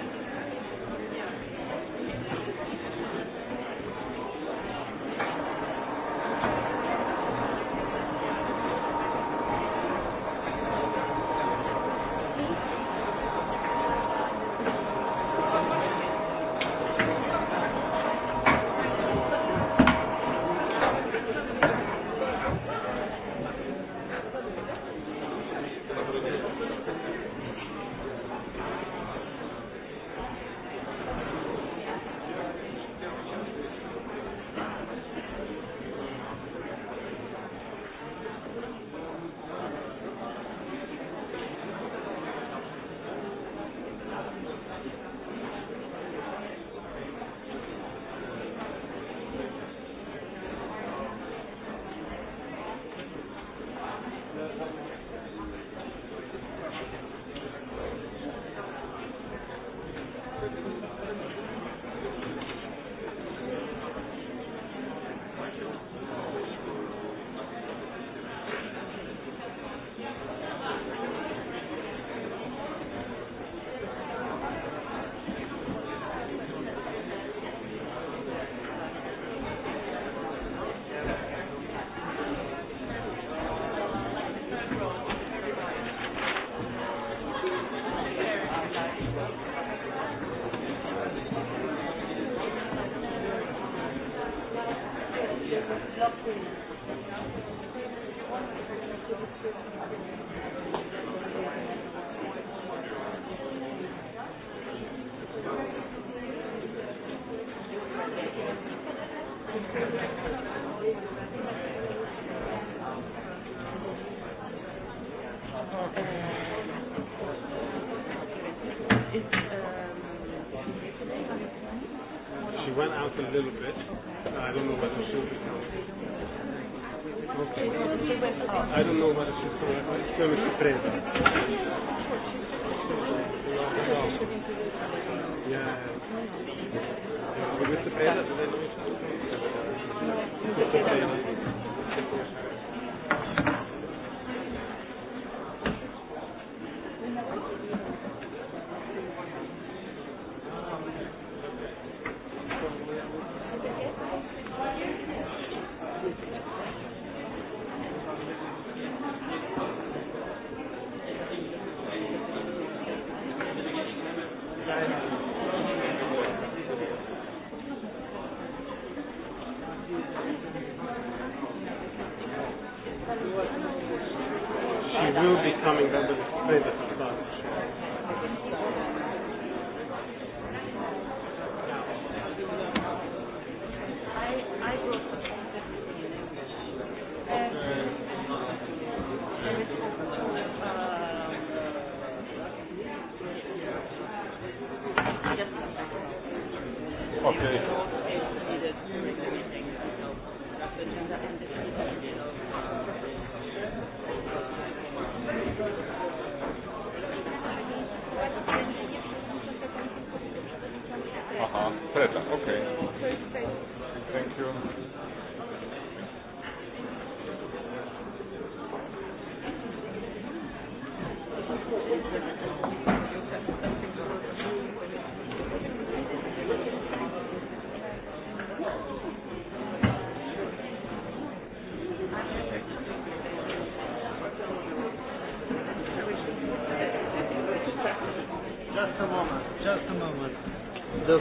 I don't know whether she's from Flemish to pray.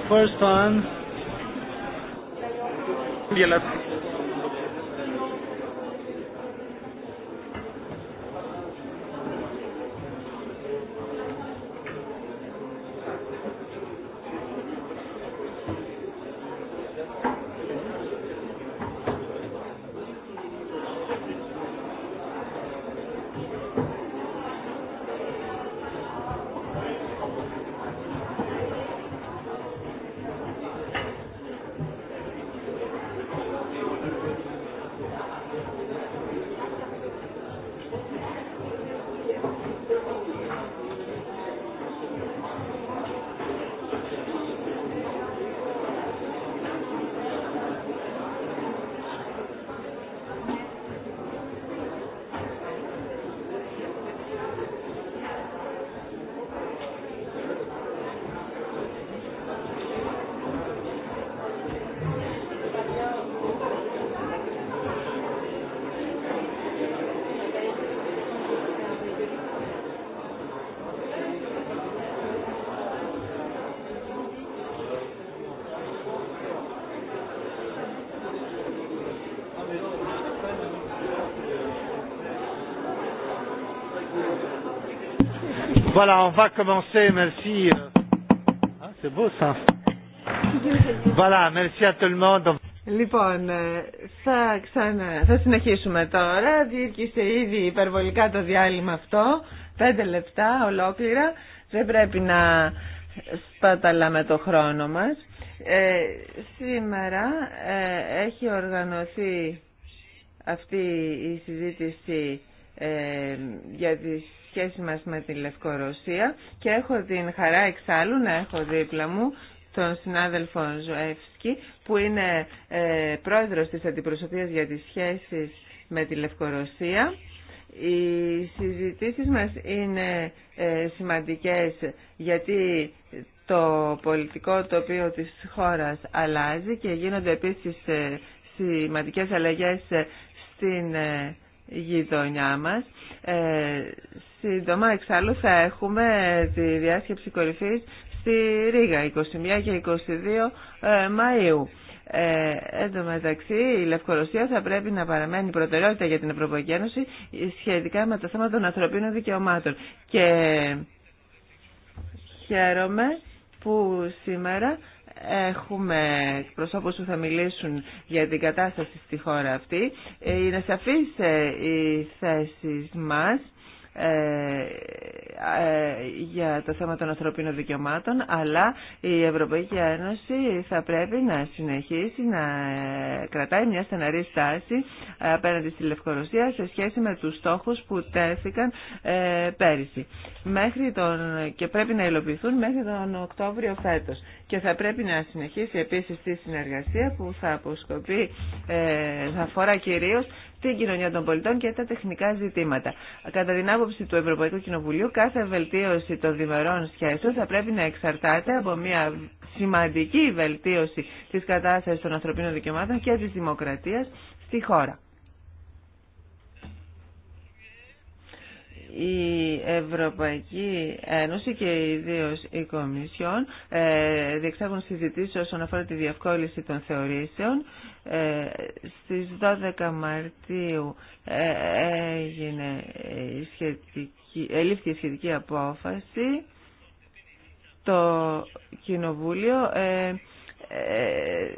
first one. Voilà, on va commencer. Merci. Ah, c'est beau ça. Voilà, merci à tout le monde. Λοιπόν, ε, θα, ξανα... θα συνεχίσουμε τώρα. Διήρκησε ήδη υπερβολικά το διάλειμμα αυτό. Πέντε λεπτά ολόκληρα. Δεν πρέπει να σπαταλάμε το χρόνο μας. Ε, σήμερα ε, έχει οργανωθεί αυτή η συζήτηση ε, για τις σχέση μας με τη Λευκορωσία και έχω την χαρά εξάλλου να έχω δίπλα μου τον συνάδελφο Ζωεύσκη που είναι ε, πρόεδρος της Αντιπροσωπείας για τις σχέσεις με τη Λευκορωσία. Οι συζητήσεις μας είναι ε, σημαντικές γιατί το πολιτικό τοπίο της χώρας αλλάζει και γίνονται επίσης ε, σημαντικές αλλαγές στην ε, γειτονιά μας. Σύντομα, εξάλλου, θα έχουμε τη διάσκεψη κορυφής στη Ρήγα, 21 και 22 ε, Μαΐου. Ε, εν τω μεταξύ, η Λευκορωσία θα πρέπει να παραμένει προτεραιότητα για την Ευρωπαϊκή Ένωση σχετικά με το θέμα των ανθρωπίνων δικαιωμάτων. Και χαίρομαι που σήμερα έχουμε προσώπους που θα μιλήσουν για την κατάσταση στη χώρα αυτή. Ε, είναι σαφείς ε, οι θέσεις μας ε, ε, για το θέμα των ανθρωπίνων δικαιωμάτων, αλλά η Ευρωπαϊκή Ένωση θα πρέπει να συνεχίσει να ε, κρατάει μια στεναρή στάση απέναντι στη Λευκορωσία σε σχέση με τους στόχους που τέθηκαν πέρυσι. Μέχρι τον... και πρέπει να υλοποιηθούν μέχρι τον Οκτώβριο φέτος. Και θα πρέπει να συνεχίσει επίσης τη συνεργασία που θα αποσκοπεί, θα αφορά κυρίως την κοινωνία των πολιτών και τα τεχνικά ζητήματα. Κατά την άποψη του Ευρωπαϊκού Κοινοβουλίου, κάθε βελτίωση των διμερών σχέσεων θα πρέπει να εξαρτάται από μια σημαντική βελτίωση της κατάστασης των ανθρωπίνων δικαιωμάτων και της δημοκρατίας στη χώρα. η Ευρωπαϊκή Ένωση και ιδίω η Κομισιόν ε, διεξάγουν συζητήσεις όσον αφορά τη διευκόλυνση των θεωρήσεων. Ε, στις 12 Μαρτίου ε, έγινε η σχετική, ελήφθη η σχετική απόφαση. Το Κοινοβούλιο ε, ε,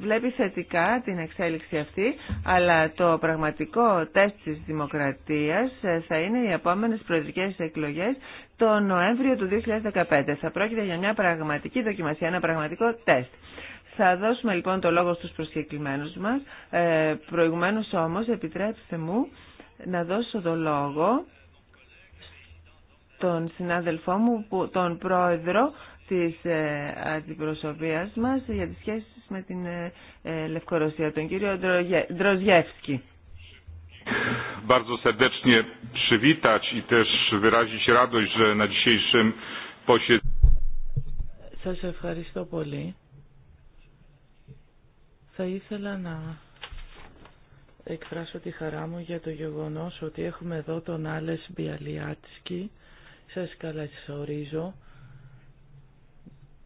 βλέπει θετικά την εξέλιξη αυτή, αλλά το πραγματικό τεστ της δημοκρατίας ε, θα είναι οι επόμενες προεδρικές εκλογές το Νοέμβριο του 2015. Θα πρόκειται για μια πραγματική δοκιμασία, ένα πραγματικό τεστ. Θα δώσουμε λοιπόν το λόγο στους προσκεκλημένους μας. Ε, προηγουμένως όμως επιτρέψτε μου να δώσω το λόγο τον συνάδελφό μου, τον πρόεδρο της ε, αντιπροσωπείας μας για τις σχέσεις με την ε, ε, Λευκορωσία, τον κύριο Ντροζιεύσκη. Bardzo serdecznie przywitać i też Σας ευχαριστώ πολύ. Θα ήθελα να εκφράσω τη χαρά μου για το γεγονός ότι έχουμε εδώ τον Άλες Μπιαλιάτσκι. Σας καλωσορίζω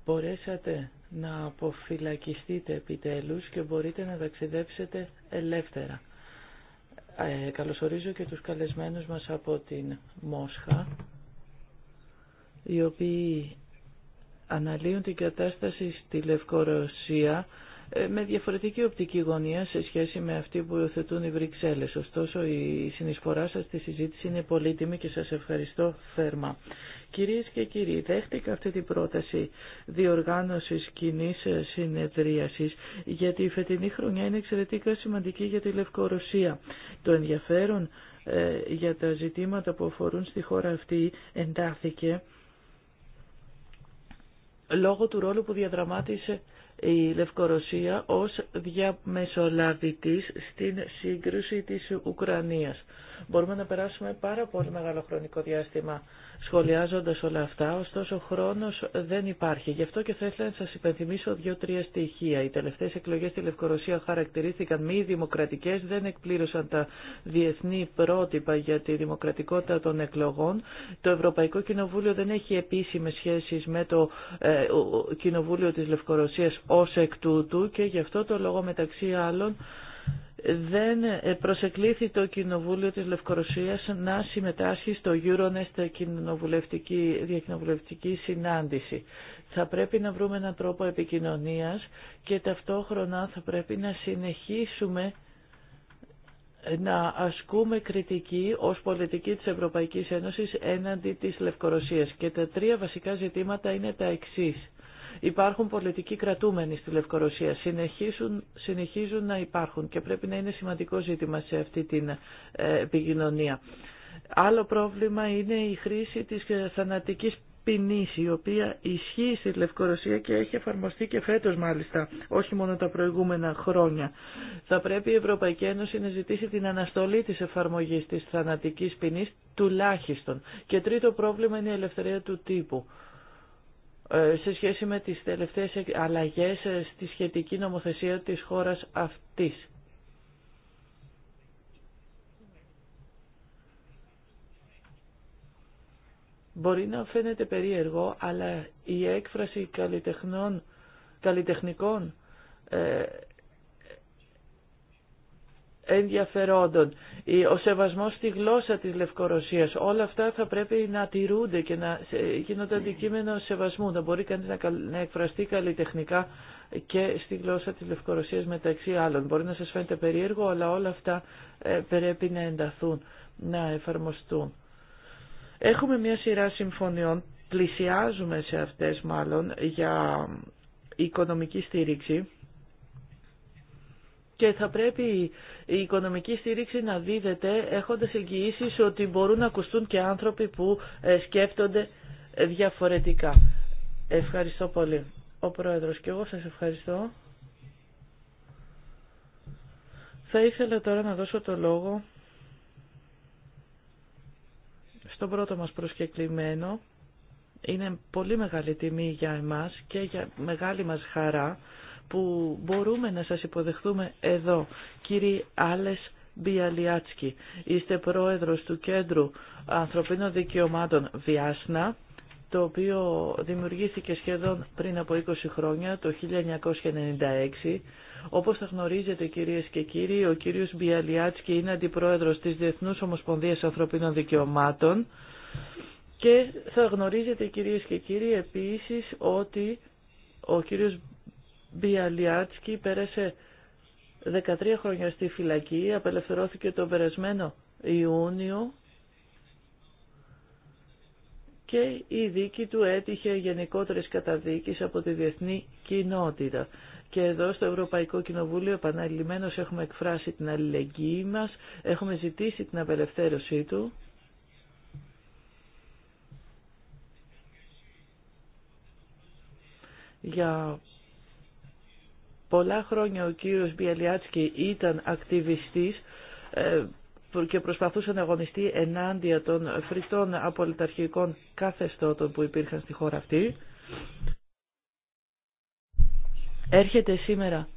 μπορέσατε να αποφυλακιστείτε επιτέλους και μπορείτε να ταξιδέψετε ελεύθερα. Ε, καλωσορίζω και τους καλεσμένους μας από την Μόσχα, οι οποίοι αναλύουν την κατάσταση στη Λευκορωσία ε, με διαφορετική οπτική γωνία σε σχέση με αυτή που υιοθετούν οι Βρυξέλλες. Ωστόσο η συνεισφορά σας στη συζήτηση είναι πολύτιμη και σας ευχαριστώ θέρμα. Κυρίες και κύριοι, δέχτηκα αυτή την πρόταση διοργάνωσης κοινή συνεδρίασης, γιατί η φετινή χρονιά είναι εξαιρετικά σημαντική για τη Λευκορωσία. Το ενδιαφέρον ε, για τα ζητήματα που αφορούν στη χώρα αυτή εντάθηκε λόγω του ρόλου που διαδραμάτισε η Λευκορωσία ως διαμεσολαβητής στην σύγκρουση της Ουκρανίας μπορούμε να περάσουμε πάρα πολύ μεγάλο χρονικό διάστημα σχολιάζοντας όλα αυτά, ωστόσο ο χρόνος δεν υπάρχει. Γι' αυτό και θα ήθελα να σας υπενθυμίσω δύο-τρία στοιχεία. Οι τελευταίες εκλογές στη Λευκορωσία χαρακτηρίστηκαν μη δημοκρατικές, δεν εκπλήρωσαν τα διεθνή πρότυπα για τη δημοκρατικότητα των εκλογών. Το Ευρωπαϊκό Κοινοβούλιο δεν έχει επίσημες σχέσεις με το ε, Κοινοβούλιο της Λευκορωσίας ως εκ τούτου και γι' αυτό το λόγο μεταξύ άλλων δεν προσεκλήθη το Κοινοβούλιο της Λευκορωσίας να συμμετάσχει στο Euronest κοινοβουλευτική, διακοινοβουλευτική συνάντηση. Θα πρέπει να βρούμε έναν τρόπο επικοινωνίας και ταυτόχρονα θα πρέπει να συνεχίσουμε να ασκούμε κριτική ως πολιτική της Ευρωπαϊκής Ένωσης έναντι της Λευκορωσίας. Και τα τρία βασικά ζητήματα είναι τα εξής. Υπάρχουν πολιτικοί κρατούμενοι στη Λευκορωσία. Συνεχίζουν, συνεχίζουν να υπάρχουν και πρέπει να είναι σημαντικό ζήτημα σε αυτή την ε, επικοινωνία. Άλλο πρόβλημα είναι η χρήση της ε, θανατικής ποινής, η οποία ισχύει στη Λευκορωσία και έχει εφαρμοστεί και φέτος μάλιστα, όχι μόνο τα προηγούμενα χρόνια. Θα πρέπει η Ευρωπαϊκή Ένωση να ζητήσει την αναστολή της εφαρμογής της θανατικής ποινής τουλάχιστον. Και τρίτο πρόβλημα είναι η ελευθερία του τύπου. Ε, σε σχέση με τις τελευταίες αλλαγές ε, στη σχετική νομοθεσία της χώρας αυτής. Μπορεί να φαίνεται περίεργο, αλλά η έκφραση καλλιτεχνών, καλλιτεχνικών ε, ενδιαφερόντων, ο σεβασμός στη γλώσσα της Λευκορωσίας, όλα αυτά θα πρέπει να τηρούνται και να γίνονται αντικείμενο σεβασμού, να μπορεί κανείς να εκφραστεί καλλιτεχνικά και στη γλώσσα της Λευκορωσίας μεταξύ άλλων. Μπορεί να σας φαίνεται περίεργο, αλλά όλα αυτά ε, πρέπει να ενταθούν, να εφαρμοστούν. Έχουμε μια σειρά συμφωνιών, πλησιάζουμε σε αυτές μάλλον για οικονομική στήριξη και θα πρέπει η οικονομική στήριξη να δίδεται έχοντας εγγυήσει ότι μπορούν να ακουστούν και άνθρωποι που ε, σκέφτονται ε, διαφορετικά. Ευχαριστώ πολύ. Ο Πρόεδρος και εγώ σας ευχαριστώ. Θα ήθελα τώρα να δώσω το λόγο στον πρώτο μας προσκεκλημένο. Είναι πολύ μεγάλη τιμή για εμάς και για μεγάλη μας χαρά που μπορούμε να σας υποδεχθούμε εδώ. Κύριε Άλες Μπιαλιάτσκι, είστε πρόεδρος του Κέντρου Ανθρωπίνων Δικαιωμάτων Βιάσνα, το οποίο δημιουργήθηκε σχεδόν πριν από 20 χρόνια, το 1996. Όπως θα γνωρίζετε κυρίες και κύριοι, ο κύριος Μπιαλιάτσκι είναι αντιπρόεδρος της Διεθνούς Ομοσπονδίας Ανθρωπίνων Δικαιωμάτων και θα γνωρίζετε κυρίες και κύριοι επίσης ότι ο κύριος Μπιαλιάτσκι πέρασε 13 χρόνια στη φυλακή, απελευθερώθηκε τον περασμένο Ιούνιο και η δίκη του έτυχε γενικότερης καταδίκης από τη διεθνή κοινότητα. Και εδώ στο Ευρωπαϊκό Κοινοβούλιο επαναλημμένως έχουμε εκφράσει την αλληλεγγύη μας, έχουμε ζητήσει την απελευθέρωσή του. Για Πολλά χρόνια ο κύριος Μπιαλιάτσκι ήταν ακτιβιστής ε, και προσπαθούσε να αγωνιστεί ενάντια των φρικτών απολυταρχικών καθεστώτων που υπήρχαν στη χώρα αυτή. Έρχεται σήμερα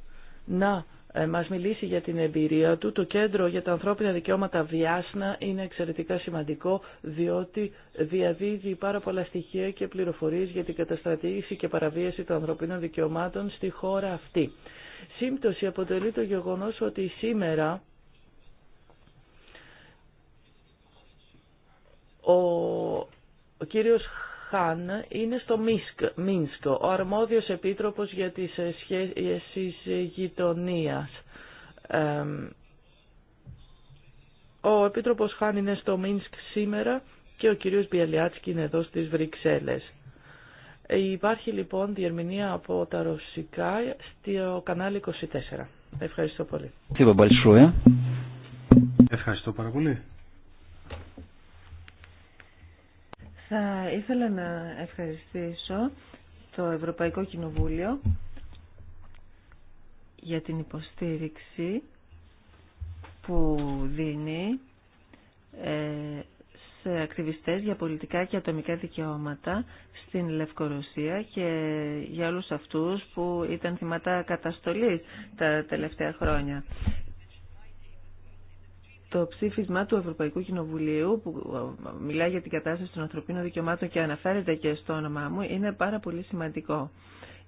να ε, μας μιλήσει για την εμπειρία του. Το Κέντρο για τα Ανθρώπινα Δικαιώματα Βιάσνα είναι εξαιρετικά σημαντικό διότι διαδίδει πάρα πολλά στοιχεία και πληροφορίες για την καταστρατήγηση και παραβίαση των ανθρωπίνων δικαιωμάτων στη χώρα αυτή. Σύμπτωση αποτελεί το γεγονός ότι σήμερα ο κύριος Χάν είναι στο Μίνσκο, ο αρμόδιος επίτροπος για τις ε, σχέσεις ε, γειτονίας. Ο επίτροπος Χάν είναι στο Μίνσκ σήμερα και ο κύριος Μπιαλιάτσκι είναι εδώ στις Βρυξέλλες. Ε, υπάρχει λοιπόν διερμηνία από τα ρωσικά στο κανάλι 24. Ευχαριστώ πολύ. Ευχαριστώ πάρα πολύ. Θα ήθελα να ευχαριστήσω το Ευρωπαϊκό Κοινοβούλιο για την υποστήριξη που δίνει ε, σε ακτιβιστές για πολιτικά και ατομικά δικαιώματα στην Λευκορωσία και για όλους αυτούς που ήταν θυμάτα καταστολής τα τελευταία χρόνια το ψήφισμα του Ευρωπαϊκού Κοινοβουλίου που ε, μιλάει για την κατάσταση των ανθρωπίνων δικαιωμάτων και αναφέρεται και στο όνομά μου είναι πάρα πολύ σημαντικό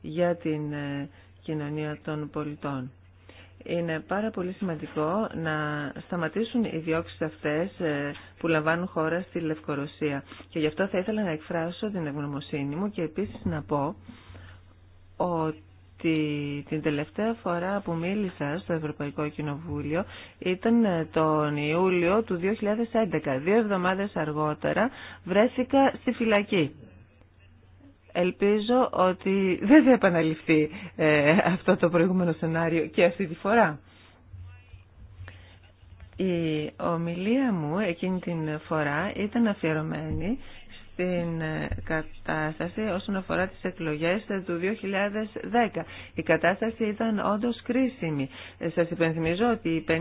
για την ε, κοινωνία των πολιτών. Είναι πάρα πολύ σημαντικό να σταματήσουν οι διώξεις αυτές ε, που λαμβάνουν χώρα στη Λευκορωσία. Και γι' αυτό θα ήθελα να εκφράσω την ευγνωμοσύνη μου και επίσης να πω την τελευταία φορά που μίλησα στο Ευρωπαϊκό Κοινοβούλιο ήταν ε, τον Ιούλιο του 2011. Δύο εβδομάδες αργότερα βρέθηκα στη φυλακή. Ελπίζω ότι δεν θα επαναληφθεί ε, αυτό το προηγούμενο σενάριο και αυτή τη φορά. Η ομιλία μου εκείνη την φορά ήταν αφιερωμένη στην ε, κατάσταση όσον αφορά τις εκλογές ε, του 2010. Η κατάσταση ήταν όντως κρίσιμη. Ε, σας υπενθυμίζω ότι 50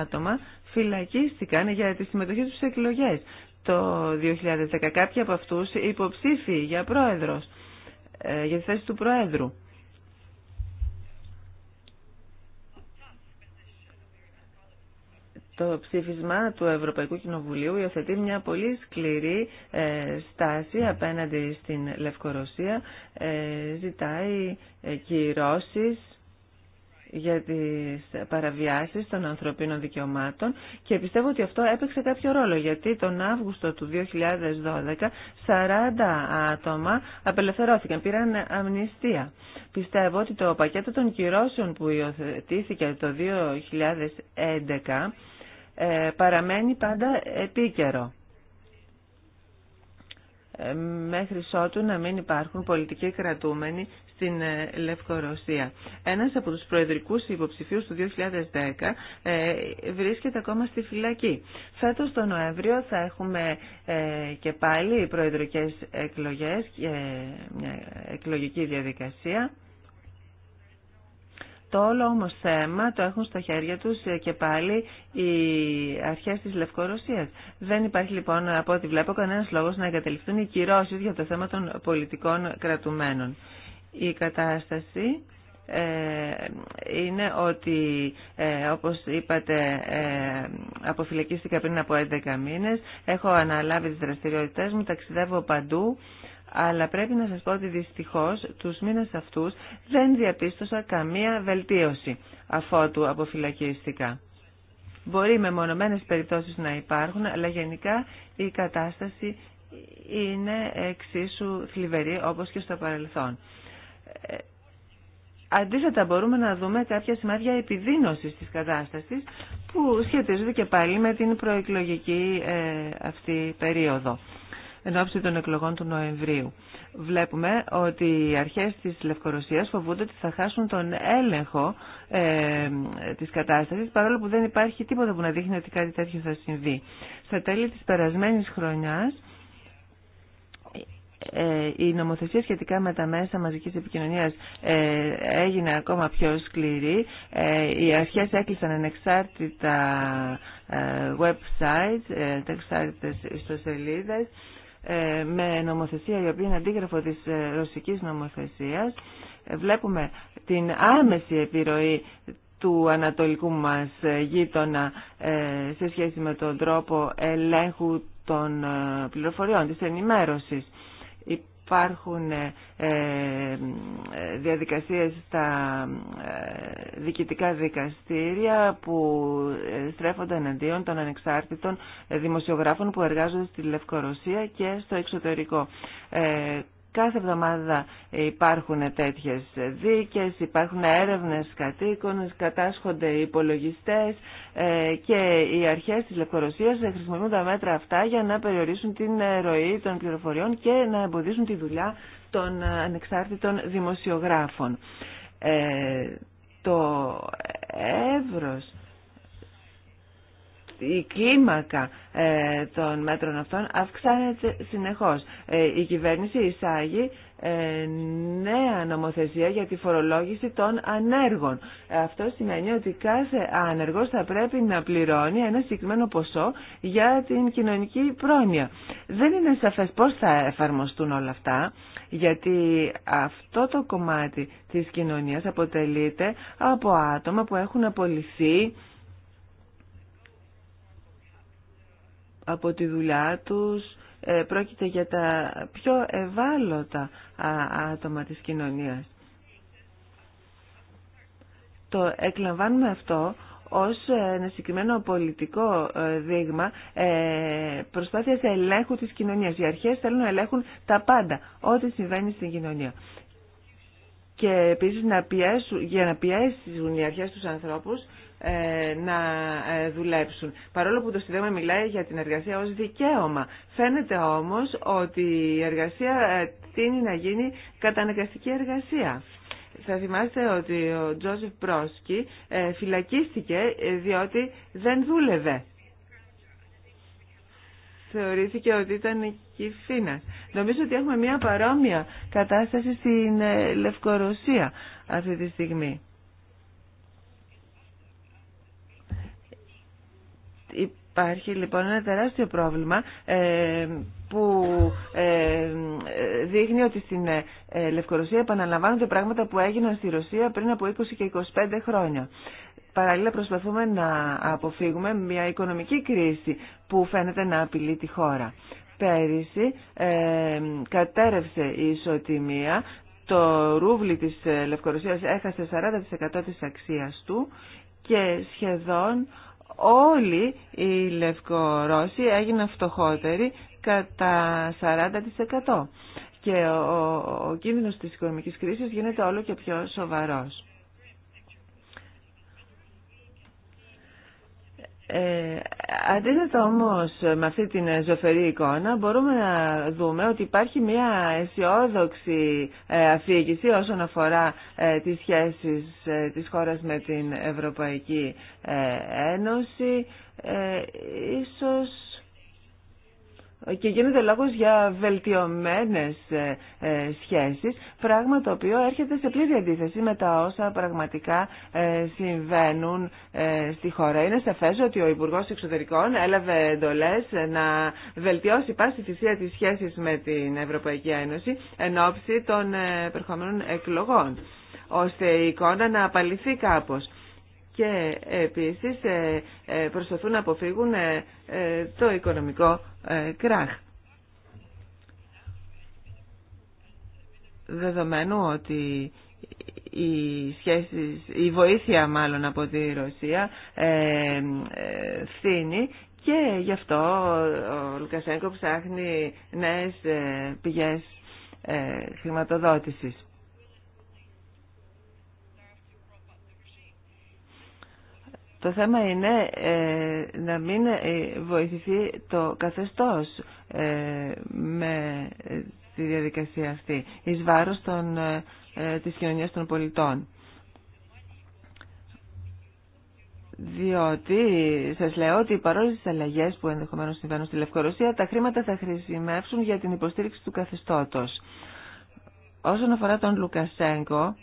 άτομα φυλακίστηκαν για τη συμμετοχή τους σε εκλογές το 2010. Κάποιοι από αυτούς υποψήφοι για πρόεδρος, για τη θέση του πρόεδρου. Το ψήφισμα του Ευρωπαϊκού Κοινοβουλίου υιοθετεί μια πολύ σκληρή ε, στάση απέναντι στην Λευκορωσία. Ε, ζητάει ε, κυρώσεις για τις παραβιάσεις των ανθρωπίνων δικαιωμάτων και πιστεύω ότι αυτό έπαιξε κάποιο ρόλο γιατί τον Αύγουστο του 2012 40 άτομα απελευθερώθηκαν, πήραν αμνηστία. Πιστεύω ότι το πακέτο των κυρώσεων που υιοθετήθηκε το 2011 ε, παραμένει πάντα επίκαιρο ε, μέχρι ότου να μην υπάρχουν πολιτικοί κρατούμενοι στην ε, Λευκορωσία. Ένας από τους προεδρικούς υποψηφίους του 2010 βρίσκεται ακόμα στη φυλακή. Φέτος τον Νοέμβριο θα έχουμε και πάλι οι προεδρικές εκλογές και μια εκλογική διαδικασία. Το όλο όμως θέμα το έχουν στα χέρια τους και πάλι οι αρχές της Λευκορωσίας. Δεν υπάρχει λοιπόν από ό,τι βλέπω κανένας λόγος να εγκατελειφθούν οι κυρώσεις για το θέμα των πολιτικών κρατουμένων. Η κατάσταση ε, είναι ότι ε, όπως είπατε ε, αποφυλακίστηκα πριν από 11 μήνες έχω αναλάβει τις δραστηριότητές μου ταξιδεύω παντού αλλά πρέπει να σας πω ότι δυστυχώς τους μήνες αυτούς δεν διαπίστωσα καμία βελτίωση αφότου αποφυλακίστηκα. Μπορεί με μονομένες περιπτώσεις να υπάρχουν, αλλά γενικά η κατάσταση είναι εξίσου θλιβερή όπως και στο παρελθόν. Ε, αντίθετα μπορούμε να δούμε κάποια σημάδια επιδείνωσης της κατάστασης που σχετίζονται και πάλι με την προεκλογική ε, αυτή περίοδο εν ώψη των εκλογών του Νοεμβρίου. Βλέπουμε ότι οι αρχές της Λευκορωσίας φοβούνται ότι θα χάσουν τον έλεγχο ε, της κατάστασης παρόλο που δεν υπάρχει τίποτα που να δείχνει ότι κάτι τέτοιο θα συμβεί. Στα τέλη της περασμένης χρονιάς ε, η νομοθεσία σχετικά με τα μέσα μαζικής επικοινωνίας ε, έγινε ακόμα πιο σκληρή. Ε, οι αρχές έκλεισαν ανεξάρτητα websites, ανεξάρτητες ιστοσελίδες ε, με νομοθεσία η οποία είναι αντίγραφο της ε, ρωσικής νομοθεσίας. Ε, βλέπουμε την άμεση επιρροή του ανατολικού μας γείτονα σε σχέση με τον τρόπο ελέγχου των πληροφοριών, της ενημέρωσης υπάρχουν ε, ε, διαδικασίες στα ε, διοικητικά δικαστήρια που στρέφονται εναντίον των ανεξάρτητων δημοσιογράφων που εργάζονται στη Λευκορωσία και στο εξωτερικό. Κάθε εβδομάδα υπάρχουν τέτοιες δίκες, υπάρχουν έρευνες κατοίκων, κατάσχονται υπολογιστές ε, και οι αρχές της Λευκορωσίας χρησιμοποιούν τα μέτρα αυτά για να περιορίσουν την ροή των πληροφοριών και να εμποδίσουν τη δουλειά των ανεξάρτητων δημοσιογράφων. Ε, το εύρος η κλίμακα ε, των μέτρων αυτών αυξάνεται συνεχώς. Ε, η κυβέρνηση εισάγει ε, νέα νομοθεσία για τη φορολόγηση των ανέργων. αυτό σημαίνει ότι κάθε άνεργος θα πρέπει να πληρώνει ένα συγκεκριμένο ποσό για την κοινωνική πρόνοια. Δεν είναι σαφές πώς θα εφαρμοστούν όλα αυτά, γιατί αυτό το κομμάτι της κοινωνίας αποτελείται από άτομα που έχουν απολυθεί από τη δουλειά τους. Ε, πρόκειται για τα πιο ευάλωτα άτομα της κοινωνίας. Το εκλαμβάνουμε αυτό ως ε, ένα συγκεκριμένο πολιτικό ε, δείγμα προσπάθειας ελέγχου της κοινωνίας. Οι αρχές θέλουν να ελέγχουν τα πάντα, ό,τι συμβαίνει στην κοινωνία και επίσης να πιέσουν, για να πιέσουν οι αρχές τους ανθρώπους ε, να ε, δουλέψουν. Παρόλο που το Συνδέμα μιλάει για την εργασία ως δικαίωμα. Φαίνεται όμως ότι η εργασία ε, τίνει να γίνει καταναγκαστική εργασία. Θα θυμάστε ότι ο Τζόσεφ Πρόσκι ε, φυλακίστηκε διότι δεν δούλευε θεωρήθηκε ότι ήταν κυφίνα. Νομίζω ότι έχουμε μια παρόμοια κατάσταση στην ε, Λευκορωσία αυτή τη στιγμή. Υπάρχει λοιπόν ένα τεράστιο πρόβλημα ε, που ε, δείχνει ότι στην Λευκορωσία επαναλαμβάνονται πράγματα που έγιναν στη Ρωσία πριν από 20 και 25 χρόνια. Παράλληλα προσπαθούμε να αποφύγουμε μια οικονομική κρίση που φαίνεται να απειλεί τη χώρα. Πέρυσι ε, κατέρευσε η ισοτιμία, το ρούβλι της ε, Λευκορωσίας έχασε 40% της αξίας του και σχεδόν όλοι οι Λευκορώσοι έγιναν φτωχότεροι κατά 40% και ο, ο, ο κίνδυνος της οικονομικής κρίσης γίνεται όλο και πιο σοβαρός. Ε, αντίθετα όμως με αυτή την ζωφερή εικόνα μπορούμε να δούμε ότι υπάρχει μια αισιόδοξη ε, αφήγηση όσον αφορά ε, τις σχέσεις ε, της χώρας με την Ευρωπαϊκή Ένωση. Ε, ίσως και γίνεται λόγος για βελτιωμένες ε, ε, σχέσεις, πράγμα το οποίο έρχεται σε πλήρη αντίθεση με τα όσα πραγματικά ε, συμβαίνουν στη χώρα. Είναι σαφές ότι ο Υπουργός Εξωτερικών έλαβε εντολές να βελτιώσει πάση θυσία τις σχέσεις με την Ευρωπαϊκή Ένωση εν ώψη των περχόμενων εκλογών, ώστε η εικόνα να απαλληθεί κάπως και επίσης ε, ε, προσπαθούν να αποφύγουν ε, το οικονομικό κράχ. Δεδομένου ότι η, σχέσεις, η βοήθεια μάλλον από τη Ρωσία ε, φθήνει και γι' αυτό ο Λουκασέγκο ψάχνει νέες πηγές χρηματοδότησης. Το θέμα είναι ε, να μην ε, βοηθηθεί το καθεστώς ε, με τη διαδικασία αυτή εις βάρος των, της κοινωνίας των πολιτών. Διότι σας λέω ότι παρόλε τις αλλαγές που ενδεχομένως συμβαίνουν στη Λευκορωσία, τα χρήματα θα χρησιμεύσουν για την υποστήριξη του καθεστώτος. Όσον αφορά τον Λουκασέγκο,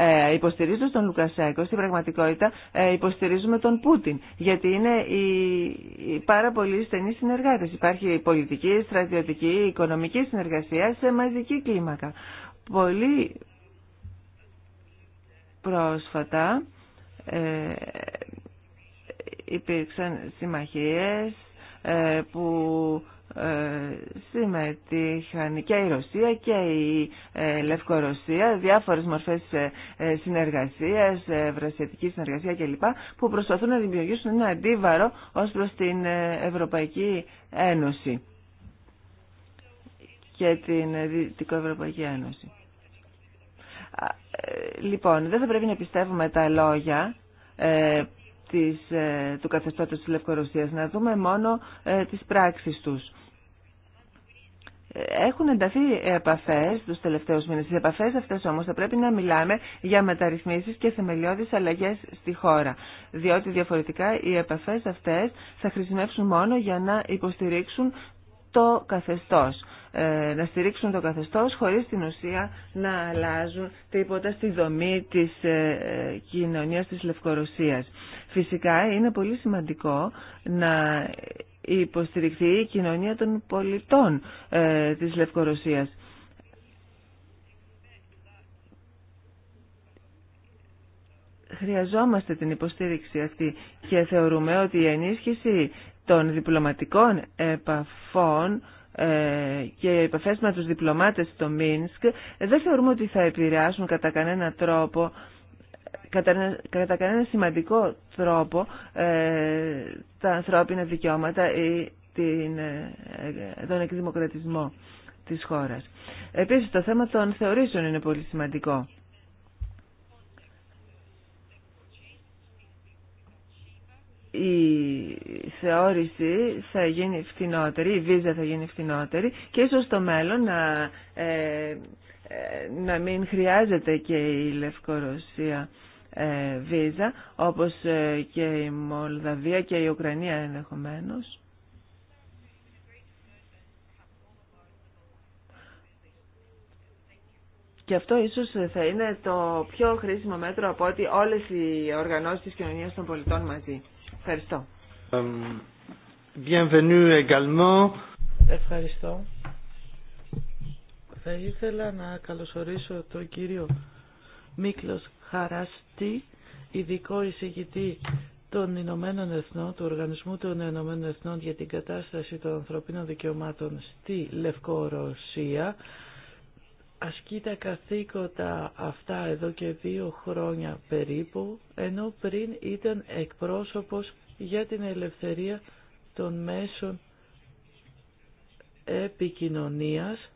ε, υποστηρίζοντας τον Λουκασέκο, στην πραγματικότητα ε, υποστηρίζουμε τον Πούτιν, γιατί είναι οι, πάρα πολύ στενοί συνεργάτες. Υπάρχει πολιτική, στρατιωτική, οικονομική συνεργασία σε μαζική κλίμακα. Πολύ πρόσφατα ε, υπήρξαν συμμαχίες ε, που ε, συμμετείχαν και η Ρωσία και η ε, Λευκορωσία, διάφορες μορφές ε, συνεργασίας, βρασιατική συνεργασία κλπ. που προσπαθούν να δημιουργήσουν ένα αντίβαρο ως προς την Ευρωπαϊκή Ένωση και την Δυτικοευρωπαϊκή Ένωση. Λοιπόν, δεν θα πρέπει να πιστεύουμε τα λόγια της, ε, του καθεστώτος της Λευκορωσίας, να δούμε μόνο ε, τις πράξεις τους. Ε, έχουν ενταθεί επαφές τους τελευταίους μήνες. Οι επαφές αυτές όμως θα πρέπει να μιλάμε για μεταρρυθμίσεις και θεμελιώδεις αλλαγές στη χώρα. Διότι διαφορετικά οι επαφές αυτές θα χρησιμεύσουν μόνο για να υποστηρίξουν το καθεστώς. Ε, να στηρίξουν το καθεστώς χωρίς την ουσία να αλλάζουν τίποτα στη δομή της ε, κοινωνίας της Λευκορωσίας. Φυσικά είναι πολύ σημαντικό να υποστηριχθεί η κοινωνία των πολιτών ε, της Λευκορωσίας. Χρειαζόμαστε την υποστήριξη αυτή και θεωρούμε ότι η ενίσχυση των διπλωματικών επαφών ε, και οι επαφές με τους διπλωμάτες στο Μίνσκ ε, δεν θεωρούμε ότι θα επηρεάσουν κατά κανένα τρόπο κατά, κατά κανένα σημαντικό τρόπο ε, τα ανθρώπινα δικαιώματα ή την, τον εκδημοκρατισμό της χώρας. Επίσης το θέμα των θεωρήσεων είναι πολύ σημαντικό. θεώρηση θα γίνει φτηνότερη, η βίζα θα γίνει φτηνότερη και ίσως στο μέλλον να, ε, ε, να μην χρειάζεται και η Λευκορωσία ε, βίζα, όπως και η Μολδαβία και η Ουκρανία ενδεχομένως. Και αυτό ίσως θα είναι το πιο χρήσιμο μέτρο από ότι όλες οι οργανώσεις της κοινωνίας των πολιτών μαζί. Ευχαριστώ. Euh, bienvenue également. Ευχαριστώ. Θα ήθελα να καλωσορίσω τον κύριο Μίκλος Χαραστή, ειδικό εισηγητή των Ηνωμένων Εθνών, του Οργανισμού των Ηνωμένων Εθνών για την κατάσταση των ανθρωπίνων δικαιωμάτων στη Λευκορωσία. Ασκεί τα καθήκοντα αυτά εδώ και δύο χρόνια περίπου, ενώ πριν ήταν εκπρόσωπος για την ελευθερία των μέσων επικοινωνίας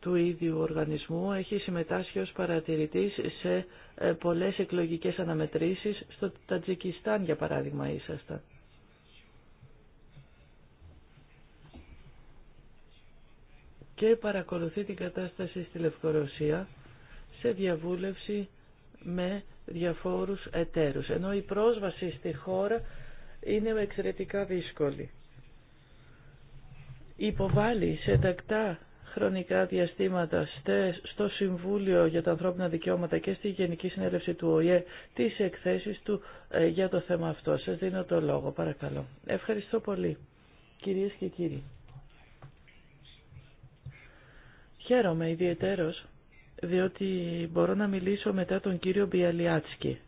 του ίδιου οργανισμού έχει συμμετάσχει ως παρατηρητής σε ε, πολλές εκλογικές αναμετρήσεις στο Τατζικιστάν για παράδειγμα ήσασταν. Και παρακολουθεί την κατάσταση στη Λευκορωσία σε διαβούλευση με διαφόρους εταίρους, ενώ η πρόσβαση στη χώρα είναι εξαιρετικά δύσκολη. Υποβάλλει σε τακτά χρονικά διαστήματα στο Συμβούλιο για τα Ανθρώπινα Δικαιώματα και στη Γενική Συνέλευση του ΟΗΕ τις εκθέσεις του ε, για το θέμα αυτό. Σας δίνω το λόγο, παρακαλώ. Ευχαριστώ πολύ, κυρίες και κύριοι. Χαίρομαι ιδιαίτερος διότι μπορώ να μιλήσω μετά τον κύριο Μπιαλιάτσκι.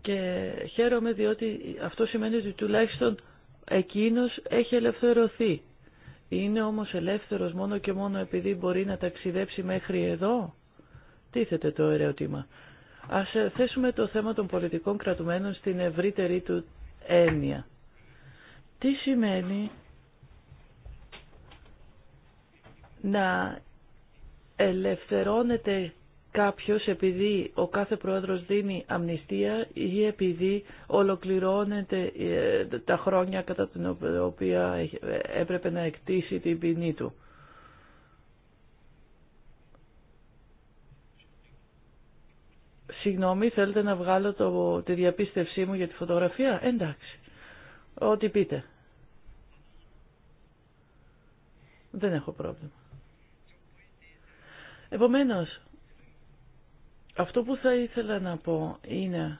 Και χαίρομαι διότι αυτό σημαίνει ότι τουλάχιστον εκείνος έχει ελευθερωθεί. Είναι όμως ελεύθερος μόνο και μόνο επειδή μπορεί να ταξιδέψει μέχρι εδώ. Τίθεται το ερώτημα. Ας ε, θέσουμε το θέμα των πολιτικών κρατουμένων στην ευρύτερη του έννοια. Τι σημαίνει να ελευθερώνεται κάποιος επειδή ο κάθε πρόεδρος δίνει αμνηστία ή επειδή ολοκληρώνεται ε, τα χρόνια κατά την ε, οποία ε, έπρεπε να εκτίσει την ποινή του. Συγγνώμη, θέλετε να βγάλω το, τη διαπίστευσή μου για τη φωτογραφία. Εντάξει. Ό,τι πείτε. Δεν έχω πρόβλημα. Επομένως, αυτό που θα ήθελα να πω είναι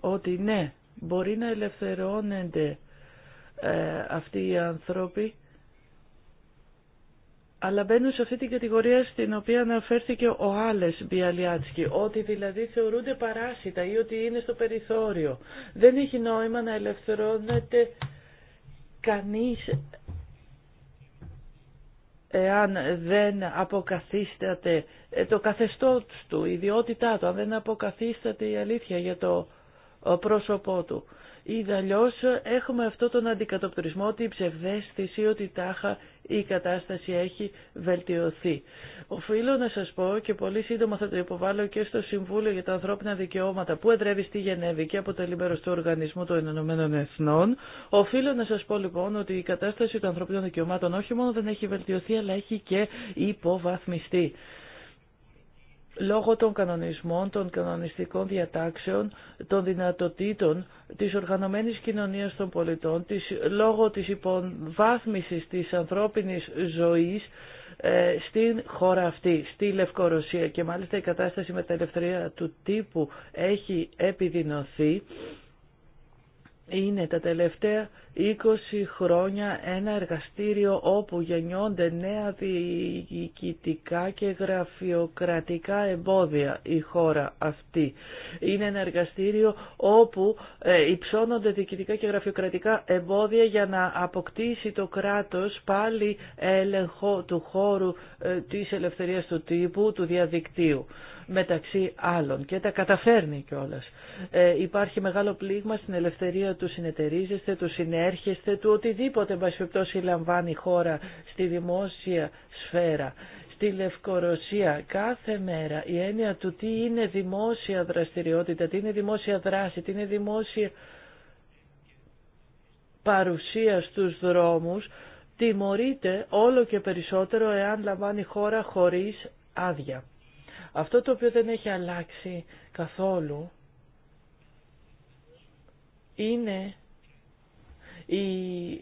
ότι ναι, μπορεί να ελευθερώνεται ε, αυτοί οι άνθρωποι, αλλά μπαίνουν σε αυτή την κατηγορία στην οποία αναφέρθηκε ο Άλες Μπιαλιάτσκι, ότι δηλαδή θεωρούνται παράσιτα ή ότι είναι στο περιθώριο. Δεν έχει νόημα να ελευθερώνεται κανείς εάν δεν αποκαθίσταται ε, το καθεστώς του, η ιδιότητά του, αν δεν αποκαθίσταται η αλήθεια για το πρόσωπό του. Ή αλλιώς έχουμε αυτόν τον αντικατοπτρισμό ότι η αλλιώ έχουμε αυτό τον αντικατοπτρισμό, τάχα η ψευδέστηση ότι τάχα η κατάσταση έχει βελτιωθεί. Οφείλω να σας πω και πολύ σύντομα θα το υποβάλω και στο Συμβούλιο για τα Ανθρώπινα Δικαιώματα που εδρεύει στη Γενέβη και αποτελεί μέρο του Οργανισμού των Ηνωμένων Εθνών. Οφείλω να σας πω λοιπόν ότι η κατάσταση των ανθρωπίνων δικαιωμάτων όχι μόνο δεν έχει βελτιωθεί αλλά έχει και υποβαθμιστεί λόγω των κανονισμών, των κανονιστικών διατάξεων, των δυνατοτήτων της οργανωμένης κοινωνίας των πολιτών, της, λόγω της υποβάθμισης της ανθρώπινης ζωής ε, στην χώρα αυτή, στη Λευκορωσία. Και μάλιστα η κατάσταση με τα ελευθερία του τύπου έχει επιδεινωθεί είναι τα τελευταία 20 χρόνια ένα εργαστήριο όπου γεννιόνται νέα διοικητικά και γραφειοκρατικά εμπόδια η χώρα αυτή. Είναι ένα εργαστήριο όπου ε, υψώνονται διοικητικά και γραφειοκρατικά εμπόδια για να αποκτήσει το κράτος πάλι έλεγχο του χώρου ε, της ελευθερίας του τύπου, του διαδικτύου μεταξύ άλλων και τα καταφέρνει κιόλα. Ε, υπάρχει μεγάλο πλήγμα στην ελευθερία του συνεταιρίζεστε, του συνέρχεστε, του οτιδήποτε μπασχεπτώσει λαμβάνει η χώρα στη δημόσια σφαίρα. Στη Λευκορωσία κάθε μέρα η έννοια του τι είναι δημόσια δραστηριότητα, τι είναι δημόσια δράση, τι είναι δημόσια παρουσία στους δρόμους, τιμωρείται όλο και περισσότερο εάν λαμβάνει χώρα χωρίς άδεια. Αυτό το οποίο δεν έχει αλλάξει καθόλου είναι η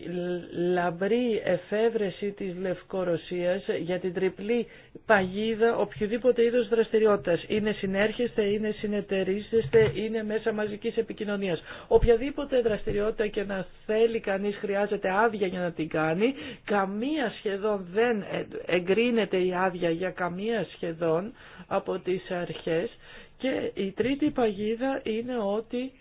λαμπρή εφεύρεση της Λευκορωσίας για την τριπλή παγίδα οποιοδήποτε είδος δραστηριότητας. Είναι συνέρχεστε, είναι συνεταιρίζεστε, είναι μέσα μαζικής επικοινωνίας. Οποιαδήποτε δραστηριότητα και να θέλει κανείς χρειάζεται άδεια για να την κάνει. Καμία σχεδόν δεν εγκρίνεται η άδεια για καμία σχεδόν από τις αρχές. Και η τρίτη παγίδα είναι ότι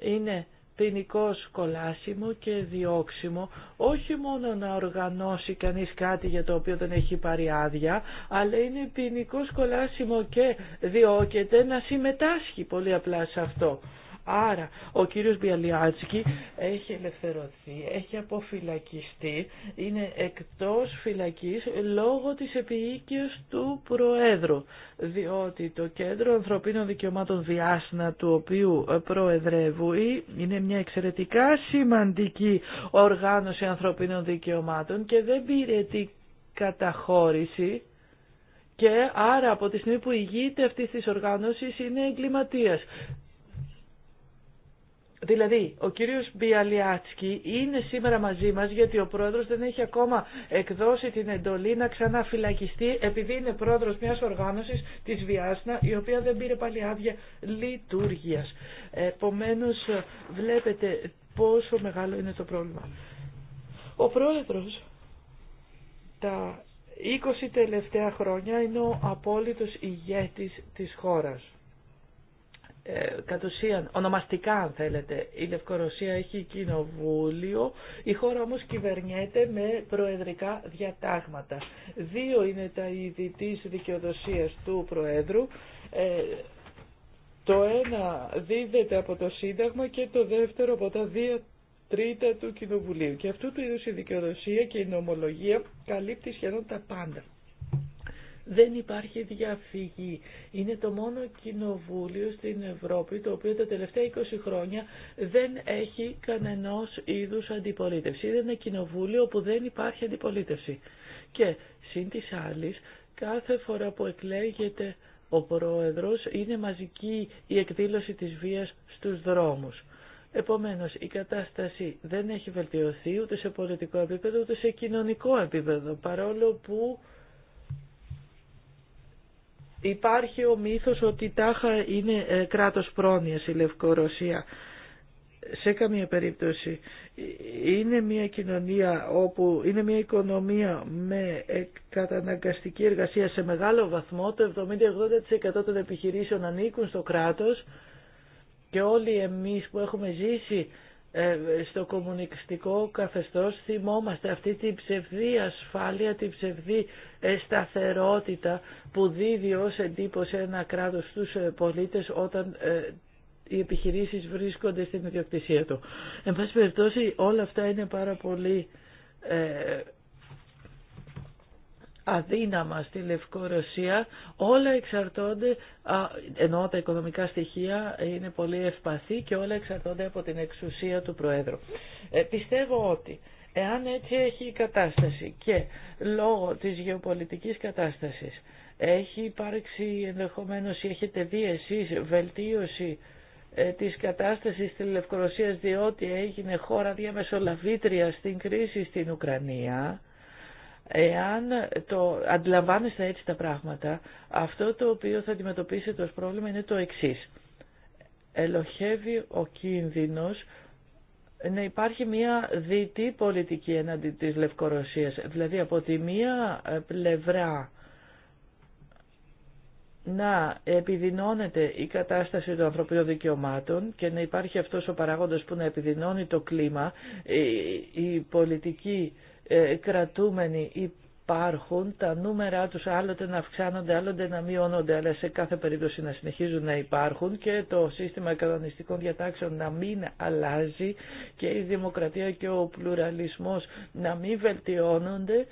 είναι ποινικό κολάσιμο και διώξιμο, όχι μόνο να οργανώσει κανείς κάτι για το οποίο δεν έχει πάρει άδεια, αλλά είναι ποινικό κολάσιμο και διώκεται να συμμετάσχει πολύ απλά σε αυτό. Άρα ο κύριος Μπιαλιάτσικη έχει ελευθερωθεί, έχει αποφυλακιστεί, είναι εκτός φυλακής λόγω της επιοίκειας του Προέδρου, διότι το Κέντρο Ανθρωπίνων Δικαιωμάτων Διάσνα του οποίου προεδρεύου είναι μια εξαιρετικά σημαντική οργάνωση ανθρωπίνων δικαιωμάτων και δεν πήρε την καταχώρηση και άρα από τη στιγμή που ηγείται αυτή τη οργάνωση είναι εγκληματία. Δηλαδή, ο κύριος Μπιαλιάτσκι είναι σήμερα μαζί μας γιατί ο πρόεδρος δεν έχει ακόμα εκδώσει την εντολή να ξαναφυλακιστεί επειδή είναι πρόεδρος μιας οργάνωσης της Βιάσνα η οποία δεν πήρε πάλι άδεια λειτουργίας. Επομένως, βλέπετε πόσο μεγάλο είναι το πρόβλημα. Ο πρόεδρος τα 20 τελευταία χρόνια είναι ο απόλυτος ηγέτης της χώρας. Ε, κατ' ουσίαν, ονομαστικά αν θέλετε, η Λευκορωσία έχει κοινοβούλιο, η χώρα όμως κυβερνιέται με προεδρικά διατάγματα. Δύο είναι τα είδη της δικαιοδοσίας του Προέδρου. Ε, το ένα δίδεται από το Σύνταγμα και το δεύτερο από τα δύο τρίτα του Κοινοβουλίου. Και αυτού του είδους η δικαιοδοσία και η νομολογία καλύπτει σχεδόν τα πάντα. Δεν υπάρχει διαφυγή. Είναι το μόνο κοινοβούλιο στην Ευρώπη το οποίο τα τελευταία 20 χρόνια δεν έχει κανενός είδους αντιπολίτευση. Είναι ένα κοινοβούλιο που δεν υπάρχει αντιπολίτευση. Και συν της άλλης, κάθε φορά που εκλέγεται ο πρόεδρος είναι μαζική η εκδήλωση της βίας στους δρόμους. Επομένως, η κατάσταση δεν έχει βελτιωθεί ούτε σε πολιτικό επίπεδο ούτε σε κοινωνικό επίπεδο, παρόλο που Υπάρχει ο μύθος ότι η τάχα είναι ε, κράτος πρόνοιας η Λευκορωσία. Σε καμία περίπτωση. Ε, είναι μια κοινωνία όπου είναι μια οικονομία με ε, καταναγκαστική εργασία σε μεγάλο βαθμό. Το 70-80% των επιχειρήσεων ανήκουν στο κράτος και όλοι εμείς που έχουμε ζήσει ε, στο κομμουνιστικό καθεστώς θυμόμαστε αυτή τη ψευδή ασφάλεια, τη ψευδή ε, σταθερότητα που δίδει ως εντύπωση ένα κράτος στους ε, πολίτες όταν οι επιχειρήσεις βρίσκονται στην ιδιοκτησία του. Εν πάση περιπτώσει όλα αυτά είναι πάρα πολύ αδύναμα στη Λευκορωσία, όλα εξαρτώνται, ενώ τα οικονομικά στοιχεία είναι πολύ ευπαθή και όλα εξαρτώνται από την εξουσία του Προέδρου. Ε, πιστεύω ότι εάν έτσι έχει η κατάσταση και λόγω της γεωπολιτικής κατάστασης έχει υπάρξει ενδεχομένως ή έχετε δει εσείς βελτίωση ε, της κατάστασης της Λευκορωσίας διότι έγινε χώρα διαμεσολαβήτρια στην κρίση στην Ουκρανία Εάν το αντιλαμβάνεστε έτσι τα πράγματα, αυτό το οποίο θα αντιμετωπίσετε ως πρόβλημα είναι το εξής. Ελοχεύει ο κίνδυνος να υπάρχει μια δίτη πολιτική εναντί της Λευκορωσίας. Δηλαδή από τη μία ε, πλευρά να επιδεινώνεται η κατάσταση των ανθρωπίνων δικαιωμάτων και να υπάρχει αυτός ο παράγοντας που να επιδεινώνει το κλίμα, η πολιτική ε, κρατούμενοι υπάρχουν, τα νούμερα τους άλλοτε να αυξάνονται, άλλοτε να μειώνονται, αλλά σε κάθε περίπτωση να συνεχίζουν να υπάρχουν και το σύστημα κανονιστικών διατάξεων να μην αλλάζει και η δημοκρατία και ο πλουραλισμός να μην βελτιώνονται,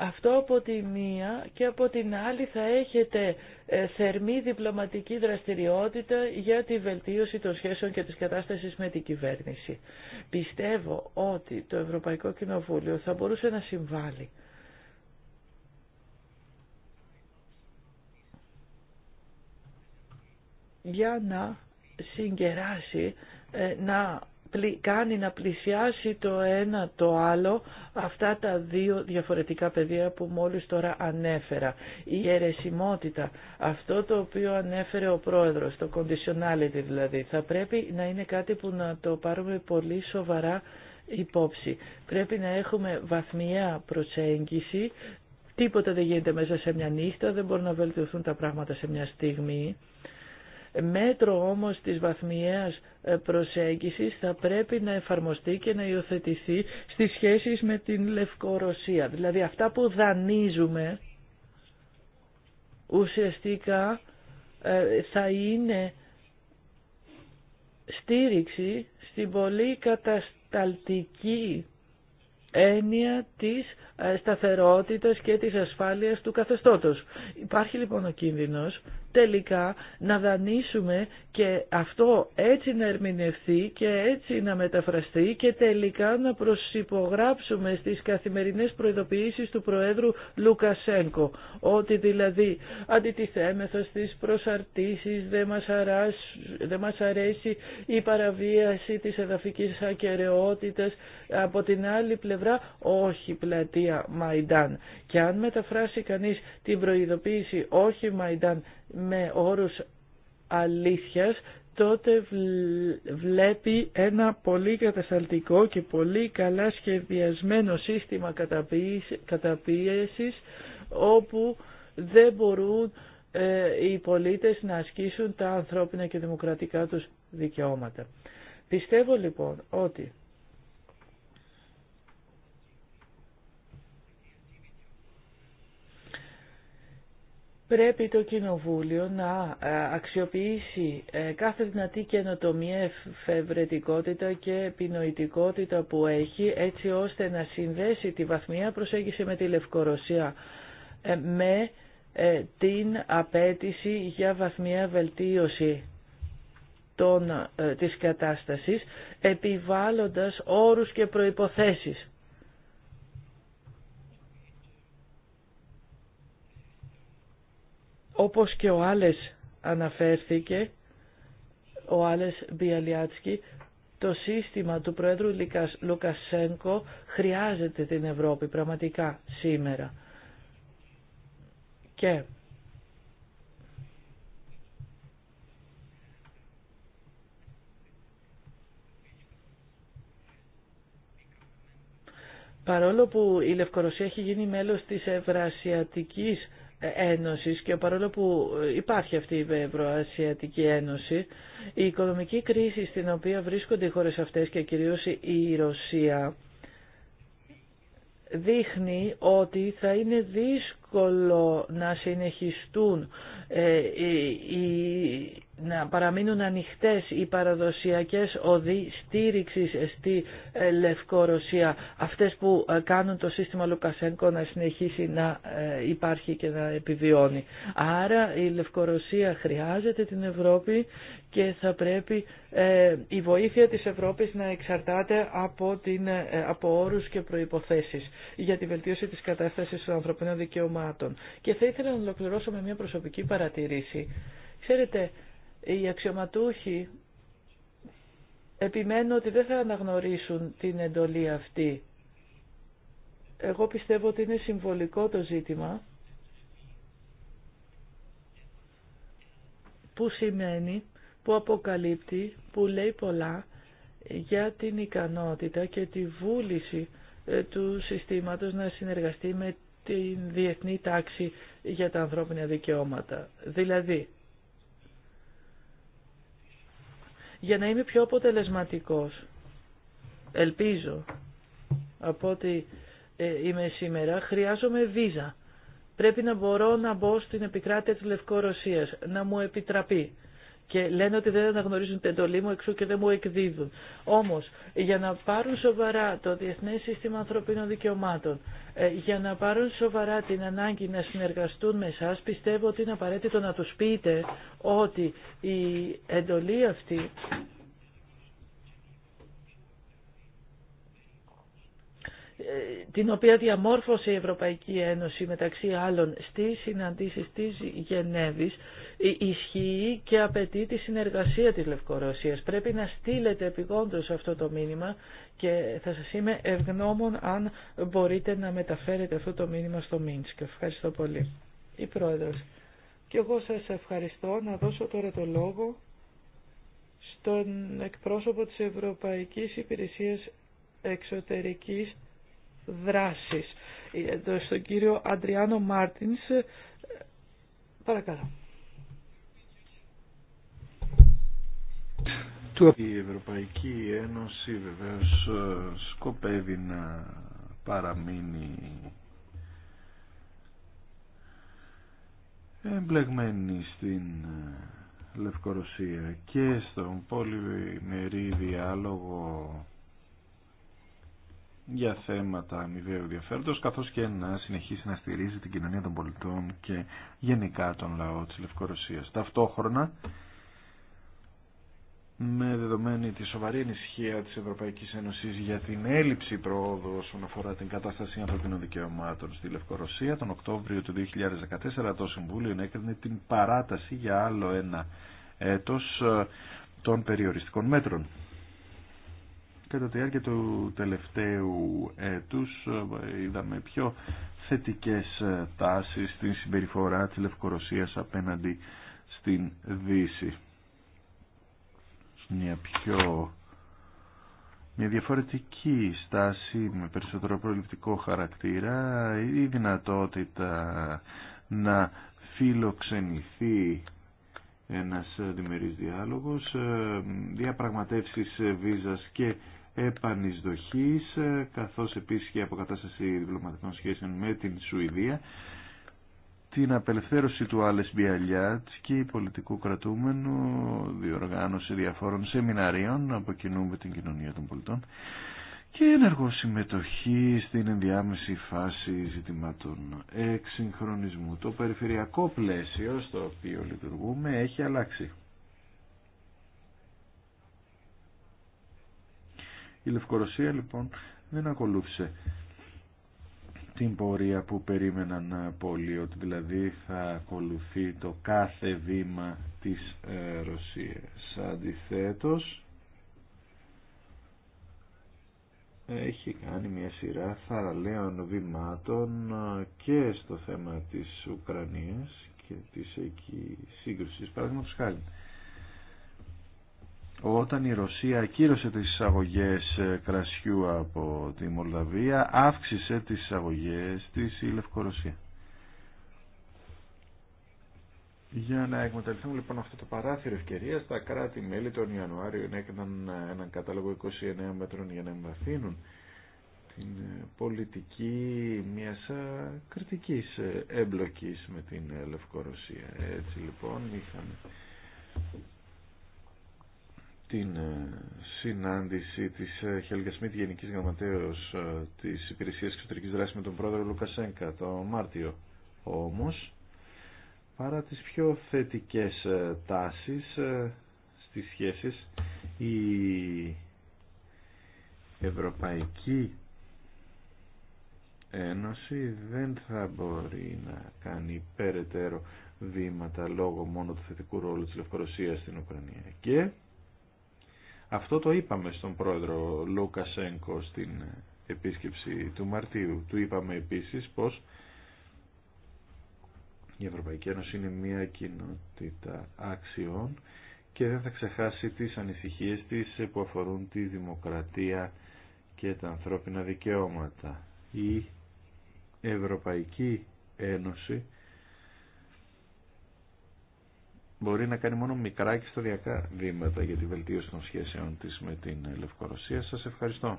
αυτό από τη μία και από την άλλη θα έχετε ε, θερμή διπλωματική δραστηριότητα για τη βελτίωση των σχέσεων και της κατάστασης με την κυβέρνηση. Πιστεύω ότι το Ευρωπαϊκό Κοινοβούλιο θα μπορούσε να συμβάλλει. για να συγκεράσει, ε, να κάνει να πλησιάσει το ένα το άλλο αυτά τα δύο διαφορετικά πεδία που μόλις τώρα ανέφερα. Η αιρεσιμότητα, αυτό το οποίο ανέφερε ο πρόεδρος, το conditionality δηλαδή, θα πρέπει να είναι κάτι που να το πάρουμε πολύ σοβαρά υπόψη. Πρέπει να έχουμε βαθμιά προσέγγιση, τίποτα δεν γίνεται μέσα σε μια νύχτα, δεν μπορούν να βελτιωθούν τα πράγματα σε μια στιγμή μέτρο όμως της βαθμιαίας ε, προσέγγισης θα πρέπει να εφαρμοστεί και να υιοθετηθεί στις σχέσεις με την Λευκορωσία. Δηλαδή αυτά που δανείζουμε ουσιαστικά ε, θα είναι στήριξη στην πολύ κατασταλτική έννοια της σταθερότητας και της ασφάλειας του καθεστώτος. Υπάρχει λοιπόν ο κίνδυνος τελικά να δανείσουμε και αυτό έτσι να ερμηνευθεί και έτσι να μεταφραστεί και τελικά να προσυπογράψουμε στις καθημερινές προειδοποιήσεις του Προέδρου Λουκασένκο ότι δηλαδή αντιτιθέμεθα στις προσαρτήσεις δεν μας, δεν μας αρέσει η παραβίαση της εδαφικής ακαιρεότητας από την άλλη πλευρά όχι πλατεία Μαϊντάν. Και αν μεταφράσει κανείς την προειδοποίηση όχι Μαϊντάν με όρους αλήθειας, τότε βλέπει ένα πολύ κατασταλτικό και πολύ καλά σχεδιασμένο σύστημα καταπίεσης όπου δεν μπορούν ε, οι πολίτες να ασκήσουν τα ανθρώπινα και δημοκρατικά τους δικαιώματα. Πιστεύω λοιπόν ότι Πρέπει το Κοινοβούλιο να ε, αξιοποιήσει ε, κάθε δυνατή καινοτομία, εφευρετικότητα και επινοητικότητα που έχει έτσι ώστε να συνδέσει τη βαθμία προσέγγιση με τη Λευκορωσία ε, με την απέτηση για βαθμία βελτίωση των, της κατάστασης επιβάλλοντας όρους και προϋποθέσεις Όπως και ο Άλες αναφέρθηκε, ο Άλες Μπιαλιάτσκι, το σύστημα του Προέδρου Λουκασένκο χρειάζεται την Ευρώπη πραγματικά σήμερα. Και παρόλο που η Λευκορωσία έχει γίνει μέλος της Ευρασιατικής Ένωσης και παρόλο που υπάρχει αυτή η Ευρωασιατική Ένωση, η οικονομική κρίση στην οποία βρίσκονται οι χώρες αυτές και κυρίως η Ρωσία δείχνει ότι θα είναι δύσκολο να συνεχιστούν ε, οι να παραμείνουν ανοιχτές οι παραδοσιακές οδοί στήριξης στη ε, Λευκορωσία, αυτές που ε, κάνουν το σύστημα Λουκασένκο να συνεχίσει να ε, υπάρχει και να επιβιώνει. Άρα η Λευκορωσία χρειάζεται την Ευρώπη και θα πρέπει η βοήθεια της Ευρώπης να εξαρτάται από, την, από όρους και προϋποθέσεις για τη βελτίωση της κατάστασης των ανθρωπίνων δικαιωμάτων. Και θα ήθελα να ολοκληρώσω με μια προσωπική παρατηρήση. Ξέρετε, οι αξιωματούχοι επιμένουν ότι δεν θα αναγνωρίσουν την εντολή αυτή. Εγώ πιστεύω ότι είναι συμβολικό το ζήτημα που σημαίνει, που αποκαλύπτει, που λέει πολλά για την ικανότητα και τη βούληση ε, του συστήματος να συνεργαστεί με την διεθνή τάξη για τα ανθρώπινα δικαιώματα. Δηλαδή, για να είμαι πιο αποτελεσματικός. Ελπίζω από ότι ε, είμαι σήμερα, χρειάζομαι βίζα. Πρέπει να μπορώ να μπω στην επικράτεια της Λευκορωσίας, να μου επιτραπεί και λένε ότι δεν αναγνωρίζουν την εντολή μου εξού και δεν μου εκδίδουν. Όμως, για να πάρουν σοβαρά το Διεθνές Σύστημα Ανθρωπίνων Δικαιωμάτων, ε, για να πάρουν σοβαρά την ανάγκη να συνεργαστούν με εσά, πιστεύω ότι είναι απαραίτητο να του πείτε ότι η εντολή αυτή την οποία διαμόρφωσε η Ευρωπαϊκή Ένωση μεταξύ άλλων στις συναντήσεις της Γενέβης ισχύει και απαιτεί τη συνεργασία της Λευκορωσίας. Πρέπει να στείλετε επιγόντως αυτό το μήνυμα και θα σας είμαι ευγνώμων αν μπορείτε να μεταφέρετε αυτό το μήνυμα στο Μίνσκ. Ευχαριστώ πολύ. Η Πρόεδρος. Και εγώ σας ευχαριστώ να δώσω τώρα το λόγο στον εκπρόσωπο της Ευρωπαϊκής Υπηρεσίας Εξωτερικής ε, στον κύριο Αντριάνο Μάρτινς, ε, παρακαλώ. Η Ευρωπαϊκή Ένωση βεβαίως ε, σκοπεύει να παραμείνει εμπλεγμένη στην Λευκορωσία και στον πολυμερή διάλογο για θέματα αμοιβαίου ενδιαφέροντο, καθώ και να συνεχίσει να στηρίζει την κοινωνία των πολιτών και γενικά τον λαό τη Λευκορωσίας. Ταυτόχρονα, με δεδομένη τη σοβαρή ανησυχία τη Ευρωπαϊκή Ένωση για την έλλειψη προόδου όσον αφορά την κατάσταση ανθρωπίνων δικαιωμάτων στη Λευκορωσία, τον Οκτώβριο του 2014 το Συμβούλιο ενέκρινε την παράταση για άλλο ένα έτος των περιοριστικών μέτρων. Κατά τη διάρκεια του τελευταίου έτους ε, είδαμε πιο θετικές ε, τάσεις στην συμπεριφορά της Λευκορωσίας απέναντι στην Δύση. Μια πιο μια διαφορετική στάση με περισσότερο προληπτικό χαρακτήρα ή δυνατότητα να φιλοξενηθεί ένας ε, διμερής διάλογος, διαπραγματεύσεις βίζας και επανεισδοχής, ε, καθώς επίσης και η αποκατάσταση διπλωματικών σχέσεων με την Σουηδία, την απελευθέρωση του Άλες και πολιτικού κρατούμενου, διοργάνωση διαφόρων σεμιναρίων από κοινού με την κοινωνία των πολιτών και ενεργό συμμετοχή στην ενδιάμεση φάση ζητημάτων εξυγχρονισμού. Το περιφερειακό πλαίσιο στο οποίο λειτουργούμε έχει αλλάξει. Η Λευκορωσία λοιπόν δεν ακολούθησε την πορεία που περίμεναν πολλοί, ότι δηλαδή θα ακολουθεί το κάθε βήμα της ε, Ρωσίας. Αντιθέτως, έχει κάνει μια σειρά θαραλέων βημάτων ε, και στο θέμα της Ουκρανίας και της εκεί σύγκρουσης, παραδείγματος χάρη όταν η Ρωσία ακύρωσε τις εισαγωγές ε, κρασιού από τη Μολδαβία αύξησε τις εισαγωγές της η Λευκορωσία. Για να εκμεταλλευτούμε λοιπόν αυτό το παράθυρο ευκαιρία, τα κράτη-μέλη τον Ιανουάριο έκαναν έναν κατάλογο 29 μέτρων για να εμβαθύνουν την ε, πολιτική μιας ε, κριτικής έμπλοκης με την Λευκορωσία. Έτσι λοιπόν είχαμε την ε, συνάντηση της ε, Χέλγα Σμίτ Γενικής Γραμματέως ε, της Υπηρεσίας Εξωτερικής Δράσης με τον πρόεδρο Λουκασένκα το Μάρτιο. Όμως, παρά τις πιο θετικές τάσεις στις σχέσεις, η Ευρωπαϊκή Ένωση δεν θα μπορεί να κάνει περαιτέρω βήματα λόγω μόνο του θετικού ρόλου της Λευκορωσίας στην Ουκρανία. Και αυτό το είπαμε στον πρόεδρο Λούκασέγκο στην επίσκεψη του Μαρτίου. Του είπαμε επίσης πως η Ευρωπαϊκή Ένωση είναι μια κοινότητα αξιών και δεν θα ξεχάσει τις ανησυχίες της που αφορούν τη δημοκρατία και τα ανθρώπινα δικαιώματα. Η Ευρωπαϊκή Ένωση μπορεί να κάνει μόνο μικρά και ιστοριακά βήματα για τη βελτίωση των σχέσεων της με την Λευκορωσία. Σας ευχαριστώ.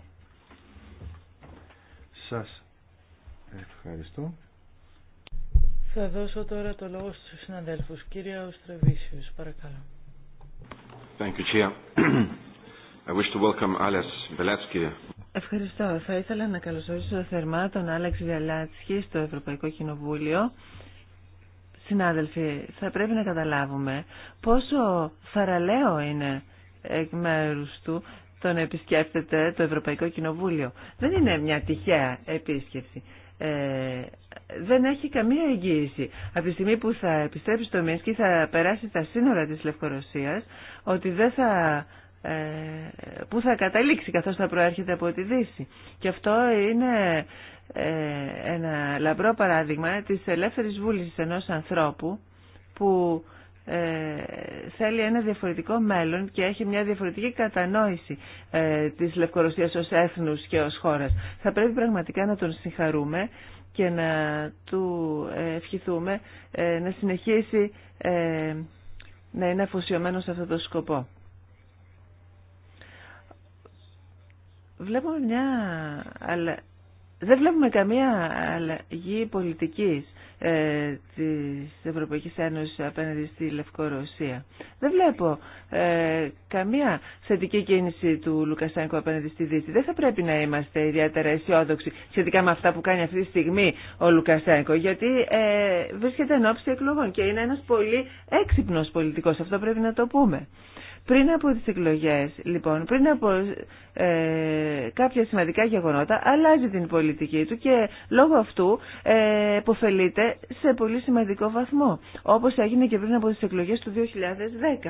Σας ευχαριστώ. Θα δώσω τώρα το λόγο στους συναδέλφους. Κύριε Οστρεβίσιος, παρακαλώ. Ευχαριστώ. Θα ήθελα να καλωσορίσω θερμά τον Άλεξ Βιαλάτσκι στο Ευρωπαϊκό Κοινοβούλιο συνάδελφοι, θα πρέπει να καταλάβουμε πόσο θαραλέο είναι εκ μέρους του το να επισκέφτεται το Ευρωπαϊκό Κοινοβούλιο. Δεν είναι μια τυχαία επίσκεψη. Ε, δεν έχει καμία εγγύηση. Από τη στιγμή που θα επιστρέψει στο Μίνσκι θα περάσει τα σύνορα της Λευκορωσίας ότι δεν θα ε, που θα καταλήξει καθώς θα προέρχεται από τη Δύση. Και αυτό είναι ε, ένα λαμπρό παράδειγμα της ελεύθερης βούλησης ενός ανθρώπου που ε, θέλει ένα διαφορετικό μέλλον και έχει μια διαφορετική κατανόηση ε, της Λευκορωσίας ως έθνους και ως χώρας. Θα πρέπει πραγματικά να τον συγχαρούμε και να του ευχηθούμε να συνεχίσει να είναι αφοσιωμένο σε αυτό το σκοπό. Βλέπουμε μια δεν βλέπουμε καμία αλλαγή πολιτικής ε, της Ευρωπαϊκής Ένωσης απέναντι στη Λευκορωσία. Δεν βλέπω ε, καμία θετική κίνηση του Λουκασάνικου απέναντι στη Δύση. Δεν θα πρέπει να είμαστε ιδιαίτερα αισιόδοξοι σχετικά με αυτά που κάνει αυτή τη στιγμή ο Λουκασάνικο, γιατί ε, βρίσκεται εν ώψη εκλογών και είναι ένας πολύ έξυπνος πολιτικός. Αυτό πρέπει να το πούμε. Πριν από τις εκλογές, λοιπόν, πριν από ε, κάποια σημαντικά γεγονότα, αλλάζει την πολιτική του και λόγω αυτού ε, υποφελείται σε πολύ σημαντικό βαθμό, όπως έγινε και πριν από τις εκλογές του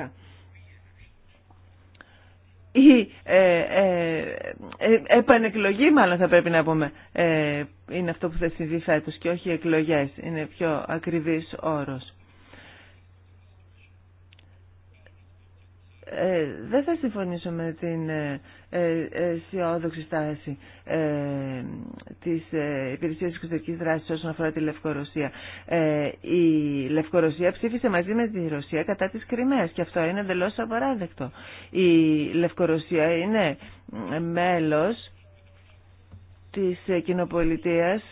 2010. Η ε, ε, επανεκλογή, μάλλον θα πρέπει να πούμε, είναι αυτό που θα συμβεί φέτος και όχι οι εκλογές. Είναι πιο ακριβής όρος. Ε, δεν θα συμφωνήσω με την ε, ε, αισιόδοξη στάση της Υπηρεσίας Εξωτερικής Δράσης όσον αφορά τη Λευκορωσία. Η Λευκορωσία ψήφισε μαζί με τη Ρωσία κατά της Κρυμαίας και αυτό είναι εντελώ απαράδεκτο. Η Λευκορωσία είναι μέλος της κοινοπολιτείας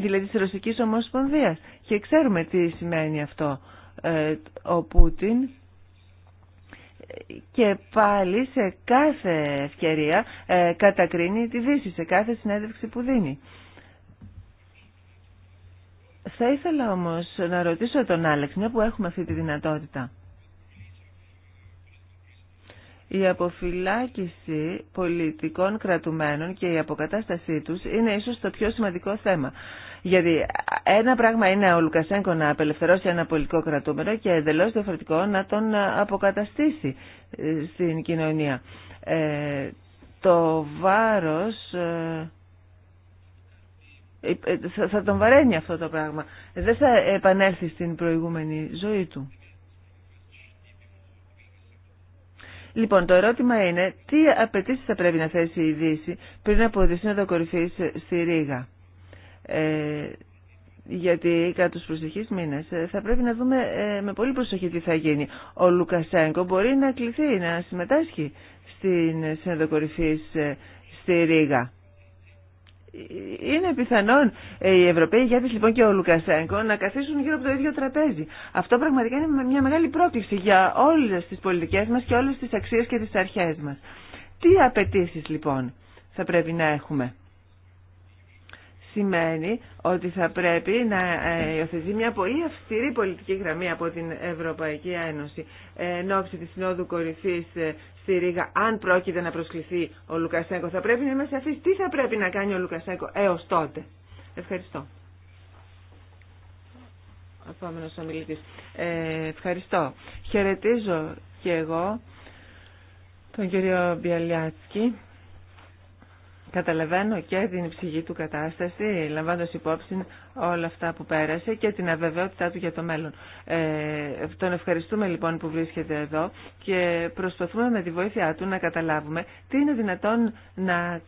δηλαδή της Ρωσικής Ομοσπονδίας. Και ξέρουμε τι σημαίνει αυτό. Ε, ο Πούτιν και πάλι σε κάθε ευκαιρία ε, κατακρίνει τη Δύση, σε κάθε συνέντευξη που δίνει. Θα ήθελα όμως να ρωτήσω τον Άλεξ, μια που έχουμε αυτή τη δυνατότητα. Η αποφυλάκηση πολιτικών κρατουμένων και η αποκατάστασή τους είναι ίσως το πιο σημαντικό θέμα. Γιατί ένα πράγμα είναι ο Λουκασέγκο να απελευθερώσει ένα πολιτικό κρατούμενο και εντελώ διαφορετικό να τον αποκαταστήσει ε, στην κοινωνία. Ε, το βάρος... Ε, ε θα τον βαραίνει αυτό το πράγμα. Δεν θα επανέλθει στην προηγούμενη ζωή του. Λοιπόν, το ερώτημα είναι τι απαιτήσει θα πρέπει να θέσει η Δύση πριν από τη Σύνοδο Κορυφή στη Ρήγα. Ε, γιατί κάτω τους προσεχείς μήνες ε, θα πρέπει να δούμε ε, με πολύ προσοχή τι θα γίνει. Ο Λουκασέγκο μπορεί να κληθεί, να συμμετάσχει στην Σύνοδο Κορυφής στη Ρήγα. Είναι πιθανόν ε, οι Ευρωπαίοι ηγέτε λοιπόν και ο Λουκασέγκο να καθίσουν γύρω από το ίδιο τραπέζι. Αυτό πραγματικά είναι μια μεγάλη πρόκληση για όλες τις πολιτικές μας και όλες τις αξίες και τις αρχές μας. Τι απαιτήσει λοιπόν θα πρέπει να έχουμε σημαίνει ότι θα πρέπει να ε, υιοθετεί μια πολύ αυστηρή πολιτική γραμμή από την Ευρωπαϊκή Ένωση ε, εν ώψη της Συνόδου Κορυφής ε, στη Ρήγα, αν πρόκειται να προσκληθεί ο Λουκασέγκο. Θα πρέπει να είμαστε αφήσει τι θα πρέπει να κάνει ο Λουκασέγκο έως τότε. Ευχαριστώ. ομιλητής. ευχαριστώ. Χαιρετίζω και εγώ τον κύριο Μπιαλιάτσκι Καταλαβαίνω και την ψυχή του κατάσταση, λαμβάνοντα υπόψη όλα αυτά που πέρασε και την αβεβαιότητά του για το μέλλον. Ε, τον ευχαριστούμε λοιπόν που βρίσκεται εδώ και προσπαθούμε με τη βοήθειά του να καταλάβουμε τι είναι δυνατόν να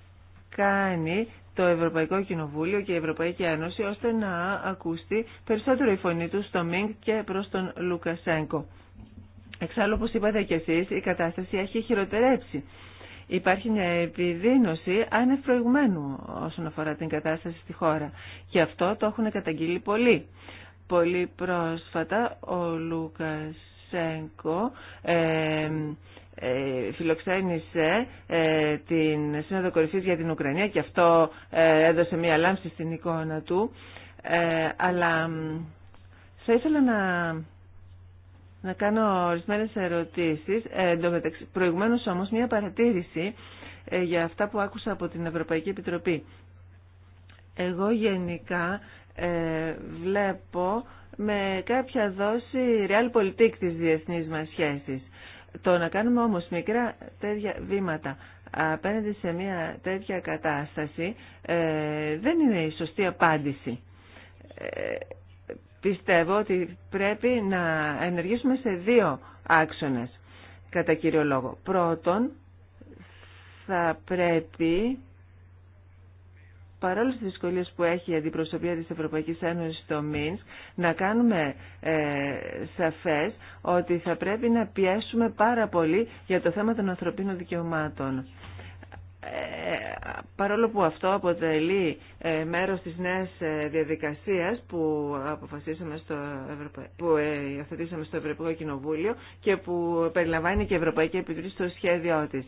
κάνει το Ευρωπαϊκό Κοινοβούλιο και η Ευρωπαϊκή Ένωση ώστε να ακούσει περισσότερο η φωνή του στο ΜΙΝΚ και προς τον Λουκασέγκο. Εξάλλου, όπως είπατε και εσείς, η κατάσταση έχει χειροτερέψει. Υπάρχει μια επιδείνωση ανευπροηγουμένου όσον αφορά την κατάσταση στη χώρα. Και αυτό το έχουν καταγγείλει πολλοί. Πολύ πρόσφατα ο Λουκασέγκο ε, ε, φιλοξένησε ε, την Σύνοδο Κορυφής για την Ουκρανία και αυτό ε, έδωσε μια λάμψη στην εικόνα του. αλλά θα ήθελα να να κάνω ορισμένε ερωτήσεις. Ε, προηγουμένως όμως μια παρατήρηση ε, για αυτά που άκουσα από την Ευρωπαϊκή Επιτροπή. Εγώ γενικά ε, βλέπω με κάποια δόση real politik της διεθνή μας σχέσης. Το να κάνουμε όμως μικρά τέτοια βήματα απέναντι σε μια τέτοια κατάσταση ε, δεν είναι η σωστή απάντηση πιστεύω ότι πρέπει να ενεργήσουμε σε δύο άξονες κατά κύριο λόγο. Πρώτον, θα πρέπει παρόλο τις δυσκολίες που έχει η αντιπροσωπεία της Ευρωπαϊκής Ένωσης στο ΜΙΝΣ, να κάνουμε ε, σαφές ότι θα πρέπει να πιέσουμε πάρα πολύ για το θέμα των ανθρωπίνων δικαιωμάτων. Ε, παρόλο που αυτό αποτελεί ε, μέρος της νέας ε, διαδικασίας που αποφασίσαμε στο που υιοθετήσαμε στο Ευρωπαϊκό Κοινοβούλιο και που περιλαμβάνει και η Ευρωπαϊκή Επιτροπή στο σχέδιό της.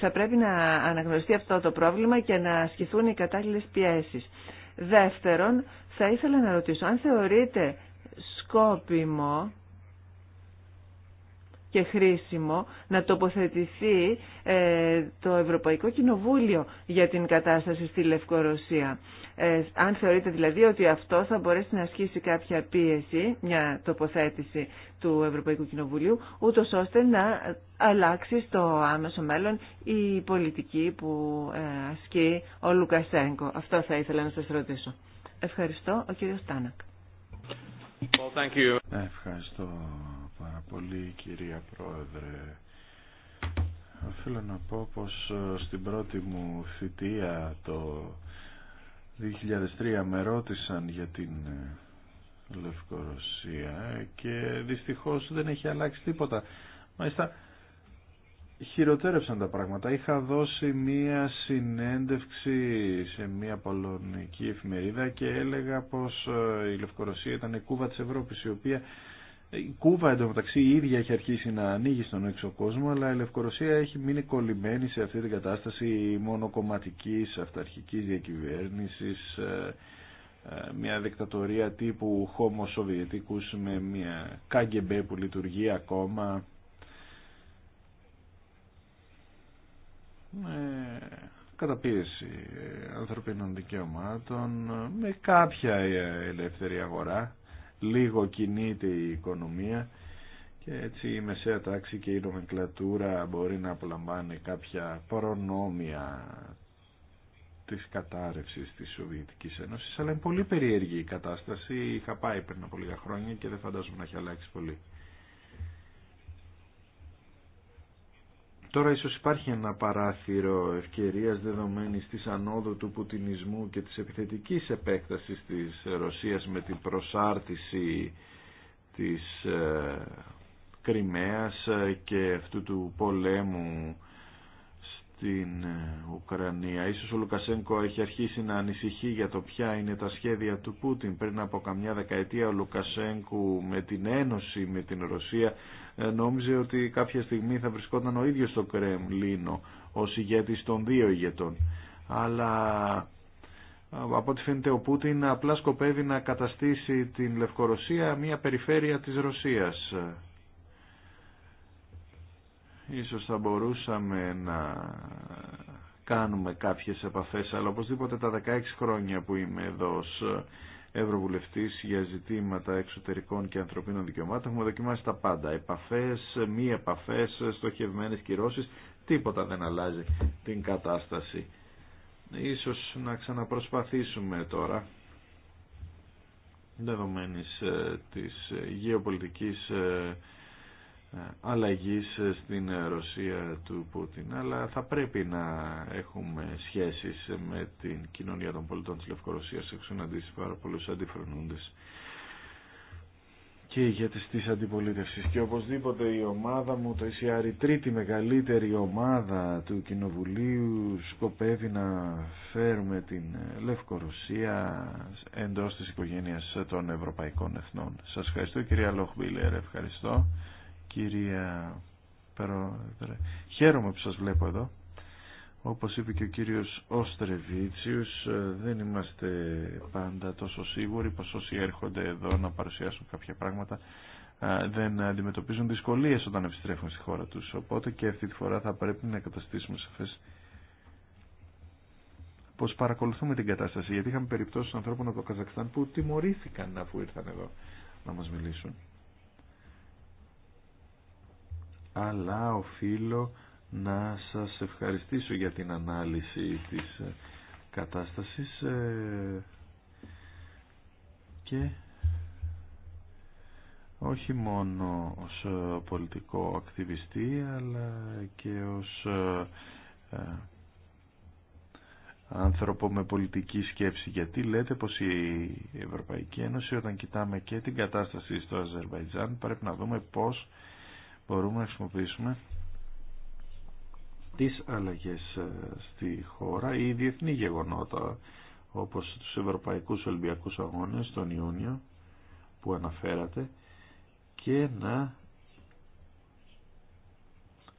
Θα πρέπει να αναγνωριστεί αυτό το πρόβλημα και να ασκηθούν οι κατάλληλες πιέσεις. Δεύτερον, θα ήθελα να ρωτήσω αν θεωρείτε σκόπιμο και χρήσιμο να τοποθετηθεί ε, το Ευρωπαϊκό Κοινοβούλιο για την κατάσταση στη Λευκορωσία. Ε, αν θεωρείτε δηλαδή ότι αυτό θα μπορέσει να ασκήσει κάποια πίεση, μια τοποθέτηση του Ευρωπαϊκού Κοινοβουλίου, ούτω ώστε να αλλάξει στο άμεσο μέλλον η πολιτική που ε, ασκεί ο Λουκασέγκο. Αυτό θα ήθελα να σας ρωτήσω. Ευχαριστώ. Ο κύριος Τάνακ. Well, thank you. Ευχαριστώ πάρα πολύ κυρία Πρόεδρε. Θέλω να πω πως ε, στην πρώτη μου θητεία το 2003 με ρώτησαν για την ε, Λευκορωσία και δυστυχώς δεν έχει αλλάξει τίποτα. Μάλιστα χειροτέρευσαν τα πράγματα. Είχα δώσει μία συνέντευξη σε μία πολωνική εφημερίδα και έλεγα πως ε, η Λευκορωσία ήταν η Κούβα της Ευρώπης η οποία ε, η Κούβα εντωμεταξύ η ίδια έχει αρχίσει να ανοίγει στον έξω κόσμο, αλλά η Λευκορωσία έχει μείνει κολλημένη σε αυτή την κατάσταση μονοκομματικής, αυταρχικής διακυβέρνησης, ε, ε, μια δικτατορία τύπου χώμο Σοβιετικούς με μια κάγκεμπέ που λειτουργεί ακόμα. Με καταπίεση ανθρωπίνων δικαιωμάτων, με κάποια ελεύθερη αγορά λίγο κινείται η οικονομία και έτσι η μεσαία τάξη και η νομεκλατούρα μπορεί να απολαμβάνει κάποια προνόμια της κατάρρευσης της Σοβιετικής Ένωσης αλλά είναι πολύ περίεργη η κατάσταση είχα πάει πριν από λίγα χρόνια και δεν φαντάζομαι να έχει αλλάξει πολύ Τώρα ίσως υπάρχει ένα παράθυρο ευκαιρίας δεδομένης της ανόδου του πουτινισμού και της επιθετικής επέκτασης της Ρωσίας με την προσάρτηση της ε, Κρυμαίας ε, και αυτού του πολέμου στην ε, Ουκρανία. Ίσως ο Λουκασένκο έχει αρχίσει να ανησυχεί για το ποια είναι τα σχέδια του Πούτιν. Πριν από καμιά δεκαετία ο Λουκασένκου με την ένωση με την Ρωσία ε, νόμιζε ότι κάποια στιγμή θα βρισκόταν ο ίδιος στο Κρεμλίνο ως ηγέτης των δύο ηγετών. Αλλά ε, από ό,τι φαίνεται ο Πούτιν απλά σκοπεύει να καταστήσει την Λευκορωσία μια περιφέρεια της Ρωσίας. Ίσως θα μπορούσαμε να κάνουμε κάποιες επαφές, αλλά οπωσδήποτε τα 16 χρόνια που είμαι εδώ ε, Ευρωβουλευτή για ζητήματα εξωτερικών και ανθρωπίνων δικαιωμάτων. Έχουμε δοκιμάσει τα πάντα. Επαφές, μη επαφές, στοχευμένε κυρώσει, Τίποτα δεν αλλάζει την κατάσταση. Ίσως να ξαναπροσπαθήσουμε τώρα δεδομένης ε, της γεωπολιτικής ε, αλλαγής ε, στην ε, Ρωσία του Πούτιν αλλά θα πρέπει να έχουμε σχέσεις ε, με την κοινωνία των πολιτών της Λευκορωσίας έχω συναντήσει πάρα πολλούς αντιφρονούντες και ηγέτες της αντιπολίτευσης και οπωσδήποτε η ομάδα μου το ECR η τρίτη μεγαλύτερη ομάδα του Κοινοβουλίου σκοπεύει να φέρουμε την Λευκορωσία εντός της οικογένειας των Ευρωπαϊκών Εθνών Σας ευχαριστώ κυρία Λοχμπίλερ ευχαριστώ κυρία Πρόεδρε. Χαίρομαι που σας βλέπω εδώ. Όπως είπε και ο κύριος Όστρεβίτσιους, ε, δεν είμαστε πάντα τόσο σίγουροι πως όσοι έρχονται εδώ να παρουσιάσουν κάποια πράγματα ε, δεν αντιμετωπίζουν δυσκολίες όταν επιστρέφουν στη χώρα τους. Οπότε και αυτή τη φορά θα πρέπει να καταστήσουμε σαφές πως παρακολουθούμε την κατάσταση. Γιατί είχαμε περιπτώσεις ανθρώπων από το Καζακστάν που τιμωρήθηκαν αφού ήρθαν εδώ να μας μιλήσουν αλλά οφείλω να σας ευχαριστήσω για την ανάλυση της ε, κατάστασης ε, και όχι μόνο ως ε, πολιτικό ακτιβιστή αλλά και ως άνθρωπο με πολιτική σκέψη γιατί λέτε πως η Ευρωπαϊκή Ένωση όταν κοιτάμε και την κατάσταση στο Αζερβαϊτζάν πρέπει να δούμε πως μπορούμε να χρησιμοποιήσουμε τις αλλαγές ε, στη χώρα ή διεθνή γεγονότα όπως τους Ευρωπαϊκούς Ολυμπιακούς Αγώνες τον Ιούνιο που αναφέρατε και να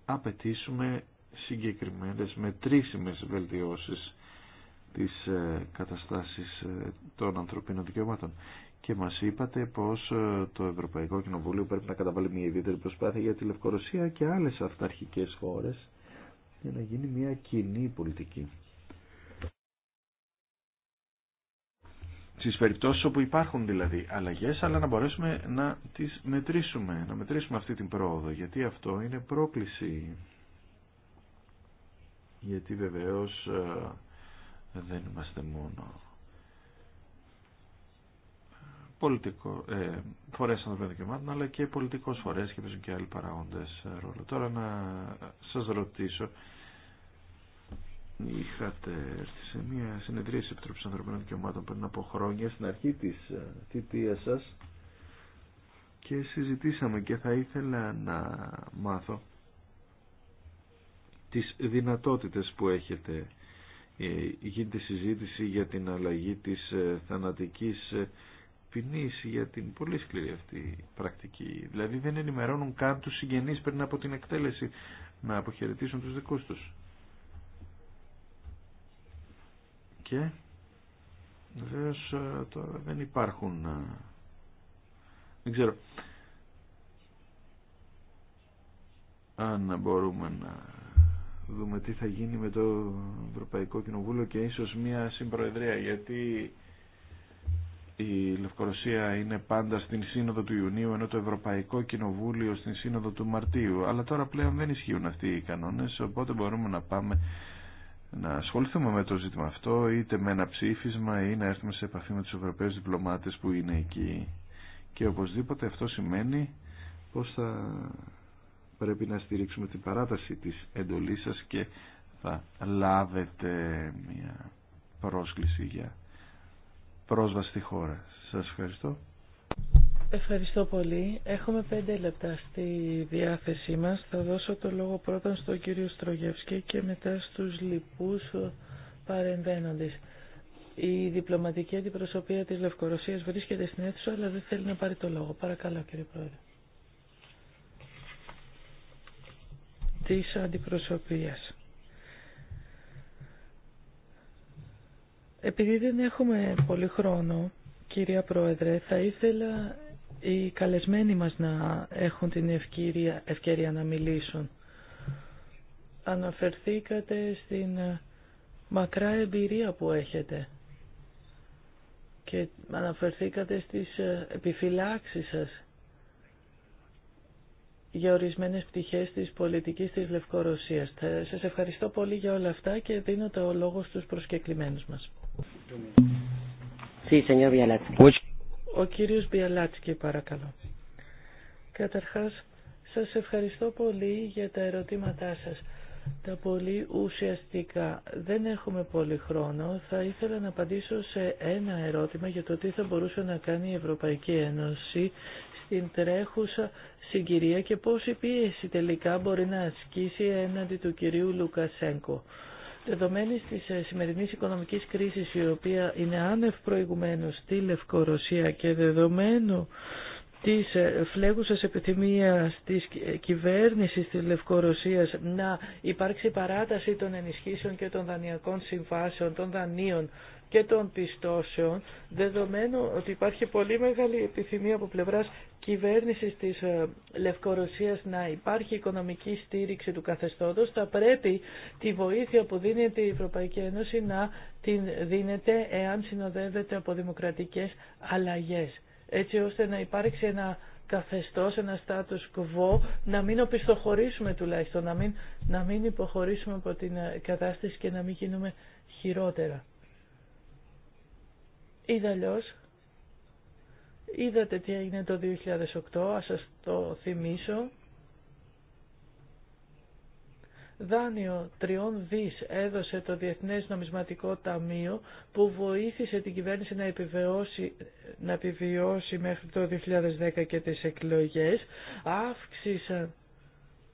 απαιτήσουμε συγκεκριμένες μετρήσιμες βελτιώσεις της ε, καταστάσεις ε, των ανθρωπίνων δικαιωμάτων και μας είπατε πως ε, το Ευρωπαϊκό Κοινοβούλιο πρέπει να καταβάλει μια ιδιαίτερη προσπάθεια για τη Λευκορωσία και άλλες αυταρχικές χώρες για να γίνει μια κοινή πολιτική. Στις περιπτώσεις όπου υπάρχουν δηλαδή αλλαγές, αλλά να μπορέσουμε να τις μετρήσουμε, να μετρήσουμε αυτή την πρόοδο, γιατί αυτό είναι πρόκληση. Γιατί βεβαίως ε, δεν είμαστε μόνο πολιτικό, ε, φορές ανθρωπίνων δικαιωμάτων αλλά και πολιτικός φορές και παίζουν και άλλοι παράγοντες ε, ρόλο. Τώρα να σας ρωτήσω είχατε έρθει σε μια συνεδρία της Επιτροπής Ανθρωπίνων Δικαιωμάτων πριν από χρόνια στην αρχή της ε, θητείας σας και συζητήσαμε και θα ήθελα να μάθω τις δυνατότητες που έχετε ε, γίνεται συζήτηση για την αλλαγή της θανατικής για την πολύ σκληρή αυτή πρακτική. Δηλαδή δεν ενημερώνουν καν τους συγγενείς πριν από την εκτέλεση να αποχαιρετήσουν τους δικούς τους. Και βεβαίω ε, τώρα δεν υπάρχουν ε, δεν ξέρω αν μπορούμε να δούμε τι θα γίνει με το Ευρωπαϊκό Κοινοβούλιο και ίσως μια συμπροεδρία γιατί η Λευκορωσία είναι πάντα στην Σύνοδο του Ιουνίου, ενώ το Ευρωπαϊκό Κοινοβούλιο στην Σύνοδο του Μαρτίου. Αλλά τώρα πλέον δεν ισχύουν αυτοί οι κανόνες, οπότε μπορούμε να πάμε να ασχοληθούμε με το ζήτημα αυτό, είτε με ένα ψήφισμα ή να έρθουμε σε επαφή με τους Ευρωπαίους διπλωμάτες που είναι εκεί. Και οπωσδήποτε αυτό σημαίνει πως θα πρέπει να στηρίξουμε την παράταση της εντολής σας και θα λάβετε μια πρόσκληση για πρόσβαση στη χώρα. Σας ευχαριστώ. Ευχαριστώ πολύ. Έχουμε πέντε λεπτά στη διάθεσή μας. Θα δώσω το λόγο πρώτα στον κύριο Στρογεύσκη και μετά στους λοιπούς παρεμβαίνοντες. Η διπλωματική αντιπροσωπεία της Λευκορωσίας βρίσκεται στην αίθουσα, αλλά δεν θέλει να πάρει το λόγο. Παρακαλώ κύριε Πρόεδρε. Της αντιπροσωπείας. Επειδή δεν έχουμε πολύ χρόνο, κυρία Πρόεδρε, θα ήθελα οι καλεσμένοι μας να έχουν την ευκαιρία, ευκαιρία να μιλήσουν. Αναφερθήκατε στην μακρά εμπειρία που έχετε και αναφερθήκατε στις επιφυλάξεις σας για ορισμένες πτυχές της πολιτικής της Λευκορωσίας. Σας ευχαριστώ πολύ για όλα αυτά και δίνω το λόγο στους προσκεκλημένους μας. Ο κύριος και παρακαλώ. Καταρχάς, σας ευχαριστώ πολύ για τα ερωτήματά σας. Τα πολύ ουσιαστικά. Δεν έχουμε πολύ χρόνο. Θα ήθελα να απαντήσω σε ένα ερώτημα για το τι θα μπορούσε να κάνει η Ευρωπαϊκή Ένωση στην τρέχουσα συγκυρία και η πίεση τελικά μπορεί να ασκήσει έναντι του κυρίου Λουκασέγκο. Δεδομένη τη ε, σημερινή οικονομική κρίση, η οποία είναι άνευ προηγουμένου στη Λευκορωσία και δεδομένου της ε, φλέγουσας επιθυμία της ε, κυβέρνηση της Λευκορωσίας να υπάρξει παράταση των ενισχύσεων και των δανειακών συμβάσεων, των δανείων και των πιστώσεων, δεδομένου ότι υπάρχει πολύ μεγάλη επιθυμία από πλευράς κυβέρνησης της ε, Λευκορωσίας να υπάρχει οικονομική στήριξη του καθεστώτος, θα πρέπει τη βοήθεια που δίνεται η Ευρωπαϊκή Ένωση να την δίνεται εάν συνοδεύεται από δημοκρατικές αλλαγές, έτσι ώστε να υπάρξει ένα καθεστώς, ένα status quo, να μην οπισθοχωρήσουμε τουλάχιστον, να μην, να μην υποχωρήσουμε από την ε, κατάσταση και να μην γίνουμε χειρότερα αλλιώ. είδατε τι έγινε το 2008, ας σας το θυμίσω. Δάνειο τριών δις έδωσε το Διεθνές Νομισματικό Ταμείο που βοήθησε την κυβέρνηση να, επιβιώσει, να επιβιώσει μέχρι το 2010 και τις εκλογές. Αύξησαν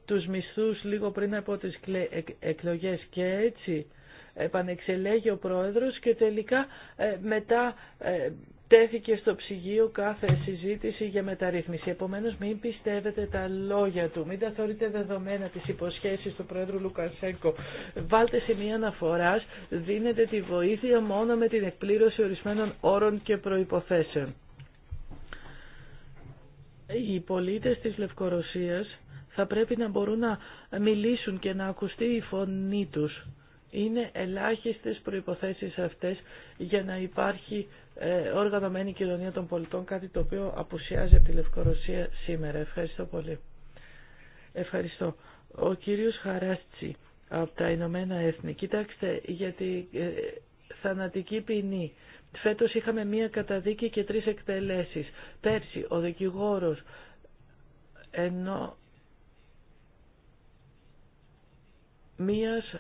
τους μισθούς λίγο πριν από τις εκλογές και έτσι επανεξελέγει ο πρόεδρος και τελικά ε, μετά ε, τέθηκε στο ψυγείο κάθε συζήτηση για μεταρρύθμιση. Επομένως μην πιστεύετε τα λόγια του, μην τα θεωρείτε δεδομένα τις υποσχέσεις του Πρόεδρου Λουκασέκο. Βάλτε σημεία αναφοράς, δίνετε τη βοήθεια μόνο με την εκπλήρωση ορισμένων όρων και προϋποθέσεων. Οι πολίτες της Λευκορωσίας θα πρέπει να μπορούν να μιλήσουν και να ακουστεί η φωνή τους είναι ελάχιστες προϋποθέσεις αυτές για να υπάρχει ε, οργανωμένη κοινωνία των πολιτών, κάτι το οποίο απουσιάζει από τη Λευκορωσία σήμερα. Ευχαριστώ πολύ. Ευχαριστώ. Ο κύριος Χαράστσι από τα Ηνωμένα Έθνη. Κοιτάξτε, γιατί ε, θανατική ποινή. Φέτος είχαμε μία καταδίκη και τρεις εκτελέσεις. Πέρσι ο δικηγόρος ενώ μίας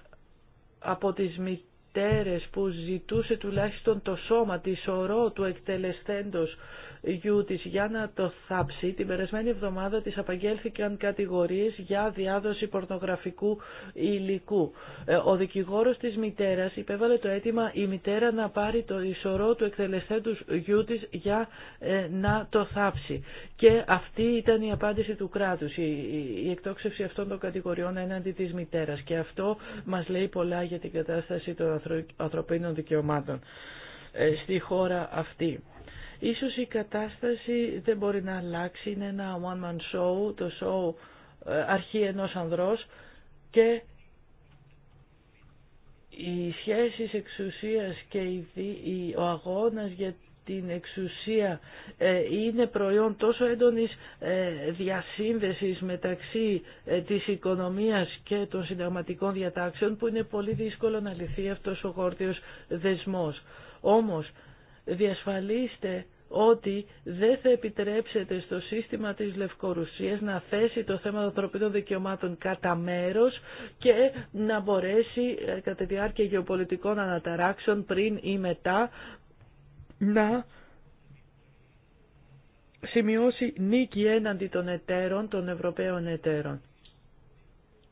από τις μητέρες που ζητούσε τουλάχιστον το σώμα, τη σωρό του εκτελεστέντος γιού για να το θάψει, την περασμένη εβδομάδα της απαγγέλθηκαν κατηγορίες για διάδοση πορνογραφικού υλικού. Ε, ο δικηγόρος της μητέρας υπέβαλε το αίτημα η μητέρα να πάρει το ισορό του εκτελεστέντου γιού της για ε, να το θάψει. Και αυτή ήταν η απάντηση του κράτους, η εκτόξευση αυτών των κατηγοριών έναντι της μητέρας. Και αυτό μας λέει πολλά για την κατάσταση των ανθρωπίνων δικαιωμάτων ε, στη χώρα αυτή. Ίσως η κατάσταση δεν μπορεί να αλλάξει, είναι ένα one-man show, το show ε, αρχή ενός ανδρός και οι σχέσεις εξουσίας και ο αγώνας για την εξουσία ε, είναι προϊόν τόσο έντονης ε, διασύνδεσης μεταξύ της οικονομίας και των συνταγματικών διατάξεων που είναι πολύ δύσκολο να λυθεί αυτός ο γόρτιος δεσμός. Όμως διασφαλίστε ότι δεν θα επιτρέψετε στο σύστημα της Λευκορουσίας να θέσει το θέμα των ανθρωπίνων δικαιωμάτων κατά μέρο και να μπορέσει ε, κατά τη διάρκεια γεωπολιτικών αναταράξεων πριν ή μετά να σημειώσει νίκη έναντι των εταίρων, των Ευρωπαίων εταίρων.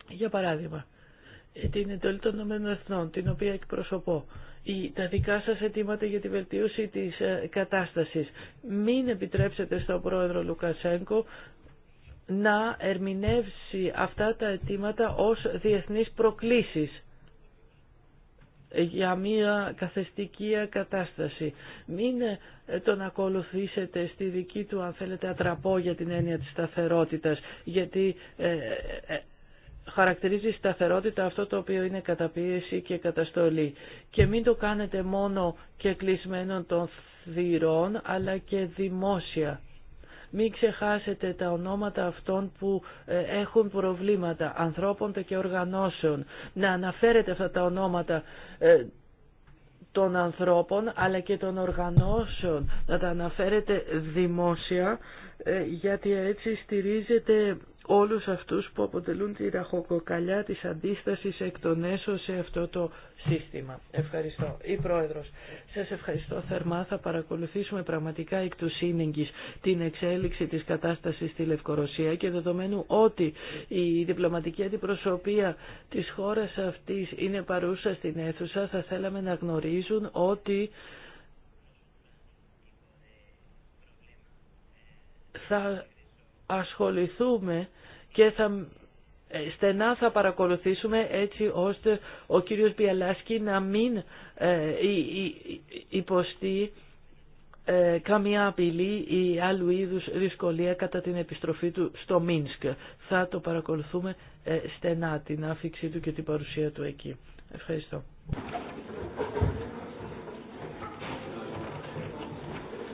Για παράδειγμα, ε, την εντολή των ΗΕ, την οποία εκπροσωπώ, τα δικά σας αιτήματα για τη βελτίωση της ε, κατάστασης. Μην επιτρέψετε στον πρόεδρο Λουκασέγκο να ερμηνεύσει αυτά τα αιτήματα ως διεθνείς προκλήσεις για μια καθεστική κατάσταση. Μην ε, τον ακολουθήσετε στη δική του, αν θέλετε, ατραπό για την έννοια της σταθερότητας, γιατί ε, χαρακτηρίζει σταθερότητα αυτό το οποίο είναι καταπίεση και καταστολή. Και μην το κάνετε μόνο και κλεισμένον των θυρών, αλλά και δημόσια. Μην ξεχάσετε τα ονόματα αυτών που ε, έχουν προβλήματα, ανθρώπων και οργανώσεων. Να αναφέρετε αυτά τα ονόματα ε, των ανθρώπων αλλά και των οργανώσεων. Να τα αναφέρετε δημόσια ε, γιατί έτσι στηρίζεται όλους αυτούς που αποτελούν τη ραχοκοκαλιά της αντίστασης εκ των έσω σε αυτό το σύστημα. Ευχαριστώ. Η Πρόεδρος, σας ευχαριστώ θερμά. Θα παρακολουθήσουμε πραγματικά εκ του σύνεγγης την εξέλιξη της κατάστασης στη Λευκορωσία και δεδομένου ότι η διπλωματική αντιπροσωπεία της χώρας αυτής είναι παρούσα στην αίθουσα, θα θέλαμε να γνωρίζουν ότι θα ασχοληθούμε και θα ε, στενά θα παρακολουθήσουμε έτσι ώστε ο κύριος Πιαλάσκη να μην ε, υποστεί ε, καμία απειλή ή άλλου είδους δυσκολία κατά την επιστροφή του στο Μίνσκ. Θα το παρακολουθούμε στενά την άφηξή του και την παρουσία του εκεί. Ευχαριστώ.